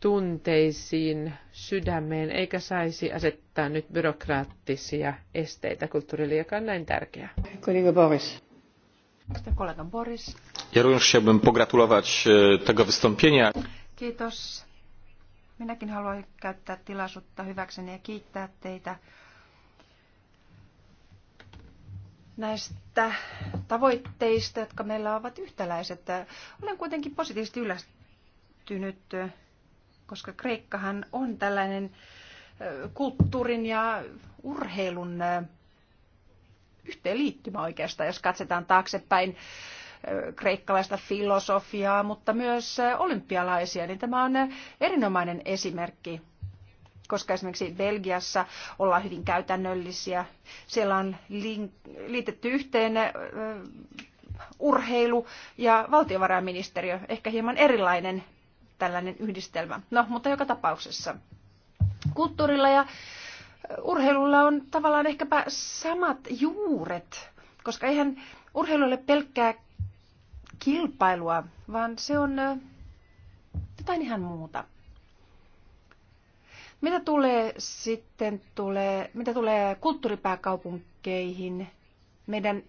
tunteisiin, sydämeen, eikä saisi asettaa nyt byrokraattisia esteitä kulttuurille, joka on näin tärkeää. Kollega Boris. Kollega Boris. Ja również chciałbym pogratulować e, tego wystąpienia. Kiitos. Minäkin haluan käyttää tilaisuutta hyväkseni ja kiittää teitä näistä tavoitteista, jotka meillä ovat yhtäläiset. Olen kuitenkin positiivisesti yllättynyt koska Kreikkahan on tällainen kulttuurin ja urheilun yhteenliittymä oikeastaan, jos katsotaan taaksepäin kreikkalaista filosofiaa, mutta myös olympialaisia, niin tämä on erinomainen esimerkki, koska esimerkiksi Belgiassa ollaan hyvin käytännöllisiä. Siellä on liitetty yhteen urheilu ja valtiovarainministeriö, ehkä hieman erilainen tällainen yhdistelmä. No, mutta joka tapauksessa. Kulttuurilla ja urheilulla on tavallaan ehkäpä samat juuret, koska eihän urheilu ole pelkkää kilpailua, vaan se on jotain ihan muuta. Mitä tulee sitten tulee, mitä tulee kulttuuripääkaupunkeihin, meidän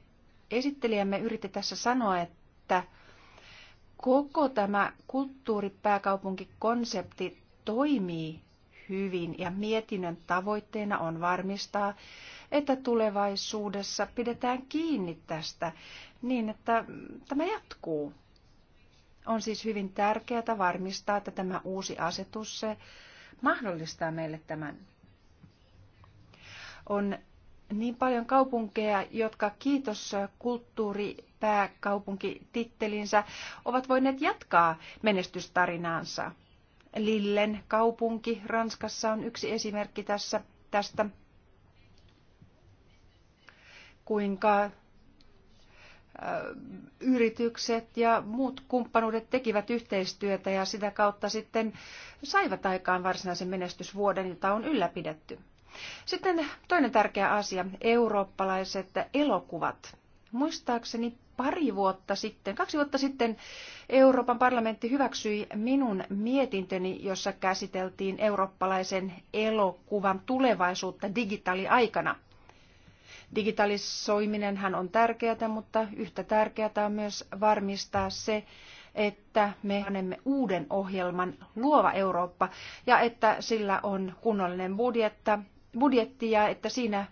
esittelijämme yritti tässä sanoa, että koko tämä kulttuuripääkaupunkikonsepti toimii hyvin ja mietinnön tavoitteena on varmistaa, että tulevaisuudessa pidetään kiinni tästä niin, että tämä jatkuu. On siis hyvin tärkeää varmistaa, että tämä uusi asetus se mahdollistaa meille tämän. On niin paljon kaupunkeja, jotka kiitos kulttuuripääkaupunkitittelinsä ovat voineet jatkaa menestystarinaansa. Lillen kaupunki Ranskassa on yksi esimerkki tässä, tästä, kuinka yritykset ja muut kumppanuudet tekivät yhteistyötä ja sitä kautta sitten saivat aikaan varsinaisen menestysvuoden, jota on ylläpidetty. Sitten toinen tärkeä asia, eurooppalaiset elokuvat. Muistaakseni pari vuotta sitten, kaksi vuotta sitten Euroopan parlamentti hyväksyi minun mietintöni, jossa käsiteltiin eurooppalaisen elokuvan tulevaisuutta digitaaliaikana. Digitalisoiminen on tärkeää, mutta yhtä tärkeää on myös varmistaa se, että me annamme uuden ohjelman Luova Eurooppa ja että sillä on kunnollinen budjetta budjetti ja että siinä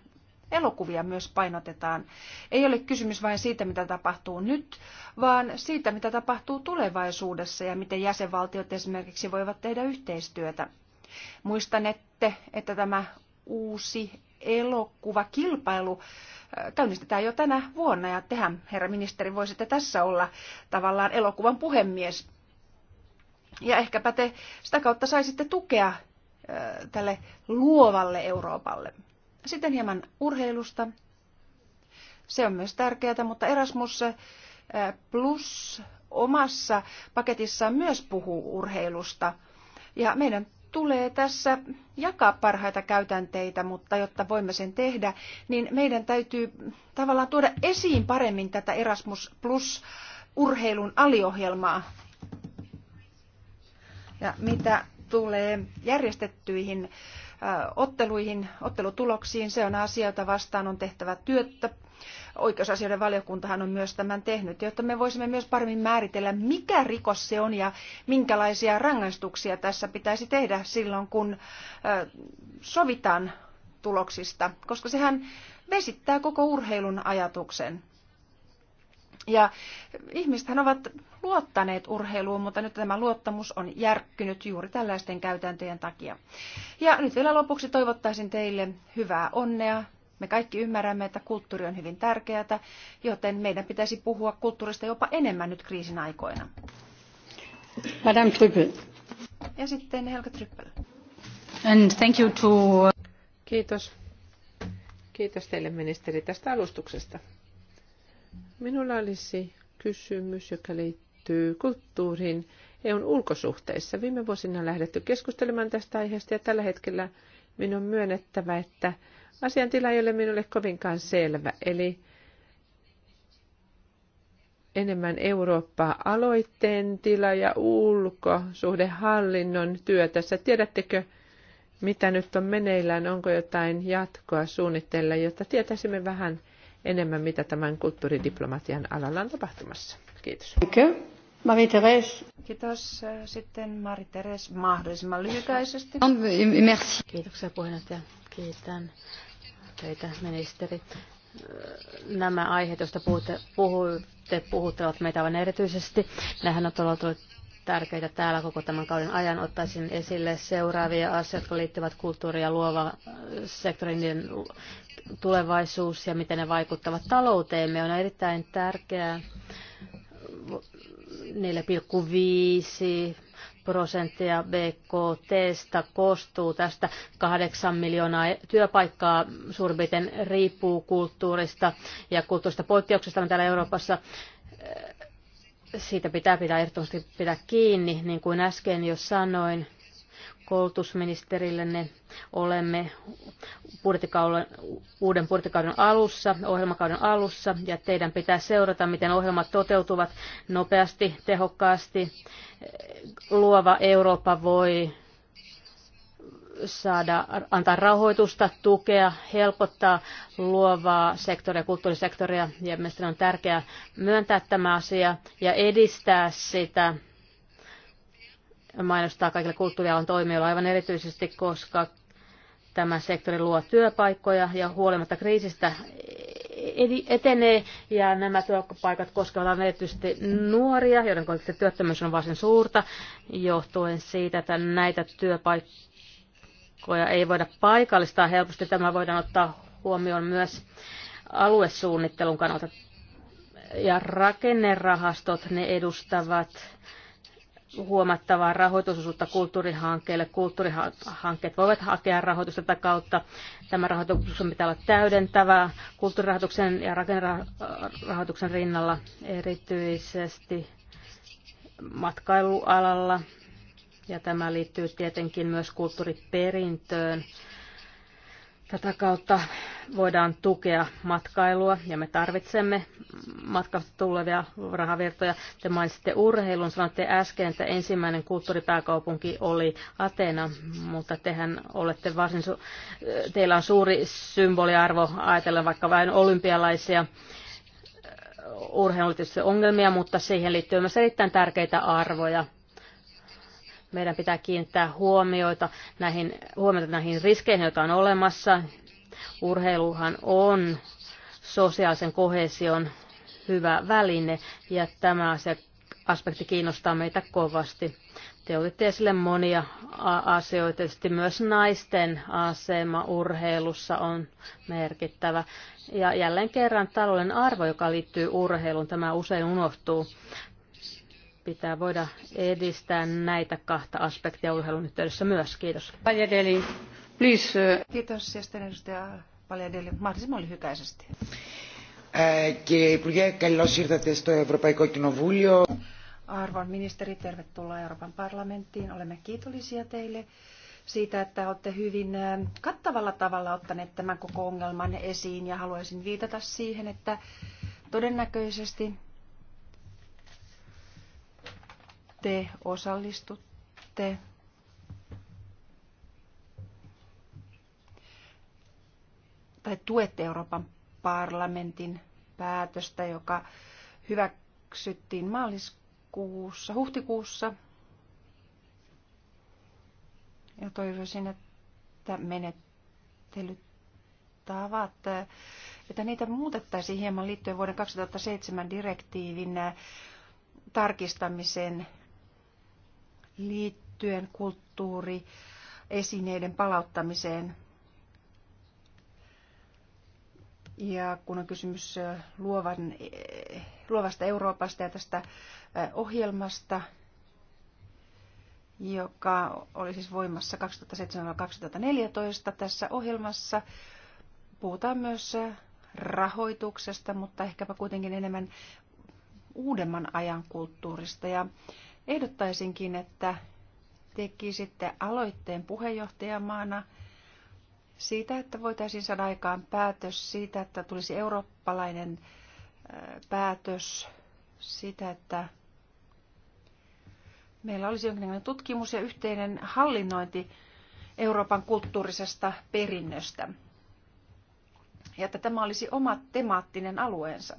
elokuvia myös painotetaan. Ei ole kysymys vain siitä, mitä tapahtuu nyt, vaan siitä, mitä tapahtuu tulevaisuudessa ja miten jäsenvaltiot esimerkiksi voivat tehdä yhteistyötä. Muistanette, että tämä uusi elokuvakilpailu äh, käynnistetään jo tänä vuonna ja tehän, herra ministeri, voisitte tässä olla tavallaan elokuvan puhemies. Ja ehkäpä te sitä kautta saisitte tukea Äh, tälle luovalle Euroopalle. Sitten hieman urheilusta. Se on myös tärkeää, mutta Erasmus äh, Plus omassa paketissaan myös puhuu urheilusta. Ja meidän tulee tässä jakaa parhaita käytänteitä, mutta jotta voimme sen tehdä, niin meidän täytyy tavallaan tuoda esiin paremmin tätä Erasmus Plus urheilun aliohjelmaa. Ja mitä tulee järjestettyihin otteluihin, ottelutuloksiin, se on asia, jota vastaan on tehtävä työtä. Oikeusasioiden valiokuntahan on myös tämän tehnyt, jotta me voisimme myös paremmin määritellä, mikä rikos se on ja minkälaisia rangaistuksia tässä pitäisi tehdä silloin, kun sovitaan tuloksista, koska sehän vesittää koko urheilun ajatuksen. Ja ihmisethän ovat luottaneet urheiluun, mutta nyt tämä luottamus on järkkynyt juuri tällaisten käytäntöjen takia. Ja nyt vielä lopuksi toivottaisin teille hyvää onnea. Me kaikki ymmärrämme, että kulttuuri on hyvin tärkeää, joten meidän pitäisi puhua kulttuurista jopa enemmän nyt kriisin aikoina. Madame Trippel. Ja sitten Helga Trippel. And thank you to... Kiitos. Kiitos teille ministeri tästä alustuksesta. Minulla olisi kysymys, joka liittyy kulttuuriin EUn ulkosuhteissa. Viime vuosina on lähdetty keskustelemaan tästä aiheesta ja tällä hetkellä minun on myönnettävä, että asiantila ei ole minulle kovinkaan selvä. Eli enemmän Eurooppaa aloitteen tila ja ulkosuhdehallinnon työ tässä. Tiedättekö, mitä nyt on meneillään? Onko jotain jatkoa suunnitella, jotta tietäisimme vähän – enemmän, mitä tämän kulttuuridiplomatian alalla on tapahtumassa. Kiitos. Marie-Therese. Kiitos. Sitten Marie-Therese mahdollisimman lyhykäisesti. Merci. Kiitoksia puheenjohtaja. Kiitän teitä ministeri. Nämä aiheet, joista puhutte, puhutte puhuttavat meitä aivan erityisesti. Nämähän on todella tärkeitä täällä koko tämän kauden ajan. Ottaisin esille seuraavia asioita, jotka liittyvät kulttuuri- ja luova sektorin tulevaisuus ja miten ne vaikuttavat talouteemme on erittäin tärkeää. 4,5 prosenttia BKTstä koostuu tästä 8 miljoonaa työpaikkaa suurin piirtein riippuu kulttuurista ja kulttuurista poikkeuksesta on täällä Euroopassa. Siitä pitää pitää ehdottomasti pitää kiinni, niin kuin äsken jo sanoin koulutusministerillenne. Olemme uuden budjettikauden alussa, ohjelmakauden alussa, ja teidän pitää seurata, miten ohjelmat toteutuvat nopeasti, tehokkaasti. Luova Eurooppa voi saada, antaa rahoitusta, tukea, helpottaa luovaa sektoria, kulttuurisektoria, ja mielestäni on tärkeää myöntää tämä asia ja edistää sitä mainostaa kaikille kulttuurialan toimijoille aivan erityisesti, koska tämä sektori luo työpaikkoja ja huolimatta kriisistä etenee ja nämä työpaikat koskevat erityisesti nuoria, joiden kohdalla työttömyys on varsin suurta johtuen siitä, että näitä työpaikkoja ei voida paikallistaa helposti. Tämä voidaan ottaa huomioon myös aluesuunnittelun kannalta. Ja rakennerahastot, ne edustavat huomattavaa rahoitusosuutta kulttuurihankkeille. Kulttuurihankkeet voivat hakea rahoitusta tätä kautta. Tämä rahoitus on pitää olla täydentävää kulttuurirahoituksen ja rakennerahoituksen rinnalla erityisesti matkailualalla. Ja tämä liittyy tietenkin myös kulttuuriperintöön Tätä kautta voidaan tukea matkailua ja me tarvitsemme matkasta tulevia rahavirtoja. Te mainitsitte urheilun, sanoitte äsken, että ensimmäinen kulttuuripääkaupunki oli Atena, mutta tehän olette varsin, teillä on suuri symboliarvo ajatella vaikka vain olympialaisia urheilullisesti ongelmia, mutta siihen liittyy myös erittäin tärkeitä arvoja meidän pitää kiinnittää huomioita näihin, huomioita näihin riskeihin, joita on olemassa. Urheiluhan on sosiaalisen kohesion hyvä väline ja tämä asia, aspekti kiinnostaa meitä kovasti. Te olitte esille monia asioita. Tietysti myös naisten asema urheilussa on merkittävä. Ja jälleen kerran talouden arvo, joka liittyy urheiluun, tämä usein unohtuu pitää voida edistää näitä kahta aspektia urheilun yhteydessä myös. Kiitos. Paljadeli, please. Uh, Kiitos ja sitten edustaja Paljadeli mahdollisimman lyhykäisesti. Κύριε Υπουργέ, καλώς ήρθατε στο Ευρωπαϊκό Κοινοβούλιο. Arvon ministeri, tervetuloa Euroopan parlamenttiin. Olemme kiitollisia teille siitä, että olette hyvin äh, kattavalla tavalla ottaneet tämän koko ongelman esiin ja haluaisin viitata siihen, että todennäköisesti te osallistutte tai tuette Euroopan parlamentin päätöstä, joka hyväksyttiin maaliskuussa, huhtikuussa. Ja toivoisin, että menettelytavat, että niitä muutettaisiin hieman liittyen vuoden 2007 direktiivin tarkistamiseen liittyen kulttuuriesineiden palauttamiseen. Ja kun on kysymys luovan, e, luovasta Euroopasta ja tästä ohjelmasta, joka oli siis voimassa 2007-2014 tässä ohjelmassa, puhutaan myös rahoituksesta, mutta ehkäpä kuitenkin enemmän uudemman ajan kulttuurista. Ja Ehdottaisinkin, että tekisitte aloitteen puheenjohtajamaana siitä, että voitaisiin saada aikaan päätös siitä, että tulisi eurooppalainen päätös siitä, että meillä olisi jonkinlainen tutkimus ja yhteinen hallinnointi Euroopan kulttuurisesta perinnöstä. Ja että tämä olisi oma temaattinen alueensa.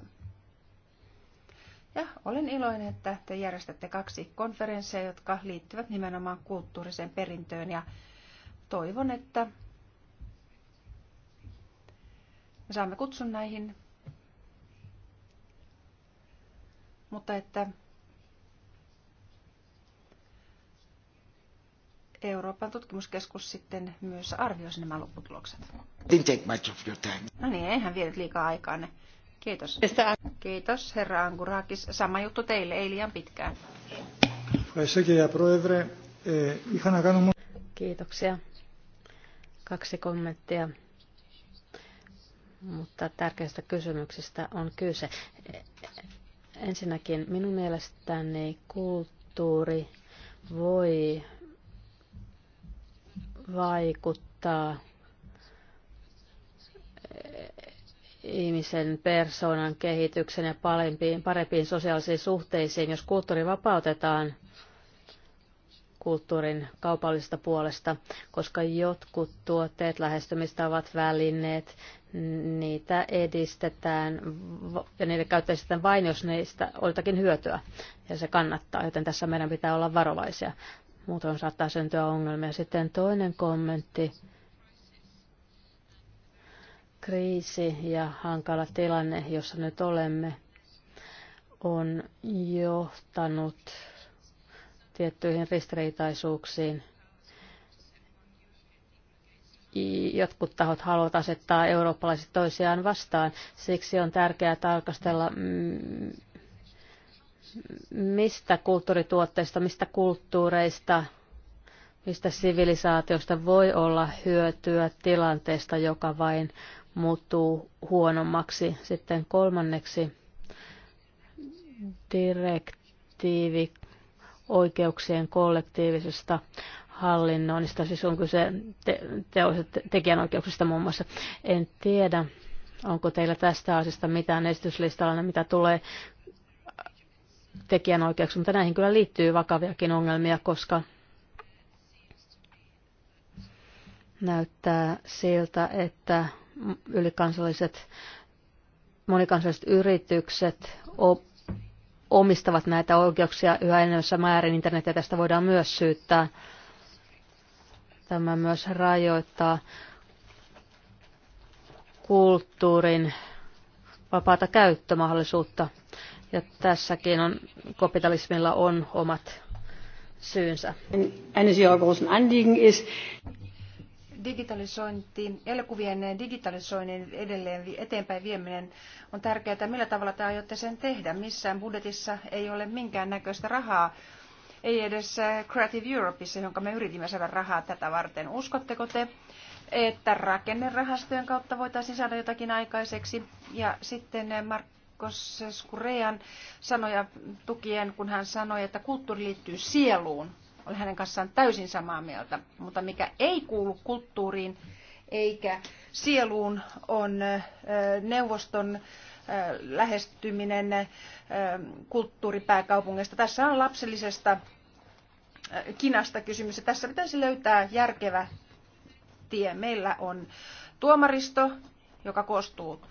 Ja olen iloinen, että te järjestätte kaksi konferenssia, jotka liittyvät nimenomaan kulttuuriseen perintöön ja toivon, että me saamme kutsun näihin, mutta että Euroopan tutkimuskeskus sitten myös arvioisi nämä lopputulokset. No niin, eihän vienyt liikaa aikaa ne. Kiitos. Kiitos, herra Angurakis. Sama juttu teille, ei liian pitkään. Eh, Kiitoksia. Kaksi kommenttia. Mutta tärkeistä kysymyksistä on kyse. Ensinnäkin minun mielestäni kulttuuri voi vaikuttaa ihmisen persoonan kehityksen ja parempiin, parempiin sosiaalisiin suhteisiin, jos kulttuuri vapautetaan kulttuurin kaupallisesta puolesta, koska jotkut tuotteet, lähestymistavat, välineet, niitä edistetään ja niille käytetään vain, jos niistä oltakin hyötyä ja se kannattaa, joten tässä meidän pitää olla varovaisia. Muutoin saattaa syntyä ongelmia. Sitten toinen kommentti kriisi ja hankala tilanne, jossa nyt olemme, on johtanut tiettyihin ristiriitaisuuksiin. Jotkut tahot haluavat asettaa eurooppalaiset toisiaan vastaan. Siksi on tärkeää tarkastella, mm, mistä kulttuurituotteista, mistä kulttuureista, mistä sivilisaatiosta voi olla hyötyä tilanteesta, joka vain muuttuu huonommaksi. Sitten kolmanneksi direktiivi oikeuksien kollektiivisesta hallinnoinnista, siis on kyse te- te- tekijänoikeuksista muun muassa. En tiedä, onko teillä tästä asiasta mitään esityslistalla, no mitä tulee tekijänoikeuksia, mutta näihin kyllä liittyy vakaviakin ongelmia, koska näyttää siltä, että ylikansalliset monikansalliset yritykset omistavat näitä oikeuksia yhä enemmässä määrin. Internetiä tästä voidaan myös syyttää. Tämä myös rajoittaa kulttuurin vapaata käyttömahdollisuutta. Ja tässäkin on, kapitalismilla on omat syynsä. Eine sehr großen Anliegen ist, digitalisointi, elokuvien digitalisoinnin edelleen eteenpäin vieminen on tärkeää. Millä tavalla te aiotte sen tehdä? Missään budjetissa ei ole minkään näköistä rahaa. Ei edes äh, Creative Europeissa, jonka me yritimme saada rahaa tätä varten. Uskotteko te, että rakennerahastojen kautta voitaisiin saada jotakin aikaiseksi? Ja sitten äh, Mark Koska Skurean sanoja tukien, kun hän sanoi, että kulttuuri liittyy sieluun. Olen hänen kanssaan täysin samaa mieltä. Mutta mikä ei kuulu kulttuuriin eikä sieluun on neuvoston lähestyminen kulttuuripääkaupungista. Tässä on lapsellisesta kinasta kysymys ja tässä pitäisi löytää järkevä tie. Meillä on tuomaristo, joka koostuu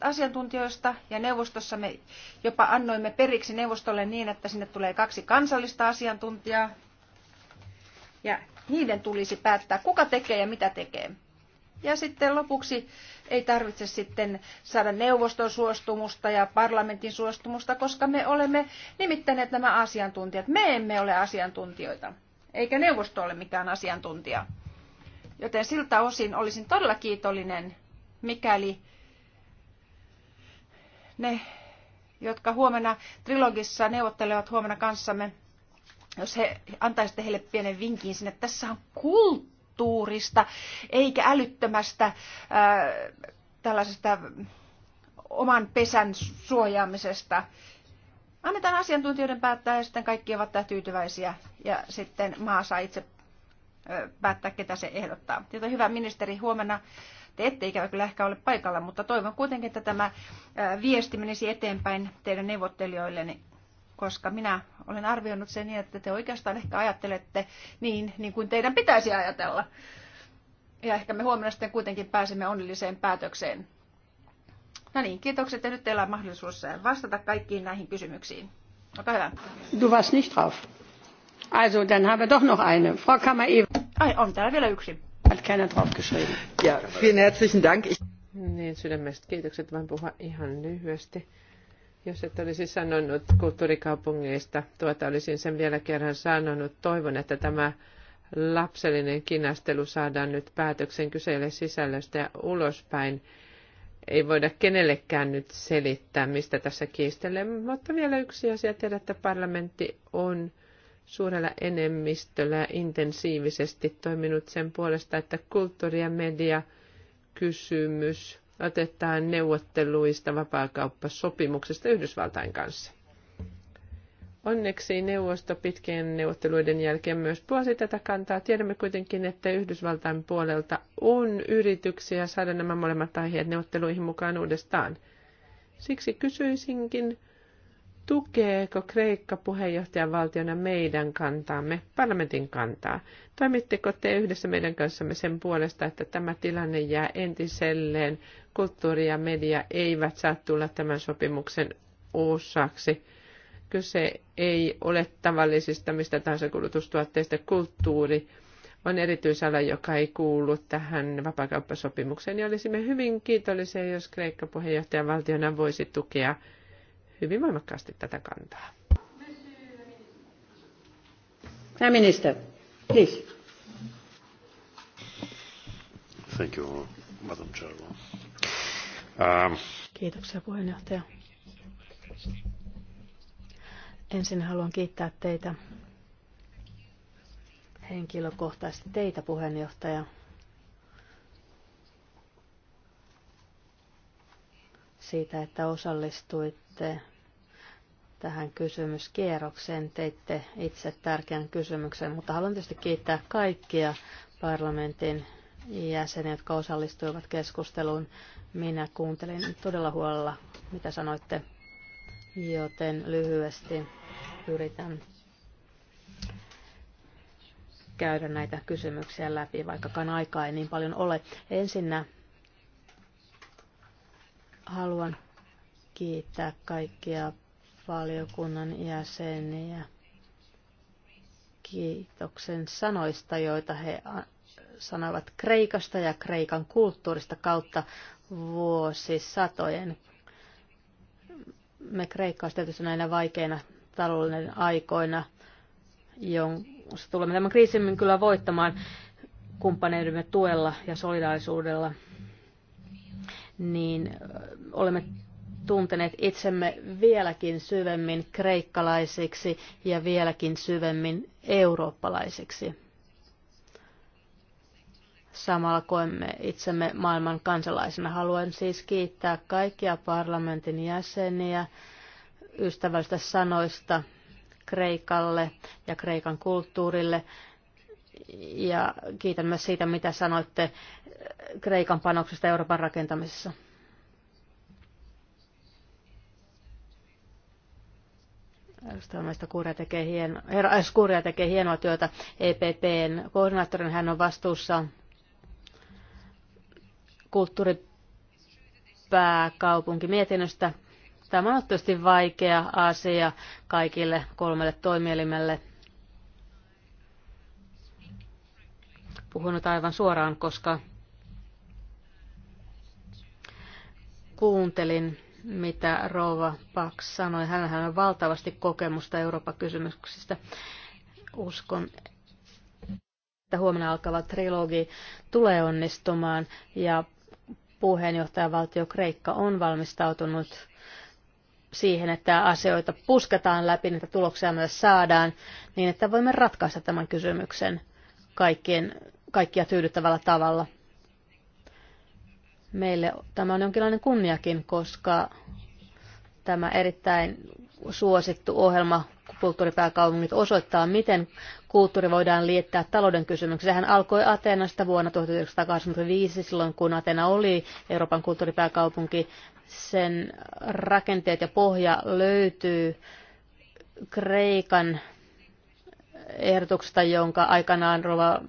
asiantuntijoista ja neuvostossa me jopa annoimme periksi neuvostolle niin, että sinne tulee kaksi kansallista asiantuntijaa ja niiden tulisi päättää, kuka tekee ja mitä tekee. Ja sitten lopuksi ei tarvitse sitten saada neuvoston suostumusta ja parlamentin suostumusta, koska me olemme nimittäneet nämä asiantuntijat. Me emme ole asiantuntijoita, eikä neuvosto ole mikään asiantuntija. Joten siltä osin olisin todella kiitollinen, mikäli ne, jotka huomenna trilogissa neuvottelevat huomenna kanssamme, jos he antaisitte heille pienen vinkin sinne, että tässä on kulttuurista eikä älyttömästä ää, äh, tällaisesta oman pesän suojaamisesta. Annetaan asiantuntijoiden päättää ja sitten kaikki ovat tyytyväisiä ja sitten maa saa itse äh, päättää, ketä se ehdottaa. Joten hyvä ministeri, huomenna te ette ikävä kyllä ehkä ole paikalla, mutta toivon kuitenkin, että tämä viesti menisi eteenpäin teidän neuvottelijoilleni, koska minä olen arvioinut sen niin, että te oikeastaan ehkä ajattelette niin, niin kuin teidän pitäisi ajatella. Ja ehkä me huomenna sitten kuitenkin pääsemme onnelliseen päätökseen. No niin, kiitokset ja nyt teillä on mahdollisuus vastata kaikkiin näihin kysymyksiin. Olkaa hyvä. Du warst nicht drauf. Also, dann haben wir doch noch eine. Frau Kammer-Eva. Ai, on täällä vielä yksi. Hat keiner drauf geschrieben. Ja, vielen herzlichen Dank. Ich... Niin, sydämestä kiitokset. Voin puhua ihan lyhyesti. Jos et olisi sanonut kulttuurikaupungeista, tuota olisin sen vielä kerran sanonut. Toivon, että tämä lapsellinen kinastelu saadaan nyt päätöksen kyseelle sisällöstä ja ulospäin. Ei voida kenellekään nyt selittää, mistä tässä kiistelemme, mutta vielä yksi asia. Tiedätte, että parlamentti on suurella enemmistöllä intensiivisesti toiminut sen puolesta, että kulttuuri- ja mediakysymys otetaan neuvotteluista vapaakauppasopimuksesta Yhdysvaltain kanssa. Onneksi neuvosto pitkien neuvotteluiden jälkeen myös puolsi tätä kantaa. Tiedämme kuitenkin, että Yhdysvaltain puolelta on yrityksiä saada nämä molemmat aiheet neuvotteluihin mukaan uudestaan. Siksi kysyisinkin, Tukeeko Kreikka puheenjohtajavaltiona meidän kantaamme, parlamentin kantaa? Toimitteko te yhdessä meidän kanssamme sen puolesta, että tämä tilanne jää entiselleen? Kulttuuri ja media eivät saa tulla tämän sopimuksen osaksi. Kyse ei ole tavallisista mistä tahansa kulutustuotteista. Kulttuuri on erityisala, joka ei kuulu tähän vapaakauppasopimukseen. Ja olisimme hyvin kiitollisia, jos Kreikka puheenjohtajavaltiona voisi tukea hyvin voimakkaasti tätä kantaa. Herr Minister, please. Thank you, Madam Chairman. Um, Kiitoksia puheenjohtaja. Ensin haluan kiittää teitä henkilökohtaisesti teitä puheenjohtaja siitä, että osallistuit. Sitten tähän kysymyskierrokseen. Teitte itse tärkeän kysymyksen, mutta haluan tietysti kiittää kaikkia parlamentin jäseniä, jotka osallistuivat keskusteluun. Minä kuuntelin todella huolella, mitä sanoitte, joten lyhyesti yritän käydä näitä kysymyksiä läpi, vaikkakaan aikaa ei niin paljon ole. Ensinnä haluan kiittää kaikkia valiokunnan jäseniä kiitoksen sanoista, joita he sanoivat Kreikasta ja Kreikan kulttuurista kautta vuosisatojen. Me on tietysti näinä vaikeina taloudellinen aikoina, jossa tulemme tämän kriisin kyllä voittamaan kumppaneidemme tuella ja solidaarisuudella, niin olemme tunteneet itsemme vieläkin syvemmin kreikkalaisiksi ja vieläkin syvemmin eurooppalaisiksi. Samalla koemme itsemme maailman kansalaisena. Haluan siis kiittää kaikkia parlamentin jäseniä ystävällisistä sanoista Kreikalle ja Kreikan kulttuurille. Ja kiitän myös siitä, mitä sanoitte Kreikan panoksesta Euroopan rakentamisessa. Tällaista tekee, hieno, äh, kuuria tekee hienoa työtä EPPn koordinaattorin. Hän on vastuussa kulttuuripääkaupunkimietinnöstä. Tämä on tietysti vaikea asia kaikille kolmelle toimielimelle. Puhun aivan suoraan, koska kuuntelin mitä Rova Pax sanoi. Hänellä on valtavasti kokemusta Euroopan kysymyksistä Uskon, että huomenna alkava trilogi tulee onnistumaan ja puheenjohtajavaltio Kreikka on valmistautunut siihen, että asioita pusketaan läpi, niitä tuloksia myös saadaan, niin että voimme ratkaista tämän kysymyksen kaikkien, kaikkia tyydyttävällä tavalla. Meille tämä on jonkinlainen kunniakin, koska tämä erittäin suosittu ohjelma kulttuuripääkaupungit osoittaa, miten kulttuuri voidaan liittää talouden kysymyksiin. Sehän alkoi Ateenasta vuonna 1985, silloin kun Atena oli Euroopan kulttuuripääkaupunki. Sen rakenteet ja pohja löytyy Kreikan ehdotuksesta, jonka aikanaan Rova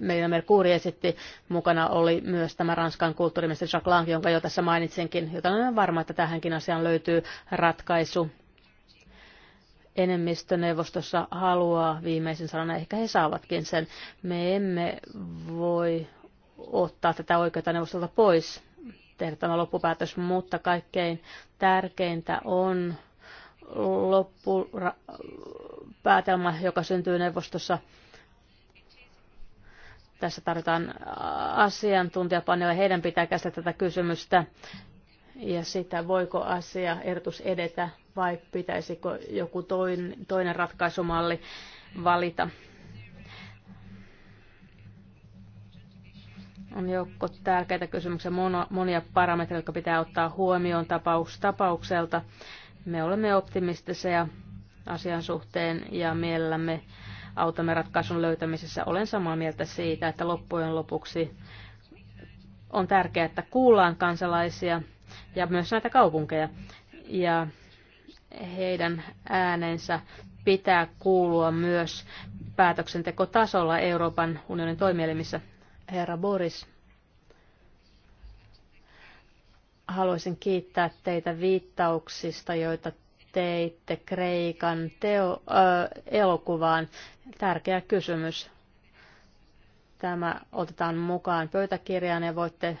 meidän Merkuri esitti. Mukana oli myös tämä Ranskan kulttuurimestari Jacques Lang, jonka jo tässä mainitsinkin, joten olen varma, että tähänkin asiaan löytyy ratkaisu. Enemmistöneuvostossa haluaa viimeisen sanan, ehkä he saavatkin sen. Me emme voi ottaa tätä oikeutta neuvostolta pois, tehdä tämä loppupäätös, mutta kaikkein tärkeintä on loppupäätelmä, joka syntyy neuvostossa tässä tarvitaan asiantuntijapaneja, heidän pitää käsitellä tätä kysymystä ja sitä, voiko asia ehdotus edetä vai pitäisikö joku toinen, toinen ratkaisumalli valita. On joukko tärkeitä kysymyksiä, monia parametreja, jotka pitää ottaa huomioon tapaus tapaukselta. Me olemme optimistisia asian suhteen ja mielellämme autamme ratkaisun löytämisessä. Olen samaa mieltä siitä, että loppujen lopuksi on tärkeää, että kuullaan kansalaisia ja myös näitä kaupunkeja. Ja heidän äänensä pitää kuulua myös päätöksentekotasolla Euroopan unionin toimielimissä. Herra Boris, haluaisin kiittää teitä viittauksista, joita teitte Kreikan teo, ö, elokuvaan? Tärkeä kysymys. Tämä otetaan mukaan pöytäkirjaan ja voitte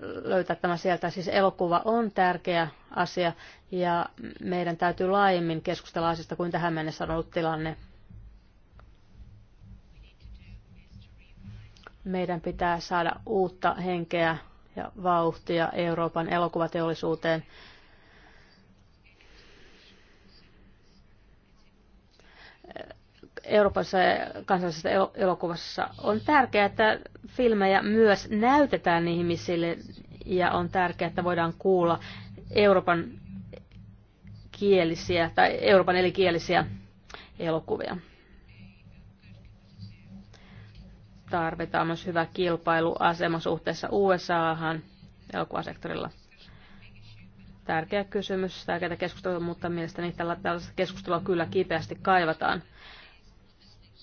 löytää tämä sieltä. Siis elokuva on tärkeä asia ja meidän täytyy laajemmin keskustella asiasta kuin tähän mennessä on ollut tilanne. Meidän pitää saada uutta henkeä ja vauhtia Euroopan elokuvateollisuuteen. Euroopassa ja kansallisessa elokuvassa on tärkeää, että filmejä myös näytetään ihmisille ja on tärkeää, että voidaan kuulla Euroopan kielisiä tai Euroopan elikielisiä elokuvia. Tarvitaan myös hyvä kilpailuasema suhteessa USAhan elokuvasektorilla. Tärkeä kysymys, tärkeää keskustelua, mutta mielestäni tällaista keskustelua kyllä kipeästi kaivataan.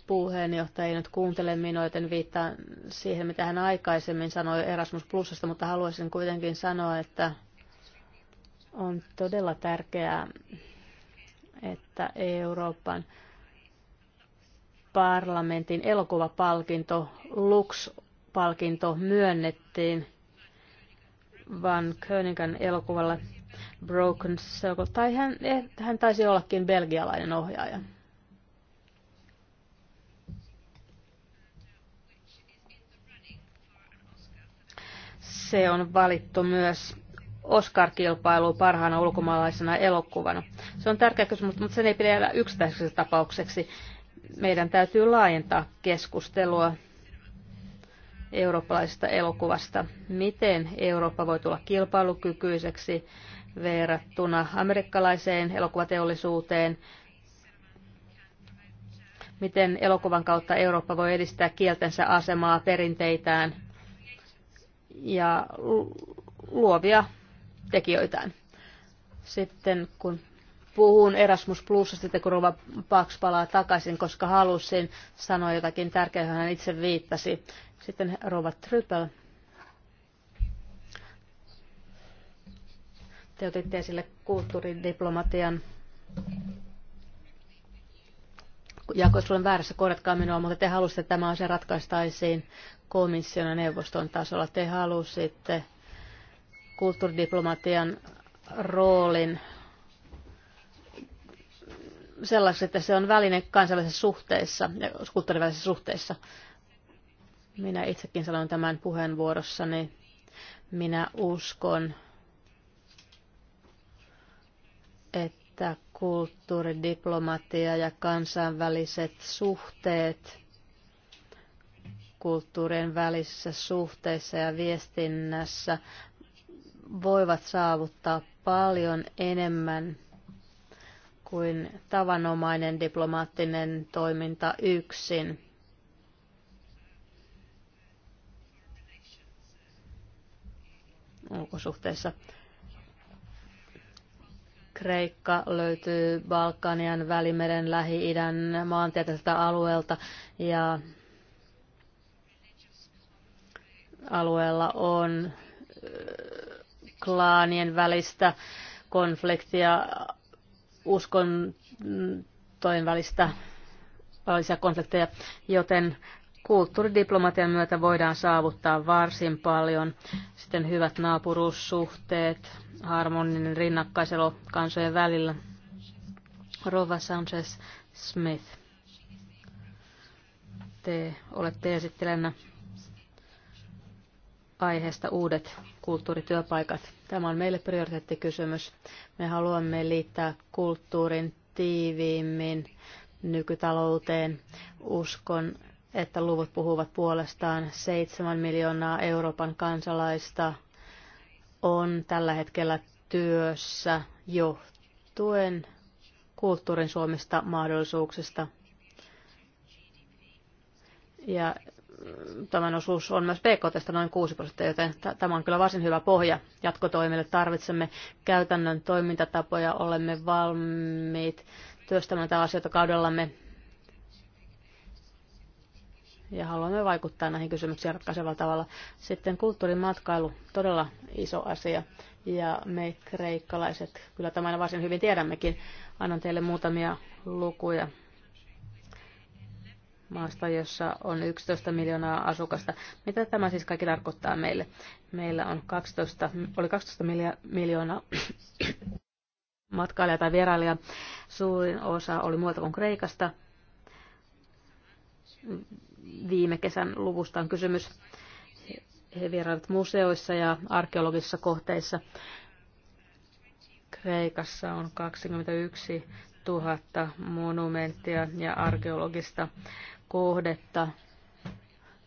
Puheenjohtaja ei nyt kuuntele minua, joten viittaan siihen, mitä hän aikaisemmin sanoi Erasmus Plusasta, mutta haluaisin kuitenkin sanoa, että on todella tärkeää, että Euroopan parlamentin elokuvapalkinto, Lux-palkinto myönnettiin Van Königan elokuvalle Broken Circle, tai hän, eh, hän taisi ollakin belgialainen ohjaaja. se on valittu myös Oscar-kilpailuun parhaana ulkomaalaisena elokuvana. Se on tärkeä kysymys, mutta sen ei pidä jäädä yksittäiseksi tapaukseksi. Meidän täytyy laajentaa keskustelua eurooppalaisesta elokuvasta. Miten Eurooppa voi tulla kilpailukykyiseksi verrattuna amerikkalaiseen elokuvateollisuuteen? Miten elokuvan kautta Eurooppa voi edistää kieltensä asemaa, perinteitään – ja luovia tekijöitään. Sitten kun puhun Erasmus Plusasta, sitten kun Rova Pax palaa takaisin, koska halusin sanoa jotakin tärkeää, johon hän itse viittasi. Sitten Rova Trypel. Te otitte esille kulttuuridiplomatian Jaakko, jos olen väärässä, korjatkaa minua, mutta te halusitte, että tämä asia ratkaistaisiin komission ja neuvoston tasolla. Te halusitte kulttuuridiplomatian roolin sellaisen että se on väline kansainvälisessä suhteessa ja kulttuurivälisessä suhteessa. Minä itsekin sanon tämän puheenvuorossani. Minä uskon, että että kulttuuridiplomatia ja kansainväliset suhteet kulttuurien välisissä suhteissa ja viestinnässä voivat saavuttaa paljon enemmän kuin tavanomainen diplomaattinen toiminta yksin. ulkosuhteissa. Kreikka löytyy Balkanian, Välimeren, Lähi-idän maantieteiseltä alueelta ja alueella on äh, klaanien välistä konfliktia, uskontojen välistä välisiä konflikteja, joten kulttuuridiplomatian myötä voidaan saavuttaa varsin paljon. Sitten hyvät naapuruussuhteet, harmoninen rinnakkaiselo kansojen välillä. Rova Sanchez Smith, te olette esittelenä aiheesta uudet kulttuurityöpaikat. Tämä on meille prioriteettikysymys. Me haluamme liittää kulttuurin tiiviimmin nykytalouteen. Uskon, että luvut puhuvat puolestaan. 7 miljoonaa Euroopan kansalaista on tällä hetkellä työssä johtuen kulttuurin suomista mahdollisuuksista. Ja tämän osuus on myös PKT noin 6 prosenttia, joten tämä on kyllä varsin hyvä pohja jatkotoimille. Tarvitsemme käytännön toimintatapoja, olemme valmiit työstämään tätä asioita kaudellamme ja haluamme vaikuttaa näihin kysymyksiin ratkaisevalla tavalla. Sitten kulttuurimatkailu, todella iso asia ja me kreikkalaiset kyllä tämän varsin hyvin tiedämmekin. Annan teille muutamia lukuja maasta, jossa on 11 miljoonaa asukasta. Mitä tämä siis kaikki tarkoittaa meille? Meillä on 12, oli 12 miljoonaa matkailijaa tai vierailijaa. Suurin osa oli muualta kuin Kreikasta viime kesän luvusta on kysymys. He vierailivat museoissa ja arkeologisissa kohteissa. Kreikassa on 21 000 monumenttia ja arkeologista kohdetta.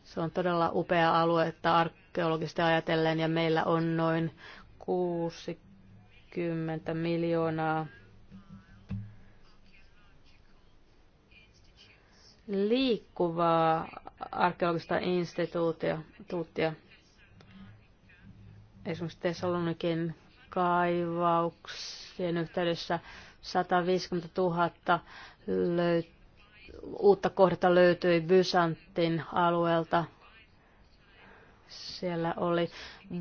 Se on todella upea alue, että arkeologista ajatellen, ja meillä on noin 60 miljoonaa liikkuvaa arkeologista instituuttia. Esimerkiksi Tesalonikin kaivauksien yhteydessä 150 000 löyt- uutta kohdetta löytyi Bysantin alueelta. Siellä oli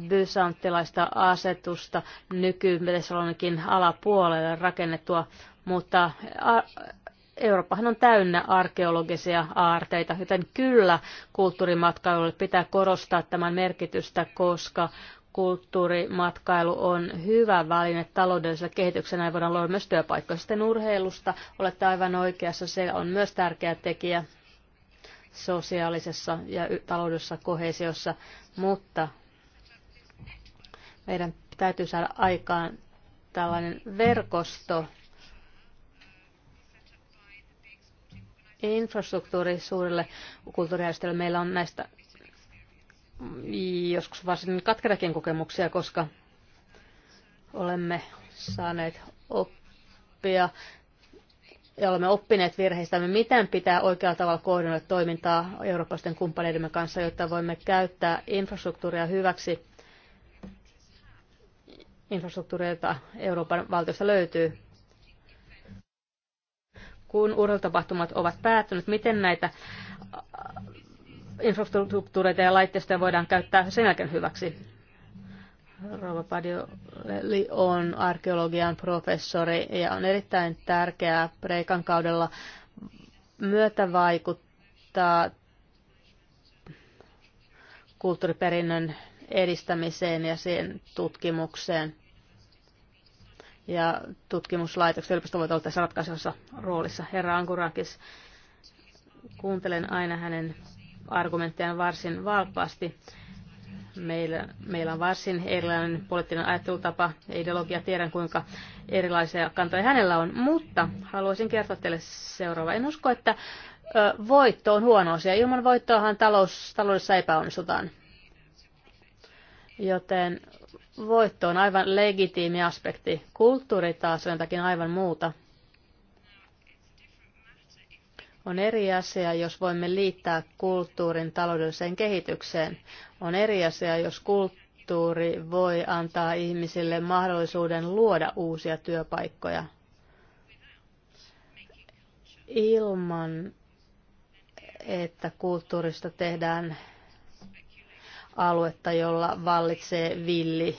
bysanttilaista asetusta nyky alapuolelle rakennettua, mutta Eurooppahan on täynnä arkeologisia aarteita, joten kyllä kulttuurimatkailulle pitää korostaa tämän merkitystä, koska kulttuurimatkailu on hyvä väline taloudelliselle kehitykselle, näin voidaan luoda myös työpaikkoja. Sitten urheilusta olette aivan oikeassa, se on myös tärkeä tekijä sosiaalisessa ja taloudellisessa kohesiossa, mutta meidän täytyy saada aikaan tällainen verkosto, infrastruktuuri suurille kulttuurijärjestöille. Meillä on näistä joskus varsin katkerakin kokemuksia, koska olemme saaneet oppia ja olemme oppineet virheistämme, miten pitää oikealla tavalla koordinoida toimintaa eurooppalaisten kumppaneidemme kanssa, jotta voimme käyttää infrastruktuuria hyväksi infrastruktuuria, jota Euroopan valtiosta löytyy kun urheilutapahtumat ovat päättyneet, miten näitä äh, infrastruktuureita ja laitteistoja voidaan käyttää sen jälkeen hyväksi. Rova Padioli on arkeologian professori ja on erittäin tärkeää Kreikan kaudella myötävaikuttaa kulttuuriperinnön edistämiseen ja siihen tutkimukseen ja tutkimuslaitokset yliopisto voivat olla tässä ratkaisevassa roolissa. Herra Ankurakis, kuuntelen aina hänen argumenttejaan varsin valppaasti. Meillä, meillä on varsin erilainen poliittinen ajattelutapa ja ideologia. Tiedän, kuinka erilaisia kantoja hänellä on, mutta haluaisin kertoa teille seuraava. En usko, että voitto on huono asia. Ilman voittoahan talous, taloudessa epäonnistutaan. Joten voitto on aivan legitiimi aspekti. Kulttuuri taas on jotakin aivan muuta. On eri asia, jos voimme liittää kulttuurin taloudelliseen kehitykseen. On eri asia, jos kulttuuri voi antaa ihmisille mahdollisuuden luoda uusia työpaikkoja. Ilman, että kulttuurista tehdään aluetta, jolla vallitsee villi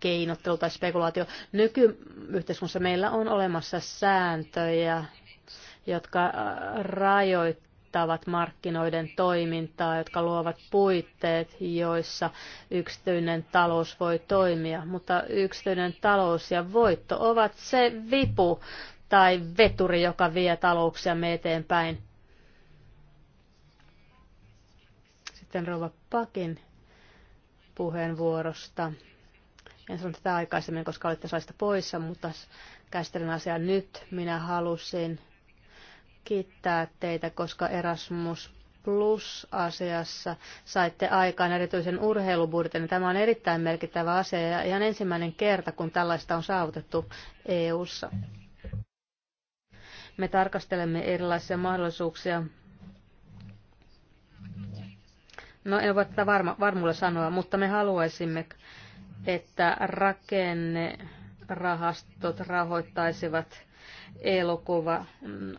keinottelu tai spekulaatio. Nykyyhteiskunnassa meillä on olemassa sääntöjä, jotka äh, rajoittavat markkinoiden toimintaa, jotka luovat puitteet, joissa yksityinen talous voi toimia. Mutta yksityinen talous ja voitto ovat se vipu tai veturi, joka vie talouksiamme eteenpäin. Sitten Rova Pakin puheenvuorosta. En sanonut tätä aikaisemmin, koska olitte saista poissa, mutta käsittelen asiaa nyt. Minä halusin kiittää teitä, koska Erasmus Plus-asiassa saitte aikaan erityisen urheilubudjetin. Tämä on erittäin merkittävä asia ja ihan ensimmäinen kerta, kun tällaista on saavutettu EU:ssa. Me tarkastelemme erilaisia mahdollisuuksia No en voi tätä varma, varmuudella sanoa, mutta me haluaisimme, että rakennerahastot rahoittaisivat elokuva mm,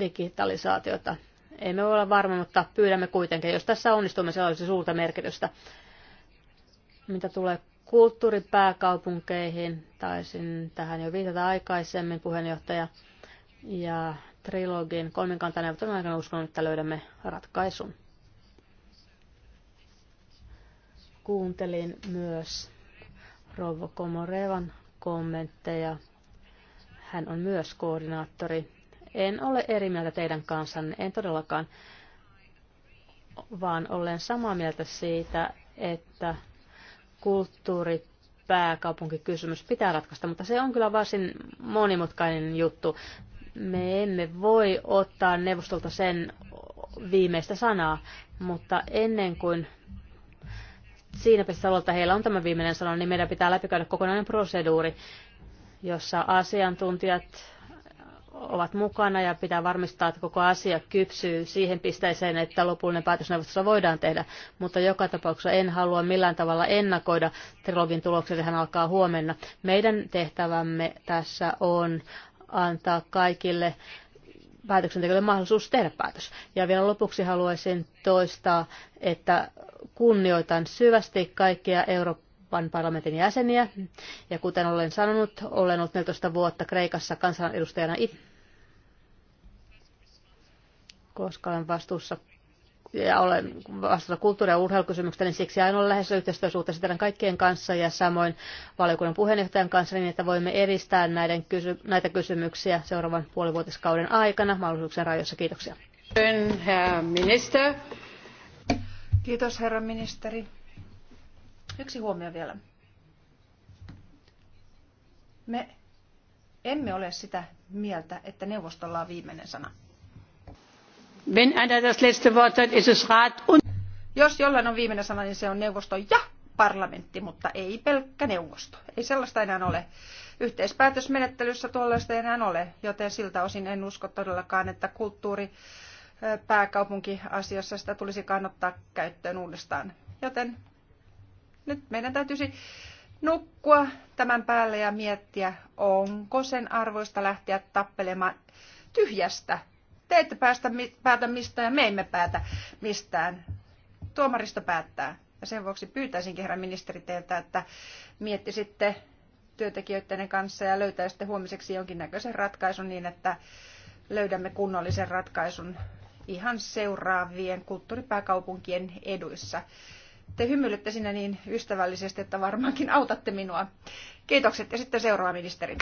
digitalisaatiota. Ei voi olla varma, mutta pyydämme kuitenkin. Jos tässä onnistumme, se olisi suurta merkitystä. Mitä tulee kulttuuripääkaupunkeihin, taisin tähän jo viitata aikaisemmin puheenjohtaja, ja trilogin kolminkantaneuvottelun aikana uskon, että löydämme ratkaisun. Kuuntelin myös Rovo Komorevan kommentteja. Hän on myös koordinaattori. En ole eri mieltä teidän kanssanne, en todellakaan, vaan olen samaa mieltä siitä, että kulttuuri pääkaupunkikysymys pitää ratkaista, mutta se on kyllä varsin monimutkainen juttu. Me emme voi ottaa neuvostolta sen viimeistä sanaa, mutta ennen kuin siinä pisteessä heillä on tämä viimeinen sana, niin meidän pitää läpikäydä kokonainen proseduuri, jossa asiantuntijat ovat mukana ja pitää varmistaa, että koko asia kypsyy siihen pisteeseen, että lopullinen päätösneuvostossa voidaan tehdä. Mutta joka tapauksessa en halua millään tavalla ennakoida trilogin tulokset, hän alkaa huomenna. Meidän tehtävämme tässä on antaa kaikille päätöksentekijöille mahdollisuus tehdä päätös. Ja vielä lopuksi haluaisin toistaa, että kunnioitan syvästi kaikkia Euroopan parlamentin jäseniä. Ja kuten olen sanonut, olen ollut 14 vuotta Kreikassa kansanedustajana itse koska olen vastuussa ja olen vastannut kulttuuri- ja urheilukysymyksistä, niin siksi aina olen lähes yhteistyösuhteessa teidän kaikkien kanssa ja samoin valiokunnan puheenjohtajan kanssa niin, että voimme edistää näiden kysy- näitä kysymyksiä seuraavan puolivuotiskauden aikana mahdollisuuksien rajoissa. Kiitoksia. Kiitos herra ministeri. Yksi huomio vielä. Me emme ole sitä mieltä, että neuvostolla on viimeinen sana. Jos jollain on viimeinen sana, niin se on neuvosto ja parlamentti, mutta ei pelkkä neuvosto. Ei sellaista enää ole. Yhteispäätösmenettelyssä tuollaista ei enää ole, joten siltä osin en usko todellakaan, että kulttuuri pääkaupunkiasiassa sitä tulisi kannattaa käyttöön uudestaan. Joten nyt meidän täytyisi nukkua tämän päälle ja miettiä, onko sen arvoista lähteä tappelemaan tyhjästä te ette päästä, päätä mistään ja me emme päätä mistään. Tuomaristo päättää. Ja sen vuoksi pyytäisinkin herra ministeri teiltä, että miettisitte työntekijöiden kanssa ja löytäisitte huomiseksi jonkinnäköisen ratkaisun niin, että löydämme kunnollisen ratkaisun ihan seuraavien kulttuuripääkaupunkien eduissa. Te hymyilette sinne niin ystävällisesti, että varmaankin autatte minua. Kiitokset ja sitten seuraava ministeri.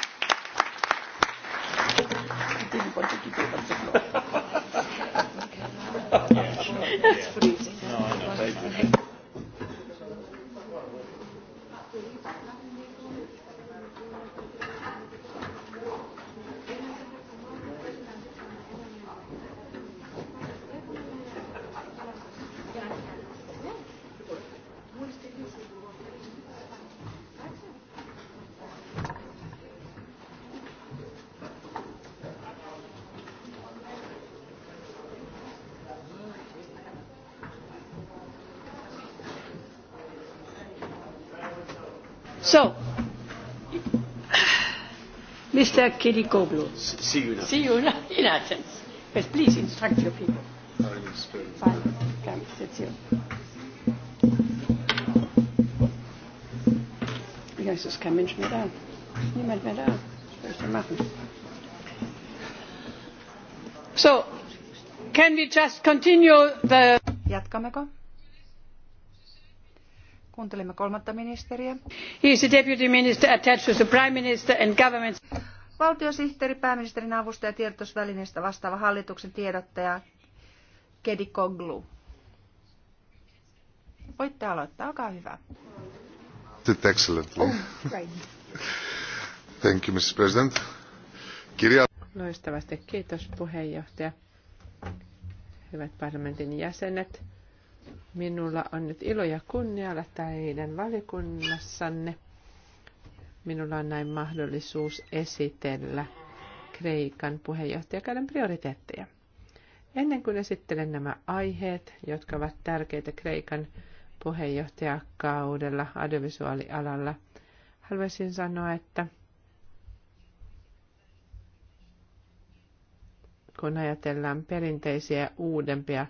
Mr. Kirikoglu. See you now. See you now in Athens. Yes, please instruct your people. Fine. Come, sit here. Ja, es ist kein Mensch mehr da. Niemand mehr da. Was soll ich denn machen? So, can we just continue the... Jatkammeko? Kuuntelemme kolmatta ministeriä. He is the deputy minister attached to the prime minister and government valtiosihteeri, pääministerin avustaja, tiedotusvälineistä vastaava hallituksen tiedottaja Kedi Koglu. Voitte aloittaa, olkaa hyvä. Did excellently. Oh, Thank you, Mr. President. Kirja... Loistavasti, kiitos puheenjohtaja. Hyvät parlamentin jäsenet, minulla on nyt ilo ja kunnia olla teidän valikunnassanne – minulla on näin mahdollisuus esitellä Kreikan puheenjohtajakauden prioriteetteja. Ennen kuin esittelen nämä aiheet, jotka ovat tärkeitä Kreikan puheenjohtajakaudella audiovisuaalialalla, haluaisin sanoa, että kun ajatellaan perinteisiä uudempia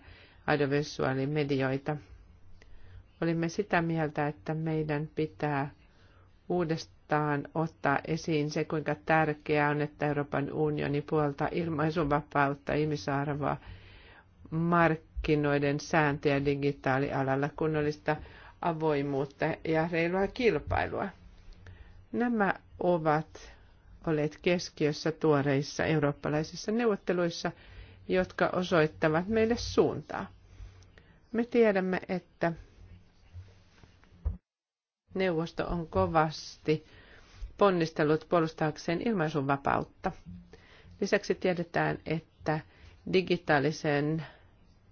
audiovisuaalimedioita, olimme sitä mieltä, että meidän pitää uudestaan halutaan ottaa esiin se, kuinka tärkeää on, että Euroopan unioni puolta ilmaisunvapautta, ihmisarvoa, markkinoiden sääntöjä digitaalialalla, kunnollista avoimuutta ja reilua kilpailua. Nämä ovat olleet keskiössä tuoreissa eurooppalaisissa neuvotteluissa, jotka osoittavat meille suuntaa. Me tiedämme, että neuvosto on kovasti ponnistellut puolustaakseen ilmaisun vapautta. Lisäksi tiedetään, että digitaalisen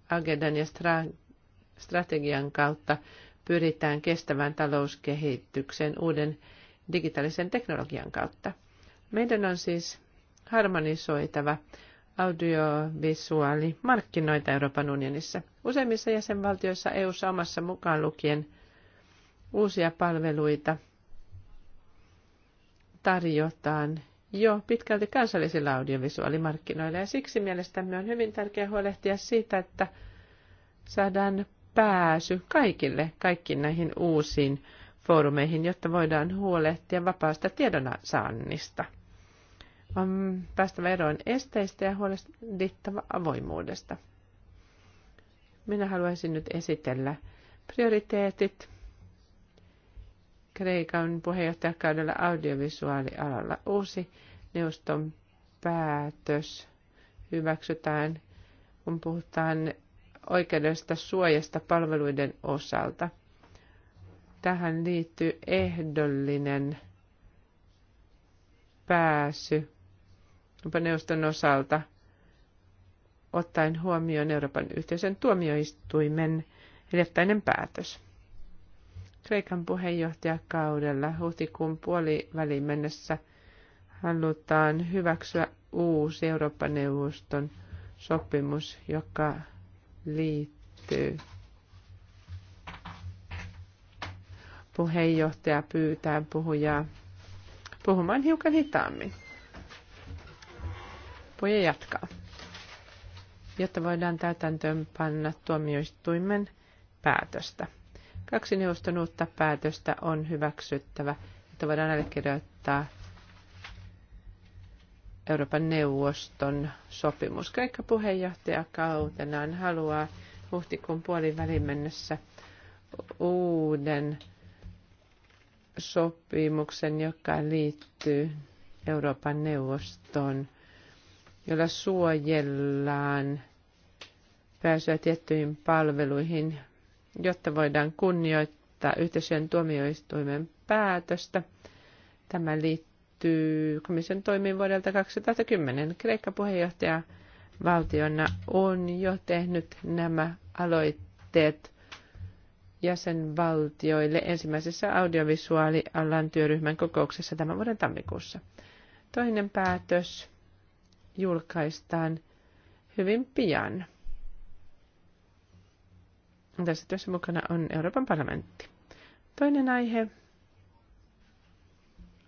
agendan ja strategian kautta pyritään kestävään talouskehitykseen uuden digitaalisen teknologian kautta. Meidän on siis harmonisoitava audiovisuaalimarkkinoita Euroopan unionissa. Useimmissa jäsenvaltioissa EU-ssa omassa mukaan lukien – uusia palveluita tarjotaan jo pitkälti kansallisilla audiovisuaalimarkkinoilla ja siksi mielestämme on hyvin tärkeää huolehtia siitä, että saadaan pääsy kaikille kaikkiin näihin uusiin foorumeihin, jotta voidaan huolehtia vapaasta tiedonsaannista. On päästävä eroon esteistä ja huolehdittava avoimuudesta. Minä haluaisin nyt esitellä prioriteetit Kreikan puheenjohtajakaudella audiovisuaalialalla uusi neuvoston päätös hyväksytään, kun puhutaan oikeudesta suojasta palveluiden osalta. Tähän liittyy ehdollinen pääsy neuvoston osalta ottaen huomioon Euroopan yhteisön tuomioistuimen hiljattainen päätös. Kreikan puheenjohtajakaudella huhtikuun puolivälin mennessä halutaan hyväksyä uusi Euroopan neuvoston sopimus, joka liittyy. Puheenjohtaja pyytää puhujaa puhumaan hiukan hitaammin. Puhuja jatkaa. Jotta voidaan täytäntöön panna tuomioistuimen päätöstä. Kaksi neuvoston uutta päätöstä on hyväksyttävä, että voidaan allekirjoittaa Euroopan neuvoston sopimus. Kreikka puheenjohtajakautenaan haluaa huhtikuun välin mennessä uuden sopimuksen, joka liittyy Euroopan neuvoston, jolla suojellaan pääsyä tiettyihin palveluihin jotta voidaan kunnioittaa yhteisön tuomioistuimen päätöstä. Tämä liittyy komission toimiin vuodelta 2010. Kreikka puheenjohtaja valtiona on jo tehnyt nämä aloitteet jäsenvaltioille ensimmäisessä audiovisuaalialan työryhmän kokouksessa tämän vuoden tammikuussa. Toinen päätös julkaistaan hyvin pian. Tässä työssä mukana on Euroopan parlamentti. Toinen aihe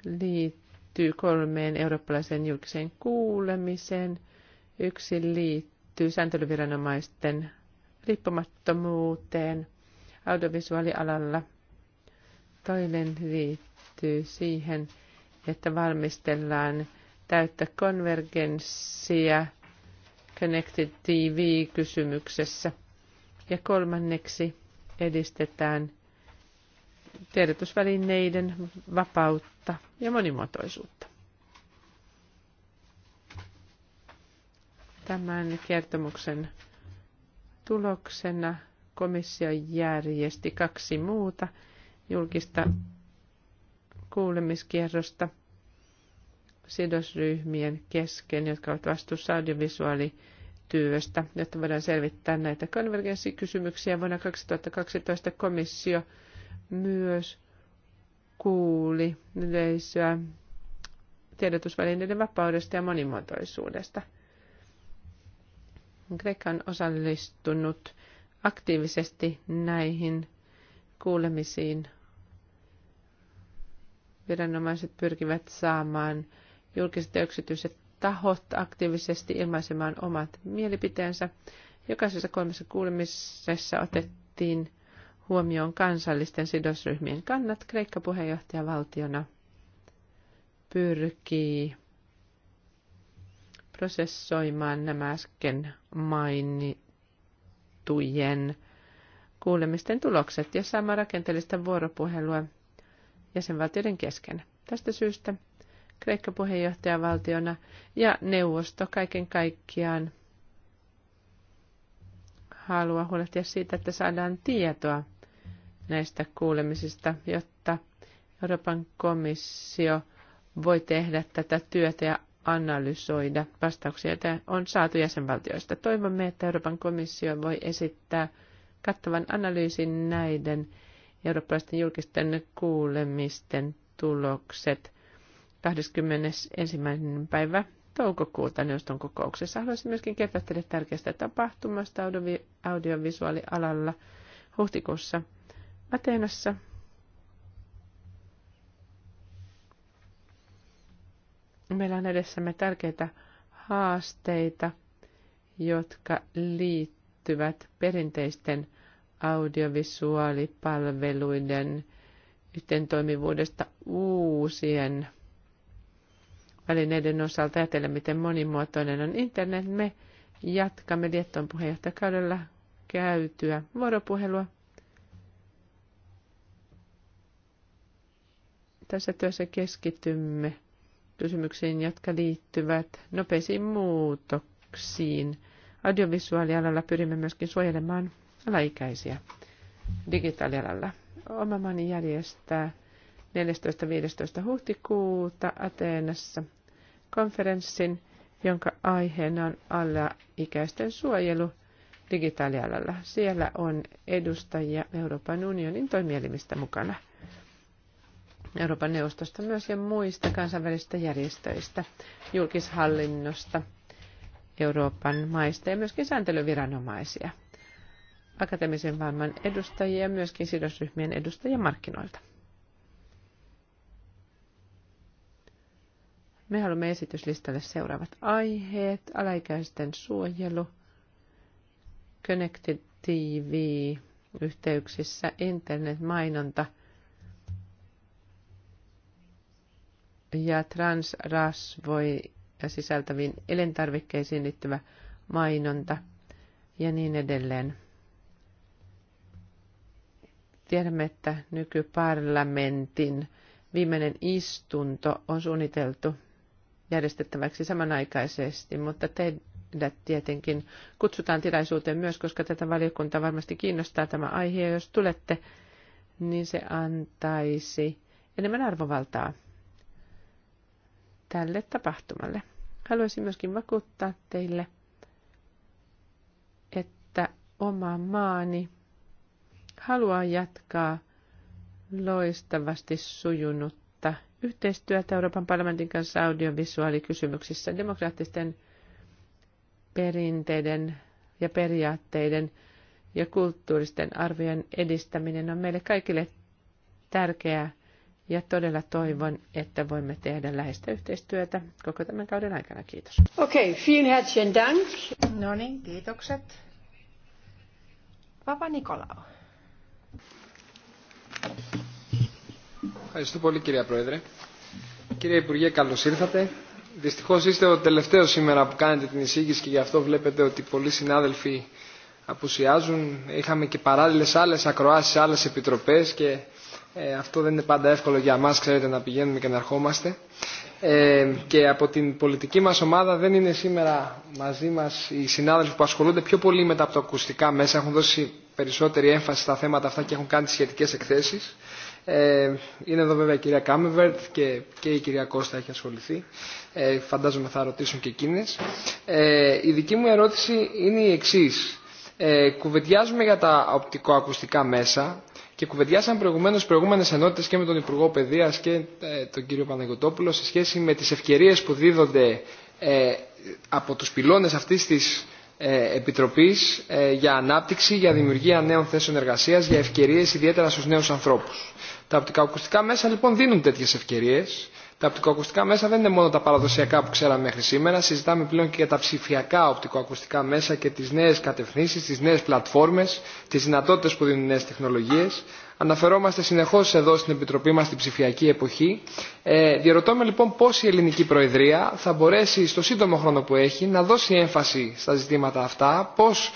liittyy kolmeen eurooppalaiseen julkiseen kuulemiseen. Yksi liittyy sääntelyviranomaisten riippumattomuuteen audiovisuaalialalla. Toinen liittyy siihen, että valmistellaan täyttä konvergenssia Connected TV-kysymyksessä. Ja kolmanneksi edistetään tiedotusvälineiden vapautta ja monimuotoisuutta. Tämän kertomuksen tuloksena komissio järjesti kaksi muuta julkista kuulemiskierrosta sidosryhmien kesken, jotka ovat vastuussa audiovisuaali- työstä, jotta voidaan selvittää näitä konvergenssikysymyksiä. Vuonna 2012 komissio myös kuuli yleisöä tiedotusvälineiden vapaudesta ja monimuotoisuudesta. Kreikka on osallistunut aktiivisesti näihin kuulemisiin. Viranomaiset pyrkivät saamaan julkiset ja yksityiset tahot aktiivisesti ilmaisemaan omat mielipiteensä. Jokaisessa kolmessa kuulemisessa otettiin huomioon kansallisten sidosryhmien kannat. Kreikka puheenjohtajavaltiona pyrkii prosessoimaan nämä äsken mainitujen kuulemisten tulokset ja saamaan rakenteellista vuoropuhelua jäsenvaltioiden kesken. Tästä syystä Kreikka puheenjohtajavaltiona ja neuvosto kaiken kaikkiaan haluaa huolehtia siitä, että saadaan tietoa näistä kuulemisista, jotta Euroopan komissio voi tehdä tätä työtä ja analysoida vastauksia, joita on saatu jäsenvaltioista. Toivomme, että Euroopan komissio voi esittää kattavan analyysin näiden eurooppalaisten julkisten kuulemisten tulokset – 21. päivä toukokuuta neuvoston kokouksessa. Haluaisin myöskin kertoa teille tärkeästä tapahtumasta audiovisuaalialalla huhtikuussa Ateenassa. Meillä on edessämme tärkeitä haasteita, jotka liittyvät perinteisten audiovisuaalipalveluiden toimivuudesta uusien välineiden osalta ajatella, miten monimuotoinen on internet. Me jatkamme Liettuan puheenjohtajakaudella käytyä vuoropuhelua. Tässä työssä keskitymme kysymyksiin, jotka liittyvät nopeisiin muutoksiin. Audiovisuaalialalla pyrimme myöskin suojelemaan alaikäisiä digitaalialalla. Oma maani järjestää 14.15. huhtikuuta Ateenassa konferenssin, jonka aiheena on alaikäisten suojelu digitaalialalla. Siellä on edustajia Euroopan unionin toimielimistä mukana. Euroopan neuvostosta myös ja muista kansainvälisistä järjestöistä, julkishallinnosta, Euroopan maista ja myöskin sääntelyviranomaisia, akateemisen maailman edustajia ja myöskin sidosryhmien edustajia markkinoilta. Me haluamme esityslistalle seuraavat aiheet. Alaikäisten suojelu, Connected TV, yhteyksissä, internetmainonta ja transrasvoi ja sisältäviin elintarvikkeisiin liittyvä mainonta ja niin edelleen. Tiedämme, että nykyparlamentin viimeinen istunto on suunniteltu järjestettäväksi samanaikaisesti, mutta teidät tietenkin kutsutaan tilaisuuteen myös, koska tätä valiokuntaa varmasti kiinnostaa tämä aihe, ja jos tulette, niin se antaisi enemmän arvovaltaa tälle tapahtumalle. Haluaisin myöskin vakuuttaa teille, että oma maani haluaa jatkaa loistavasti sujunut yhteistyötä Euroopan parlamentin kanssa audiovisuaalikysymyksissä demokraattisten perinteiden ja periaatteiden ja kulttuuristen arvojen edistäminen on meille kaikille tärkeää ja todella toivon, että voimme tehdä läheistä yhteistyötä koko tämän kauden aikana. Kiitos. Okei, okay, vielen herzlichen Dank. No niin, kiitokset. Papa Nikolaus. Ευχαριστώ πολύ κυρία Πρόεδρε. Κύριε Υπουργέ, καλώς ήρθατε. Δυστυχώς είστε ο τελευταίος σήμερα που κάνετε την εισήγηση και γι' αυτό βλέπετε ότι πολλοί συνάδελφοι απουσιάζουν. Είχαμε και παράλληλες άλλες ακροάσεις, άλλες επιτροπές και ε, αυτό δεν είναι πάντα εύκολο για μας, ξέρετε, να πηγαίνουμε και να ερχόμαστε. Ε, και από την πολιτική μας ομάδα δεν είναι σήμερα μαζί μας οι συνάδελφοι που ασχολούνται πιο πολύ με τα ακουστικά μέσα, έχουν δώσει περισσότερη έμφαση στα θέματα αυτά και έχουν κάνει σχετικές εκθέσεις. Ε, είναι εδώ βέβαια η κυρία Κάμεβερτ και, και η κυρία Κώστα έχει ασχοληθεί. Ε, φαντάζομαι θα ρωτήσουν και εκείνες. Ε, η δική μου ερώτηση είναι η εξής. Ε, κουβεντιάζουμε για τα οπτικοακουστικά μέσα και κουβεντιάσαμε προηγουμένω προηγούμενε ενότητε και με τον Υπουργό Παιδεία και ε, τον κύριο Παναγιοτόπουλο σε σχέση με τι ευκαιρίε που δίδονται ε, από του πυλώνε αυτή τη Επιτροπής για Ανάπτυξη, για Δημιουργία Νέων Θέσεων Εργασίας, για ευκαιρίες ιδιαίτερα στους νέους ανθρώπους. Τα οπτικοακουστικά μέσα λοιπόν δίνουν τέτοιες ευκαιρίες. Τα οπτικοακουστικά μέσα δεν είναι μόνο τα παραδοσιακά που ξέραμε μέχρι σήμερα. Συζητάμε πλέον και για τα ψηφιακά οπτικοακουστικά μέσα και τις νέες κατευθύνσεις, τις νέες πλατφόρμες, τις δυνατότητες που δίνουν νέες τεχνολογίες. Αναφερόμαστε συνεχώς εδώ στην Επιτροπή μας στην ψηφιακή εποχή. Ε, διερωτώ με λοιπόν πώς η ελληνική προεδρία θα μπορέσει στο σύντομο χρόνο που έχει να δώσει έμφαση στα ζητήματα αυτά, πώς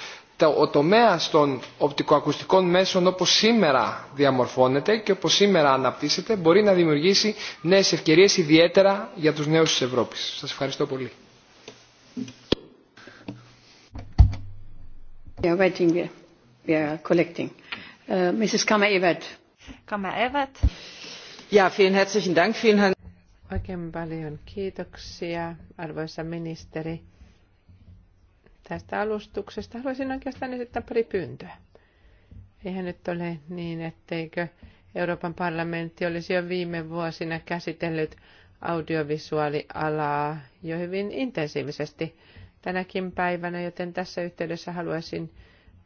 ο τομέας των οπτικοακουστικών μέσων όπως σήμερα διαμορφώνεται και όπως σήμερα αναπτύσσεται μπορεί να δημιουργήσει νέες ευκαιρίες ιδιαίτερα για τους νέους της Ευρώπης. Σας ευχαριστώ πολύ. We are waiting. We are collecting. Uh, evert evert vielen herzlichen Dank, vielen Herrn. Oikein paljon kiitoksia, arvoisa ministeri, tästä alustuksesta. Haluaisin oikeastaan esittää pari pyyntöä. Eihän nyt ole niin, etteikö Euroopan parlamentti olisi jo viime vuosina käsitellyt audiovisuaalialaa jo hyvin intensiivisesti tänäkin päivänä, joten tässä yhteydessä haluaisin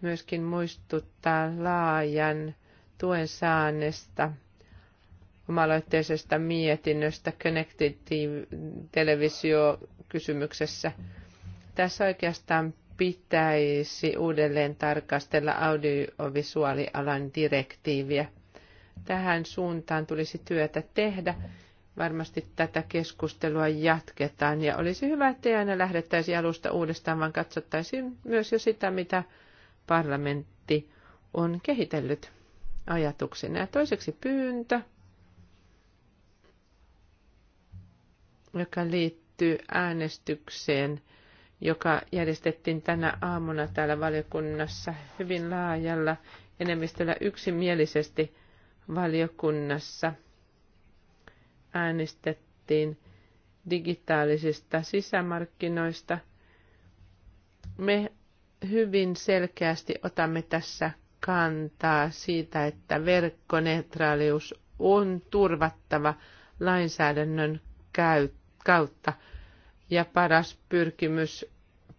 myöskin muistuttaa laajan tuen saannesta omaloitteisesta mietinnöstä Connected televisio-kysymyksessä. Tässä oikeastaan pitäisi uudelleen tarkastella audiovisuaalialan direktiiviä. Tähän suuntaan tulisi työtä tehdä. Varmasti tätä keskustelua jatketaan ja olisi hyvä, että ei aina lähdettäisi alusta uudestaan, vaan katsottaisiin myös jo sitä, mitä parlamentti on kehitellyt ajatuksena. Ja toiseksi pyyntö, joka liittyy äänestykseen, joka järjestettiin tänä aamuna täällä valiokunnassa hyvin laajalla enemmistöllä yksimielisesti valiokunnassa äänestettiin digitaalisista sisämarkkinoista. Me hyvin selkeästi otamme tässä kantaa siitä, että verkkoneutraalius on turvattava lainsäädännön kautta ja paras pyrkimys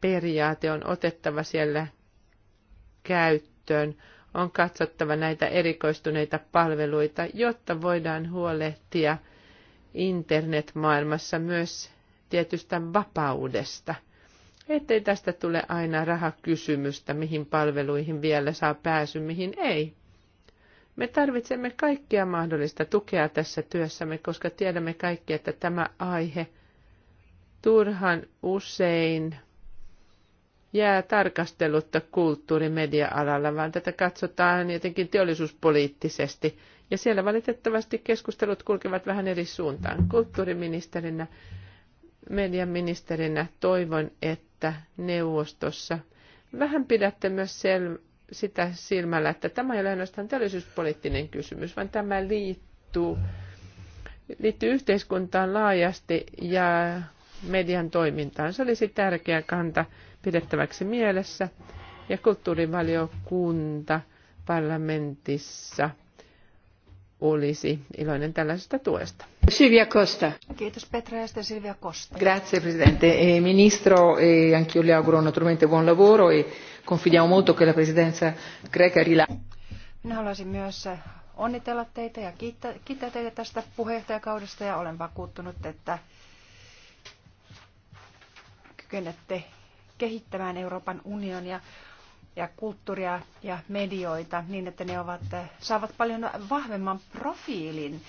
periaate on otettava siellä käyttöön. On katsottava näitä erikoistuneita palveluita, jotta voidaan huolehtia internetmaailmassa myös tietystä vapaudesta – ettei tästä tule aina rahakysymystä, mihin palveluihin vielä saa pääsy, mihin ei. Me tarvitsemme kaikkia mahdollista tukea tässä työssämme, koska tiedämme kaikki, että tämä aihe turhan usein jää tarkastelutta kulttuurimedia-alalla, vaan tätä katsotaan jotenkin teollisuuspoliittisesti. Ja siellä valitettavasti keskustelut kulkevat vähän eri suuntaan. Kulttuuriministerinä, median ministerinä toivon, että että neuvostossa vähän pidätte myös sel- sitä silmällä, että tämä ei ole ainoastaan teollisuuspoliittinen kysymys, vaan tämä liittyy, liittyy yhteiskuntaan laajasti ja median toimintaan. Se olisi tärkeä kanta pidettäväksi mielessä. Ja kulttuurivaliokunta parlamentissa olisi iloinen tällaisesta tuesta. Silvia Costa. Kiitos Petra ja sitten Silvia Costa. Grazie Presidente. E, ministro, e io le auguro naturalmente buon lavoro e confidiamo molto che la Presidenza greca rilassi. Minä haluaisin myös äh, onnitella teitä ja kiittää, kiittää teitä tästä puheenjohtajakaudesta ja olen vakuuttunut, että kykenette kehittämään Euroopan unionia ja kulttuuria ja medioita niin, että ne ovat, saavat paljon vahvemman profiilin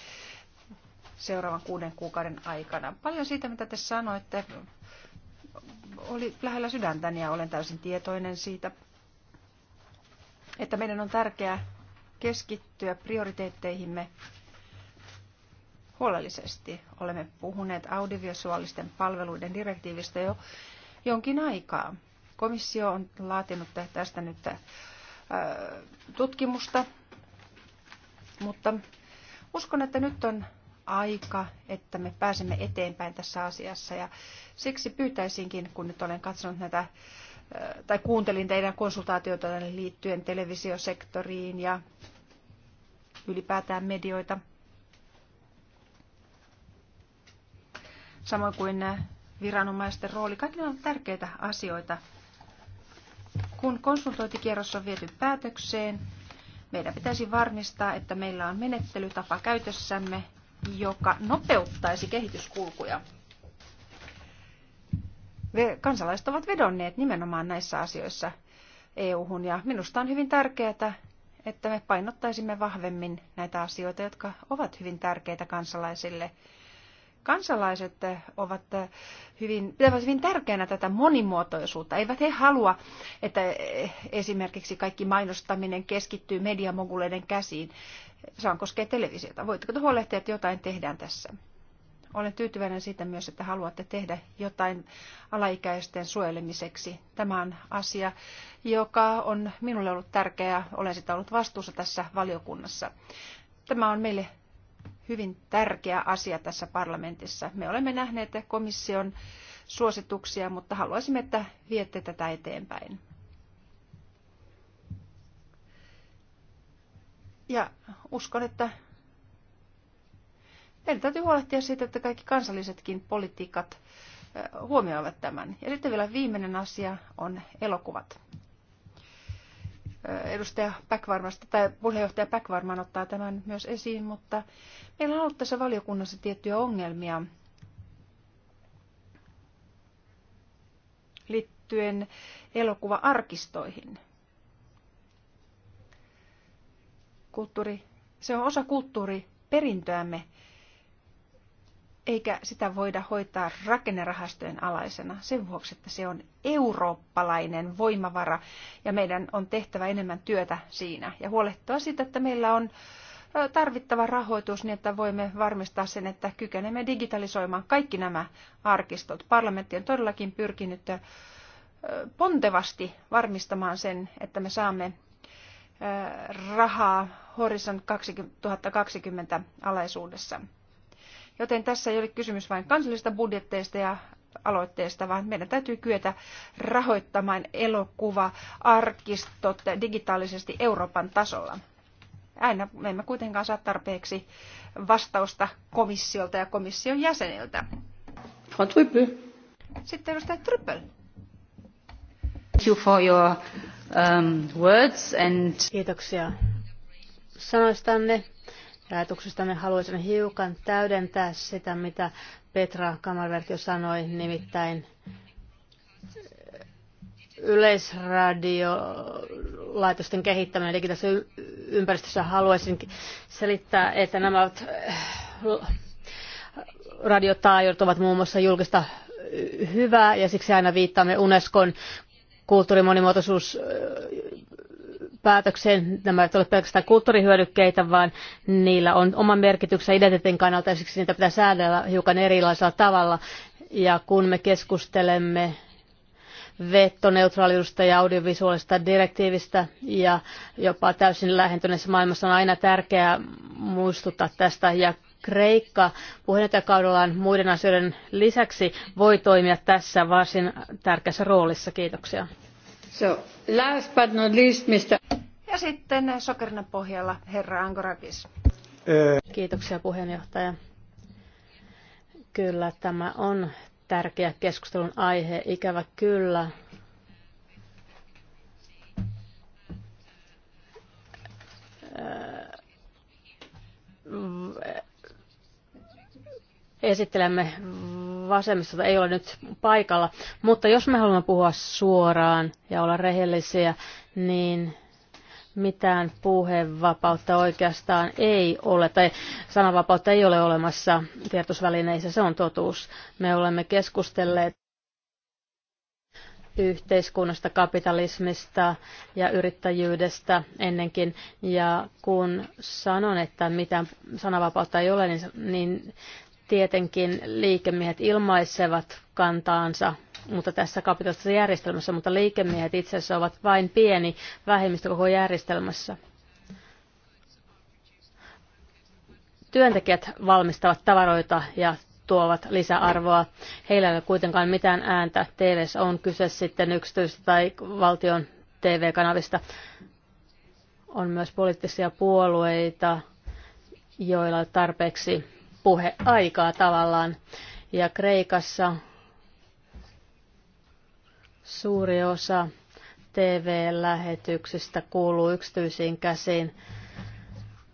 seuraavan kuuden kuukauden aikana. Paljon siitä, mitä te sanoitte, oli lähellä sydäntäni ja olen täysin tietoinen siitä, että meidän on tärkeää keskittyä prioriteetteihimme huolellisesti. Olemme puhuneet audiovisuaalisten palveluiden direktiivistä jo jonkin aikaa. Komissio on laatinut tästä nyt äh, tutkimusta, mutta uskon, että nyt on aika, että me pääsemme eteenpäin tässä asiassa ja siksi pyytäisinkin, kun nyt olen katsonut näitä äh, tai kuuntelin teidän konsultaatioita liittyen televisiosektoriin ja ylipäätään medioita, samoin kuin äh, viranomaisten rooli. Kaikki ne ovat tärkeitä asioita kun konsultointikierros on viety päätökseen, meidän pitäisi varmistaa, että meillä on menettelytapa käytössämme, joka nopeuttaisi kehityskulkuja. Kansalaiset ovat vedonneet nimenomaan näissä asioissa EU-hun ja minusta on hyvin tärkeää, että me painottaisimme vahvemmin näitä asioita, jotka ovat hyvin tärkeitä kansalaisille – kansalaiset ovat hyvin, pitävät hyvin tärkeänä tätä monimuotoisuutta. Eivät he halua, että esimerkiksi kaikki mainostaminen keskittyy mediamoguleiden käsiin. Se on koskee televisiota. Voitteko te huolehtia, että jotain tehdään tässä? Olen tyytyväinen siitä myös, että haluatte tehdä jotain alaikäisten suojelemiseksi. Tämä on asia, joka on minulle ollut tärkeää. Olen sitä ollut vastuussa tässä valiokunnassa. Tämä on meille hyvin tärkeä asia tässä parlamentissa. Me olemme nähneet komission suosituksia, mutta haluaisimme, että viette tätä eteenpäin. Ja uskon, että meidän täytyy huolehtia siitä, että kaikki kansallisetkin politiikat huomioivat tämän. Ja sitten vielä viimeinen asia on elokuvat edustaja Päkvarmasta, tai puheenjohtaja Päkvarman ottaa tämän myös esiin, mutta meillä on ollut tässä valiokunnassa tiettyjä ongelmia liittyen elokuva-arkistoihin. Kulttuuri, se on osa kulttuuriperintöämme eikä sitä voida hoitaa rakennerahastojen alaisena sen vuoksi, että se on eurooppalainen voimavara ja meidän on tehtävä enemmän työtä siinä ja huolehtia siitä, että meillä on tarvittava rahoitus niin, että voimme varmistaa sen, että kykenemme digitalisoimaan kaikki nämä arkistot. Parlamentti on todellakin pyrkinyt pontevasti varmistamaan sen, että me saamme rahaa Horizon 2020 alaisuudessa. Joten tässä ei ole kysymys vain kansallisista budjetteista ja aloitteesta, vaan meidän täytyy kyetä rahoittamaan elokuva, arkistot digitaalisesti Euroopan tasolla. Aina me emme kuitenkaan saa tarpeeksi vastausta komissiolta ja komission jäseniltä. Sitten edustaja Trippel. Thank you for your um, words and... Kiitoksia sanoistanne me haluaisin hiukan täydentää sitä, mitä Petra Kamarvert jo sanoi, nimittäin yleisradiolaitosten kehittäminen digitaalisessa ympäristössä haluaisin selittää, että nämä ovat äh, radiotaajot ovat muun muassa julkista hyvää ja siksi aina viittaamme Unescon kulttuurimonimuotoisuus äh, päätökseen. Nämä eivät ole pelkästään kulttuurihyödykkeitä, vaan niillä on oma merkityksensä identiteetin kannalta ja siksi niitä pitää säädellä hiukan erilaisella tavalla. Ja kun me keskustelemme vettoneutraaliudesta ja audiovisuaalista direktiivistä ja jopa täysin lähentyneessä maailmassa on aina tärkeää muistuttaa tästä ja Kreikka puheenjohtajakaudellaan muiden asioiden lisäksi voi toimia tässä varsin tärkeässä roolissa. Kiitoksia. Ja sitten sokerina pohjalla herra Angorakis. Eh. Kiitoksia puheenjohtaja. Kyllä, tämä on tärkeä keskustelun aihe. Ikävä kyllä. Eh, eh, esittelemme vasemmistolta ei ole nyt paikalla. Mutta jos me haluamme puhua suoraan ja olla rehellisiä, niin mitään puhevapautta oikeastaan ei ole, tai sananvapautta ei ole olemassa tiedotusvälineissä, se on totuus. Me olemme keskustelleet yhteiskunnasta, kapitalismista ja yrittäjyydestä ennenkin. Ja kun sanon, että mitään sananvapautta ei ole, niin, niin Tietenkin liikemiehet ilmaisevat kantaansa mutta tässä kapitalistisessa järjestelmässä, mutta liikemiehet itse asiassa ovat vain pieni vähemmistö koko järjestelmässä. Työntekijät valmistavat tavaroita ja tuovat lisäarvoa. Heillä ei ole kuitenkaan mitään ääntä. tv on kyse sitten yksityistä tai valtion TV-kanavista. On myös poliittisia puolueita, joilla tarpeeksi puheaikaa tavallaan. Ja Kreikassa suuri osa TV-lähetyksistä kuuluu yksityisiin käsiin.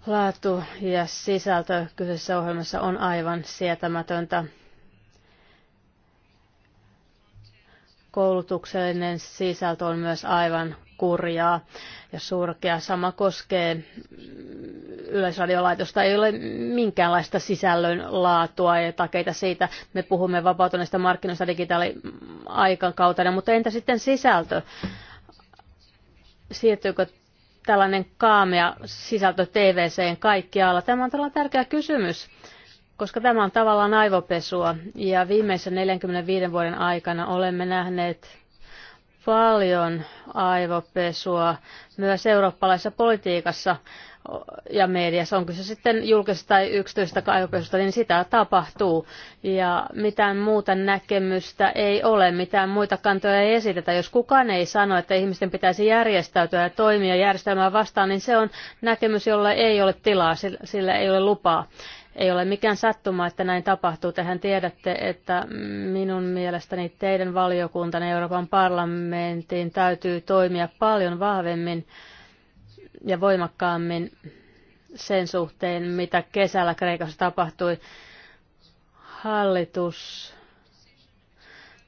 Laatu ja sisältö kyseisessä ohjelmassa on aivan sietämätöntä. Koulutuksellinen sisältö on myös aivan kurjaa ja surkea. Sama koskee yleisradiolaitosta ei ole minkäänlaista sisällön laatua ja takeita siitä. Me puhumme vapautuneista markkinoista digitaaliaikakautena, mutta entä sitten sisältö? Siirtyykö tällainen kaamea sisältö TVCen kaikkialla? Tämä on tällainen tärkeä kysymys, koska tämä on tavallaan aivopesua. Ja viimeisen 45 vuoden aikana olemme nähneet paljon aivopesua myös eurooppalaisessa politiikassa ja mediassa, onko se sitten julkisesta tai yksityisestä kaivopesusta, niin sitä tapahtuu. Ja mitään muuta näkemystä ei ole, mitään muita kantoja ei esitetä. Jos kukaan ei sano, että ihmisten pitäisi järjestäytyä ja toimia järjestelmää vastaan, niin se on näkemys, jolla ei ole tilaa, sillä ei ole lupaa. Ei ole mikään sattuma, että näin tapahtuu. Tehän tiedätte, että minun mielestäni teidän valiokuntanne Euroopan parlamentin täytyy toimia paljon vahvemmin ja voimakkaammin sen suhteen, mitä kesällä Kreikassa tapahtui. Hallitus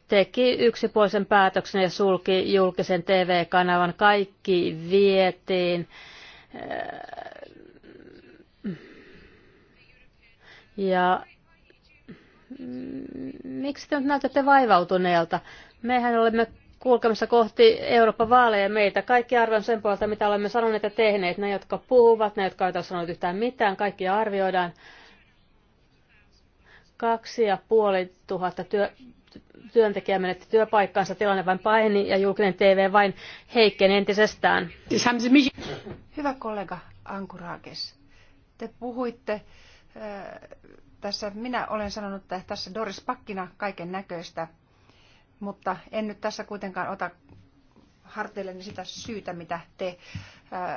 teki yksipuolisen päätöksen ja sulki julkisen TV-kanavan. Kaikki vietiin. Äh, ja miksi te nyt näytätte vaivautuneelta? Mehän olemme kulkemassa kohti Euroopan vaaleja meitä. Kaikki arvioimme sen puolelta, mitä olemme sanoneet ja tehneet. Ne, jotka puhuvat, ne, jotka eivät sanoneet yhtään mitään, kaikki arvioidaan. Kaksi ja puoli tuhatta työ, työntekijä menetti työpaikkaansa, tilanne vain paheni ja julkinen TV vain heikkeni entisestään. Hyvä kollega Ankuraakes, te puhuitte eh, tässä minä olen sanonut että tässä Doris Pakkina kaiken näköistä mutta en nyt tässä kuitenkaan ota harteilleni sitä syytä, mitä te äh,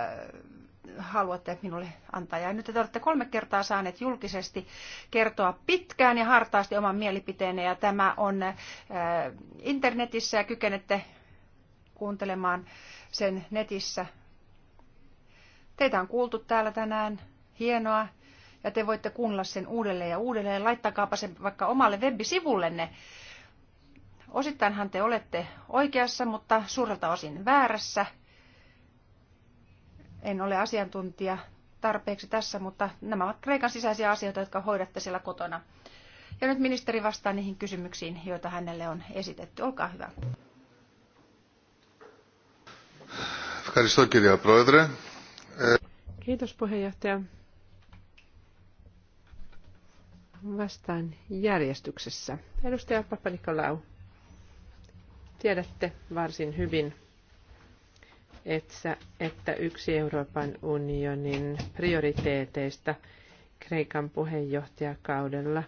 haluatte minulle antaa. Ja nyt te olette kolme kertaa saaneet julkisesti kertoa pitkään ja hartaasti oman mielipiteenne. Ja tämä on äh, internetissä ja kykenette kuuntelemaan sen netissä. Teitä on kuultu täällä tänään. Hienoa. Ja te voitte kuunnella sen uudelleen ja uudelleen. Laittakaapa sen vaikka omalle webisivullenne. sivullenne Osittainhan te olette oikeassa, mutta suurelta osin väärässä. En ole asiantuntija tarpeeksi tässä, mutta nämä ovat Kreikan sisäisiä asioita, jotka hoidatte siellä kotona. Ja nyt ministeri vastaa niihin kysymyksiin, joita hänelle on esitetty. Olkaa hyvä. Kiitos puheenjohtaja. Vastaan järjestyksessä. Edustaja Papanikolaou. Tiedätte varsin hyvin, että yksi Euroopan unionin prioriteeteista Kreikan puheenjohtajakaudella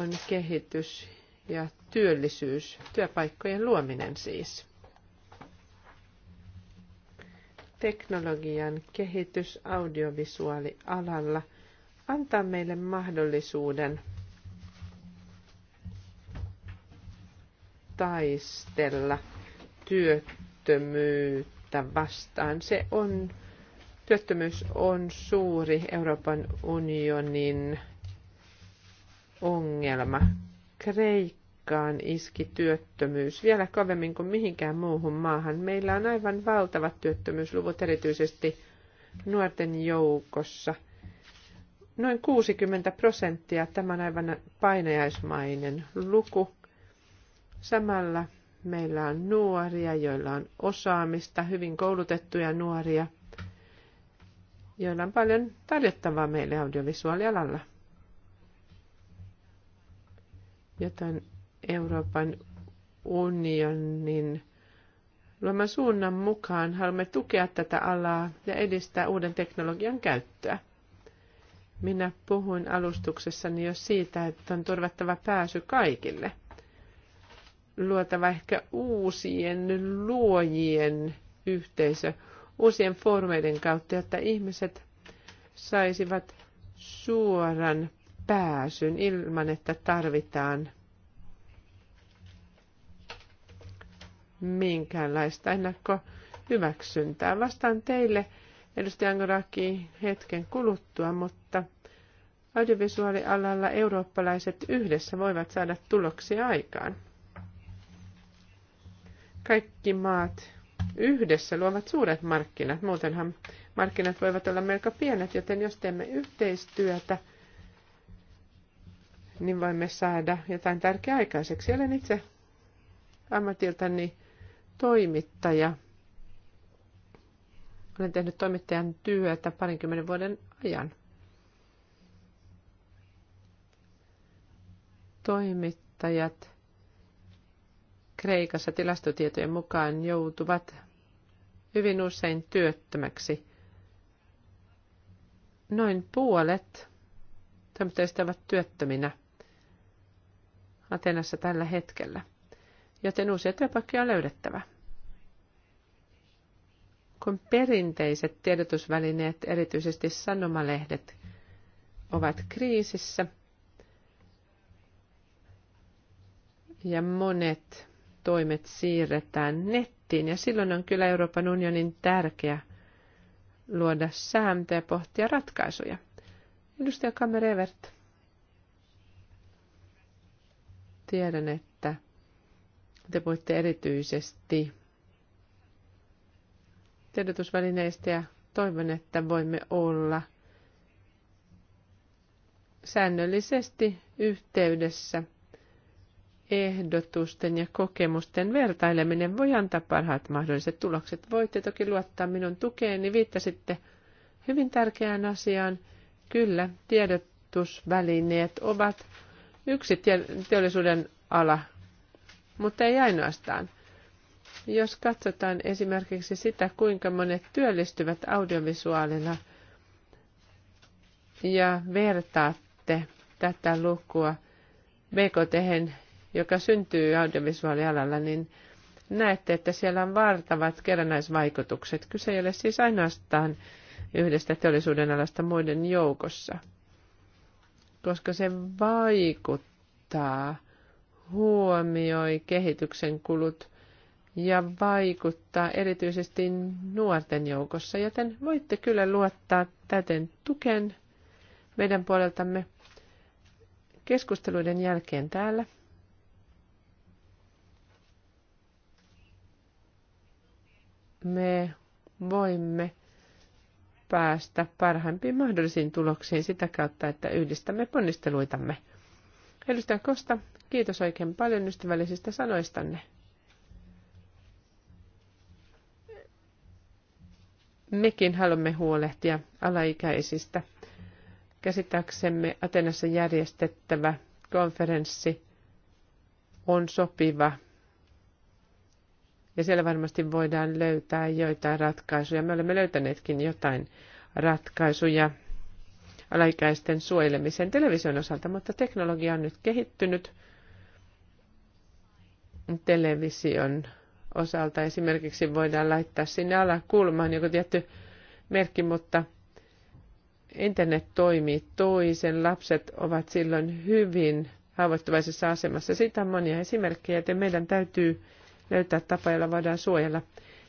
on kehitys ja työllisyys, työpaikkojen luominen siis. Teknologian kehitys audiovisuaalialalla antaa meille mahdollisuuden – taistella työttömyyttä vastaan. Se on, työttömyys on suuri Euroopan unionin ongelma. Kreikkaan iski työttömyys vielä kovemmin kuin mihinkään muuhun maahan. Meillä on aivan valtavat työttömyysluvut erityisesti nuorten joukossa. Noin 60 prosenttia, tämä on aivan painajaismainen luku. Samalla meillä on nuoria, joilla on osaamista, hyvin koulutettuja nuoria, joilla on paljon tarjottavaa meille audiovisuaalialalla. Joten Euroopan unionin luoman suunnan mukaan haluamme tukea tätä alaa ja edistää uuden teknologian käyttöä. Minä puhuin alustuksessani jo siitä, että on turvattava pääsy kaikille – luotava ehkä uusien luojien yhteisö uusien foorumeiden kautta, että ihmiset saisivat suoran pääsyn ilman, että tarvitaan minkäänlaista ennakko hyväksyntää. Vastaan teille, edustaja Angoraki, hetken kuluttua, mutta audiovisuaalialalla eurooppalaiset yhdessä voivat saada tuloksia aikaan kaikki maat yhdessä luovat suuret markkinat. Muutenhan markkinat voivat olla melko pienet, joten jos teemme yhteistyötä, niin voimme saada jotain tärkeää aikaiseksi. Olen itse ammatiltani toimittaja. Olen tehnyt toimittajan työtä parinkymmenen vuoden ajan. Toimittajat Kreikassa tilastotietojen mukaan joutuvat hyvin usein työttömäksi. Noin puolet toimittajista ovat työttöminä Atenassa tällä hetkellä, joten uusia työpaikkoja on löydettävä. Kun perinteiset tiedotusvälineet, erityisesti sanomalehdet, ovat kriisissä ja monet toimet siirretään nettiin. Ja silloin on kyllä Euroopan unionin tärkeä luoda sääntöjä ja pohtia ratkaisuja. Edustaja Kamerevert. Tiedän, että te puhutte erityisesti tiedotusvälineistä ja toivon, että voimme olla säännöllisesti yhteydessä – ehdotusten ja kokemusten vertaileminen voi antaa parhaat mahdolliset tulokset. Voitte toki luottaa minun tukeeni. Viittasitte hyvin tärkeään asiaan. Kyllä, tiedotusvälineet ovat yksi teollisuuden ala, mutta ei ainoastaan. Jos katsotaan esimerkiksi sitä, kuinka monet työllistyvät audiovisuaalilla ja vertaatte tätä lukua BKT joka syntyy audiovisuaalialalla, niin näette, että siellä on valtavat kerrannaisvaikutukset. Kyse ei ole siis ainoastaan yhdestä teollisuuden alasta muiden joukossa, koska se vaikuttaa, huomioi kehityksen kulut ja vaikuttaa erityisesti nuorten joukossa, joten voitte kyllä luottaa täten tuken meidän puoleltamme keskusteluiden jälkeen täällä me voimme päästä parhaimpiin mahdollisiin tuloksiin sitä kautta, että yhdistämme ponnisteluitamme. Edustaja Kosta, kiitos oikein paljon ystävällisistä sanoistanne. Mekin haluamme huolehtia alaikäisistä. Käsittääksemme Atenassa järjestettävä konferenssi on sopiva ja siellä varmasti voidaan löytää joitain ratkaisuja. Me olemme löytäneetkin jotain ratkaisuja alaikäisten suojelemisen television osalta, mutta teknologia on nyt kehittynyt television osalta. Esimerkiksi voidaan laittaa sinne alakulmaan joku tietty merkki, mutta internet toimii toisen. Lapset ovat silloin hyvin haavoittuvaisessa asemassa. Siitä on monia esimerkkejä, joten meidän täytyy löytää tapa, jolla voidaan suojella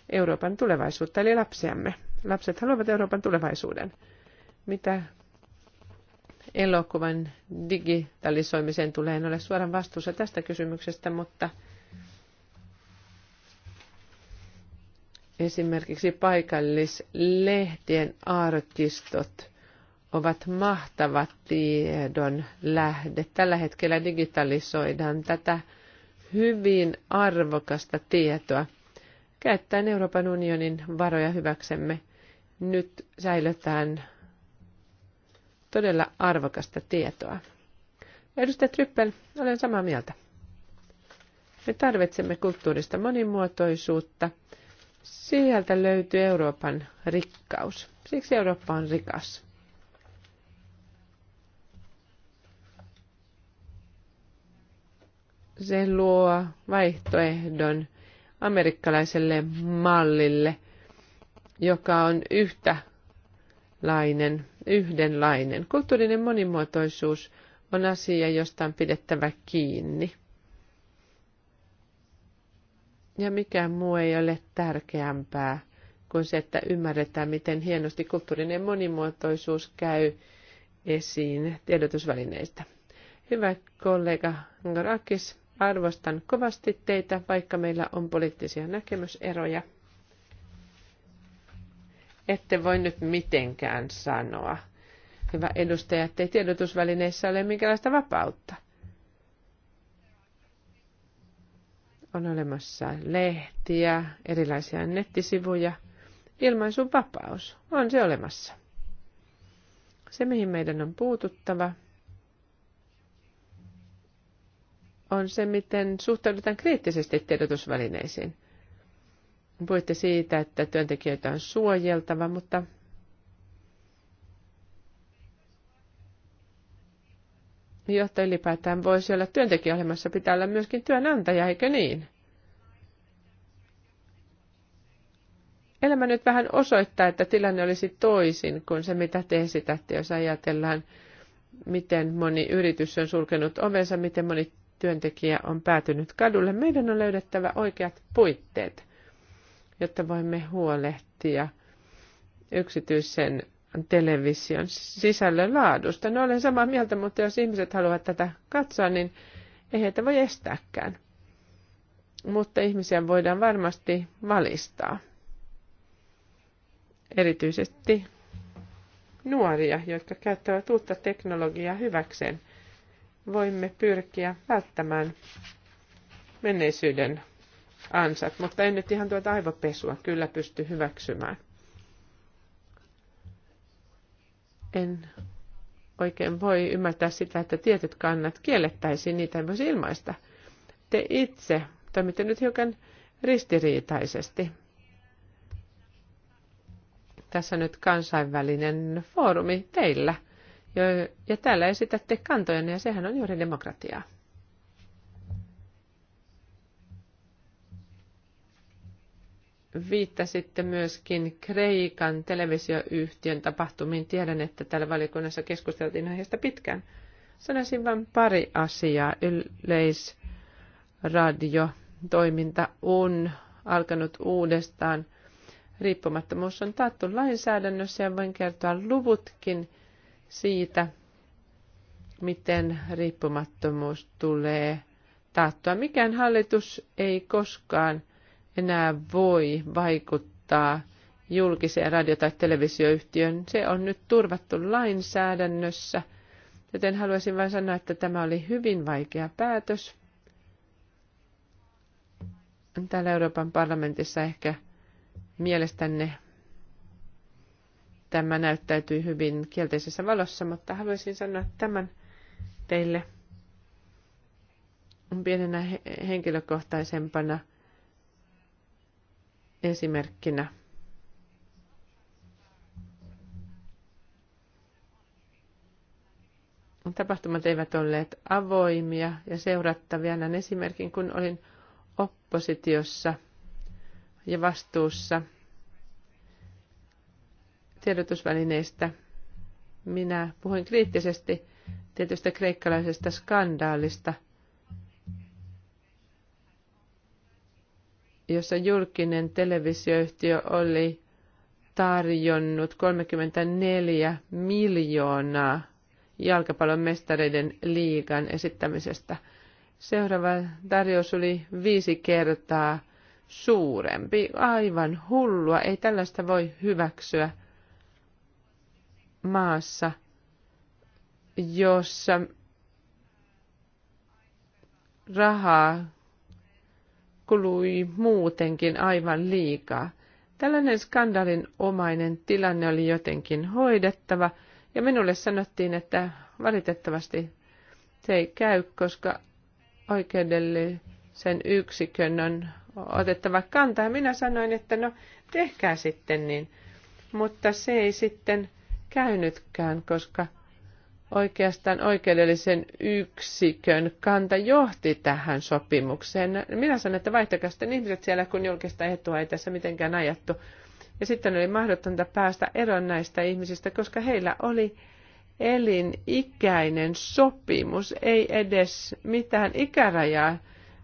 Euroopan tulevaisuutta, eli lapsiamme. Lapset haluavat Euroopan tulevaisuuden. Mitä elokuvan digitalisoimiseen tulee, en ole suoran vastuussa tästä kysymyksestä, mutta esimerkiksi paikallislehtien arkistot ovat mahtava tiedon lähde. Tällä hetkellä digitalisoidaan tätä hyvin arvokasta tietoa käyttäen Euroopan unionin varoja hyväksemme. Nyt säilytään todella arvokasta tietoa. Edustaja Tryppel, olen samaa mieltä. Me tarvitsemme kulttuurista monimuotoisuutta. Sieltä löytyy Euroopan rikkaus. Siksi Eurooppa on rikas. se luo vaihtoehdon amerikkalaiselle mallille, joka on yhtälainen, yhdenlainen. Kulttuurinen monimuotoisuus on asia, josta on pidettävä kiinni. Ja mikään muu ei ole tärkeämpää kuin se, että ymmärretään, miten hienosti kulttuurinen monimuotoisuus käy esiin tiedotusvälineistä. Hyvä kollega Angarakis, Arvostan kovasti teitä, vaikka meillä on poliittisia näkemyseroja. Ette voi nyt mitenkään sanoa, hyvä edustaja, ettei tiedotusvälineissä ole minkälaista vapautta. On olemassa lehtiä, erilaisia nettisivuja. Ilmaisun vapaus on se olemassa. Se, mihin meidän on puututtava, on se, miten suhtaudutaan kriittisesti tiedotusvälineisiin. Puhuitte siitä, että työntekijöitä on suojeltava, mutta jotta ylipäätään voisi olla työntekijäohjelmassa, pitää olla myöskin työnantaja, eikö niin? Elämä nyt vähän osoittaa, että tilanne olisi toisin kuin se, mitä te esitätte, jos ajatellaan, miten moni yritys on sulkenut ovensa, miten moni työntekijä on päätynyt kadulle. Meidän on löydettävä oikeat puitteet, jotta voimme huolehtia yksityisen television sisällön laadusta. No olen samaa mieltä, mutta jos ihmiset haluavat tätä katsoa, niin ei heitä voi estääkään. Mutta ihmisiä voidaan varmasti valistaa. Erityisesti nuoria, jotka käyttävät uutta teknologiaa hyväkseen – voimme pyrkiä välttämään menneisyyden ansat, mutta en nyt ihan tuota aivopesua kyllä pysty hyväksymään. En oikein voi ymmärtää sitä, että tietyt kannat kiellettäisiin, niitä ei voisi ilmaista. Te itse toimitte nyt hiukan ristiriitaisesti. Tässä nyt kansainvälinen foorumi teillä – ja, ja täällä esitätte kantoja, ja sehän on juuri demokratiaa. viittasitte myöskin Kreikan televisioyhtiön tapahtumiin. Tiedän, että täällä valiokunnassa keskusteltiin aiheesta pitkään. Sanoisin vain pari asiaa. Yleisradiotoiminta on alkanut uudestaan. Riippumattomuus on taattu lainsäädännössä ja voin kertoa luvutkin, siitä, miten riippumattomuus tulee taattua. Mikään hallitus ei koskaan enää voi vaikuttaa julkiseen radio- tai televisioyhtiön. Se on nyt turvattu lainsäädännössä, joten haluaisin vain sanoa, että tämä oli hyvin vaikea päätös. Täällä Euroopan parlamentissa ehkä mielestänne tämä näyttäytyi hyvin kielteisessä valossa, mutta haluaisin sanoa tämän teille pienenä henkilökohtaisempana esimerkkinä. Tapahtumat eivät olleet avoimia ja seurattavia. Näin esimerkin, kun olin oppositiossa ja vastuussa – tiedotusvälineistä minä puhuin kriittisesti tietystä kreikkalaisesta skandaalista, jossa julkinen televisioyhtiö oli tarjonnut 34 miljoonaa jalkapallon mestareiden liigan esittämisestä. Seuraava tarjous oli viisi kertaa suurempi. Aivan hullua, ei tällaista voi hyväksyä maassa, jossa rahaa kului muutenkin aivan liikaa. Tällainen skandalin omainen tilanne oli jotenkin hoidettava, ja minulle sanottiin, että valitettavasti se ei käy, koska oikeudellisen yksikön on otettava kantaa. Minä sanoin, että no tehkää sitten niin, mutta se ei sitten käynytkään, koska oikeastaan oikeudellisen yksikön kanta johti tähän sopimukseen. Minä sanon, että vaihtakaa sitten ihmiset siellä, kun julkista etua ei tässä mitenkään ajattu. Ja sitten oli mahdotonta päästä eroon näistä ihmisistä, koska heillä oli elinikäinen sopimus, ei edes mitään ikärajaa.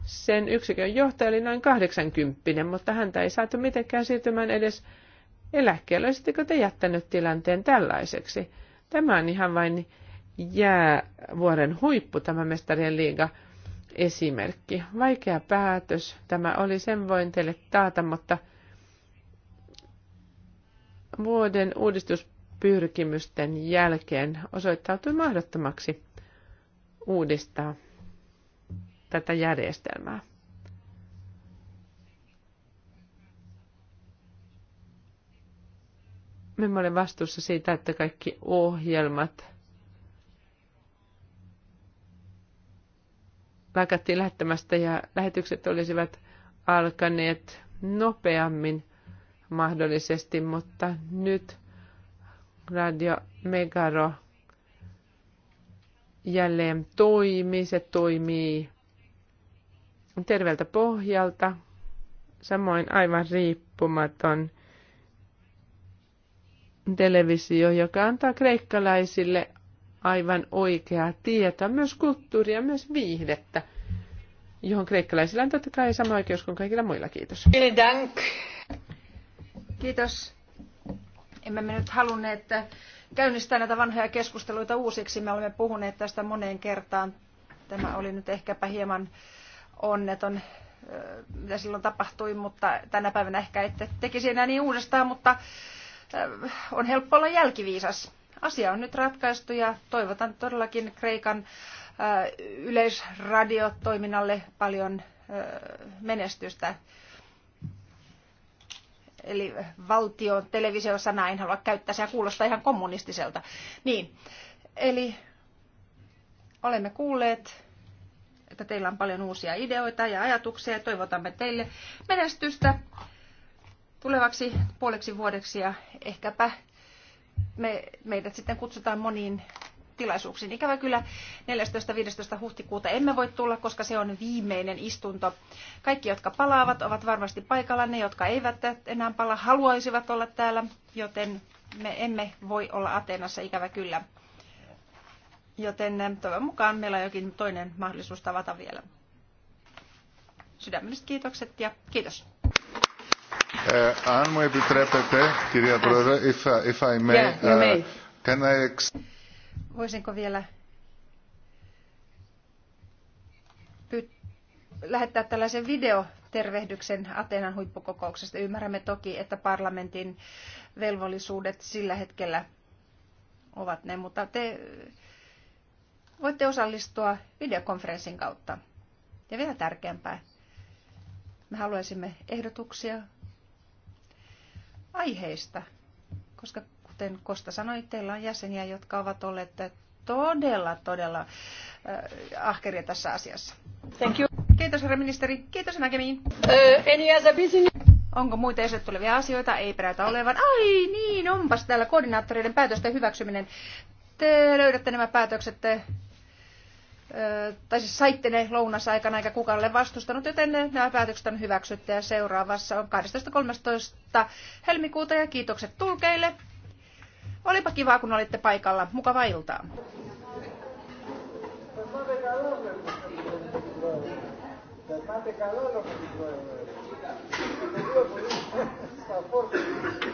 Sen yksikön johtaja oli noin 80, mutta häntä ei saatu mitenkään siirtymään edes eläkkeellä. Olisitteko te jättänyt tilanteen tällaiseksi? Tämä on ihan vain jäävuoren huippu, tämä mestarien liiga esimerkki. Vaikea päätös tämä oli, sen voin teille taata, mutta vuoden uudistuspyrkimysten jälkeen osoittautui mahdottomaksi uudistaa tätä järjestelmää. me olemme vastuussa siitä, että kaikki ohjelmat lakattiin lähettämästä ja lähetykset olisivat alkaneet nopeammin mahdollisesti, mutta nyt Radio Megaro jälleen toimii, se toimii terveeltä pohjalta, samoin aivan riippumaton – televisio, joka antaa kreikkalaisille aivan oikeaa tietoa, myös kulttuuria, myös viihdettä, johon kreikkalaisilla on totta kai sama oikeus kuin kaikilla muilla. Kiitos. Kiitos. Emme me nyt halunneet käynnistää näitä vanhoja keskusteluita uusiksi. Me olemme puhuneet tästä moneen kertaan. Tämä oli nyt ehkäpä hieman onneton mitä silloin tapahtui, mutta tänä päivänä ehkä ette tekisi enää niin uudestaan, mutta Äh, on helppo olla jälkiviisas. Asia on nyt ratkaistu ja toivotan todellakin Kreikan äh, yleisradiotoiminnalle paljon äh, menestystä. Eli valtio televisiossa näin halua käyttää, se kuulostaa ihan kommunistiselta. Niin, eli olemme kuulleet, että teillä on paljon uusia ideoita ja ajatuksia ja toivotamme teille menestystä tulevaksi puoleksi vuodeksi ja ehkäpä me, meidät sitten kutsutaan moniin tilaisuuksiin. Ikävä kyllä 14-15 huhtikuuta emme voi tulla, koska se on viimeinen istunto. Kaikki, jotka palaavat, ovat varmasti paikalla. Ne, jotka eivät enää pala, haluaisivat olla täällä, joten me emme voi olla Ateenassa ikävä kyllä. Joten eh, toivon mukaan meillä on jokin toinen mahdollisuus tavata vielä. Sydämelliset kiitokset ja kiitos αν μου επιτρέπετε, κυρία Πρόεδρε, if, if I may, yeah, may. can I... Voisinko vielä lähettää tällaisen videotervehdyksen Atenan huippukokouksesta. Ymmärrämme toki, että parlamentin velvollisuudet sillä hetkellä ovat ne, mutta te voitte osallistua videokonferenssin kautta. Ja vielä tärkeämpää, me haluaisimme ehdotuksia aiheista, koska kuten Kosta sanoi, teillä on jäseniä, jotka ovat olleet todella, todella äh, ahkeria tässä asiassa. Thank you. Kiitos herra ministeri. Kiitos näkemiin. Äh, uh, Onko muita esille tulevia asioita? Ei perätä olevan. Ai niin, onpas täällä koordinaattoreiden päätösten hyväksyminen. Te löydätte nämä päätökset tai siis saitte ne lounasaikana eikä kukaan ole vastustanut, joten ne, nämä päätökset on hyväksytty ja seuraavassa on 12.13. helmikuuta ja kiitokset tulkeille. Olipa kivaa, kun olitte paikalla. Mukavaa iltaa. Περνάτε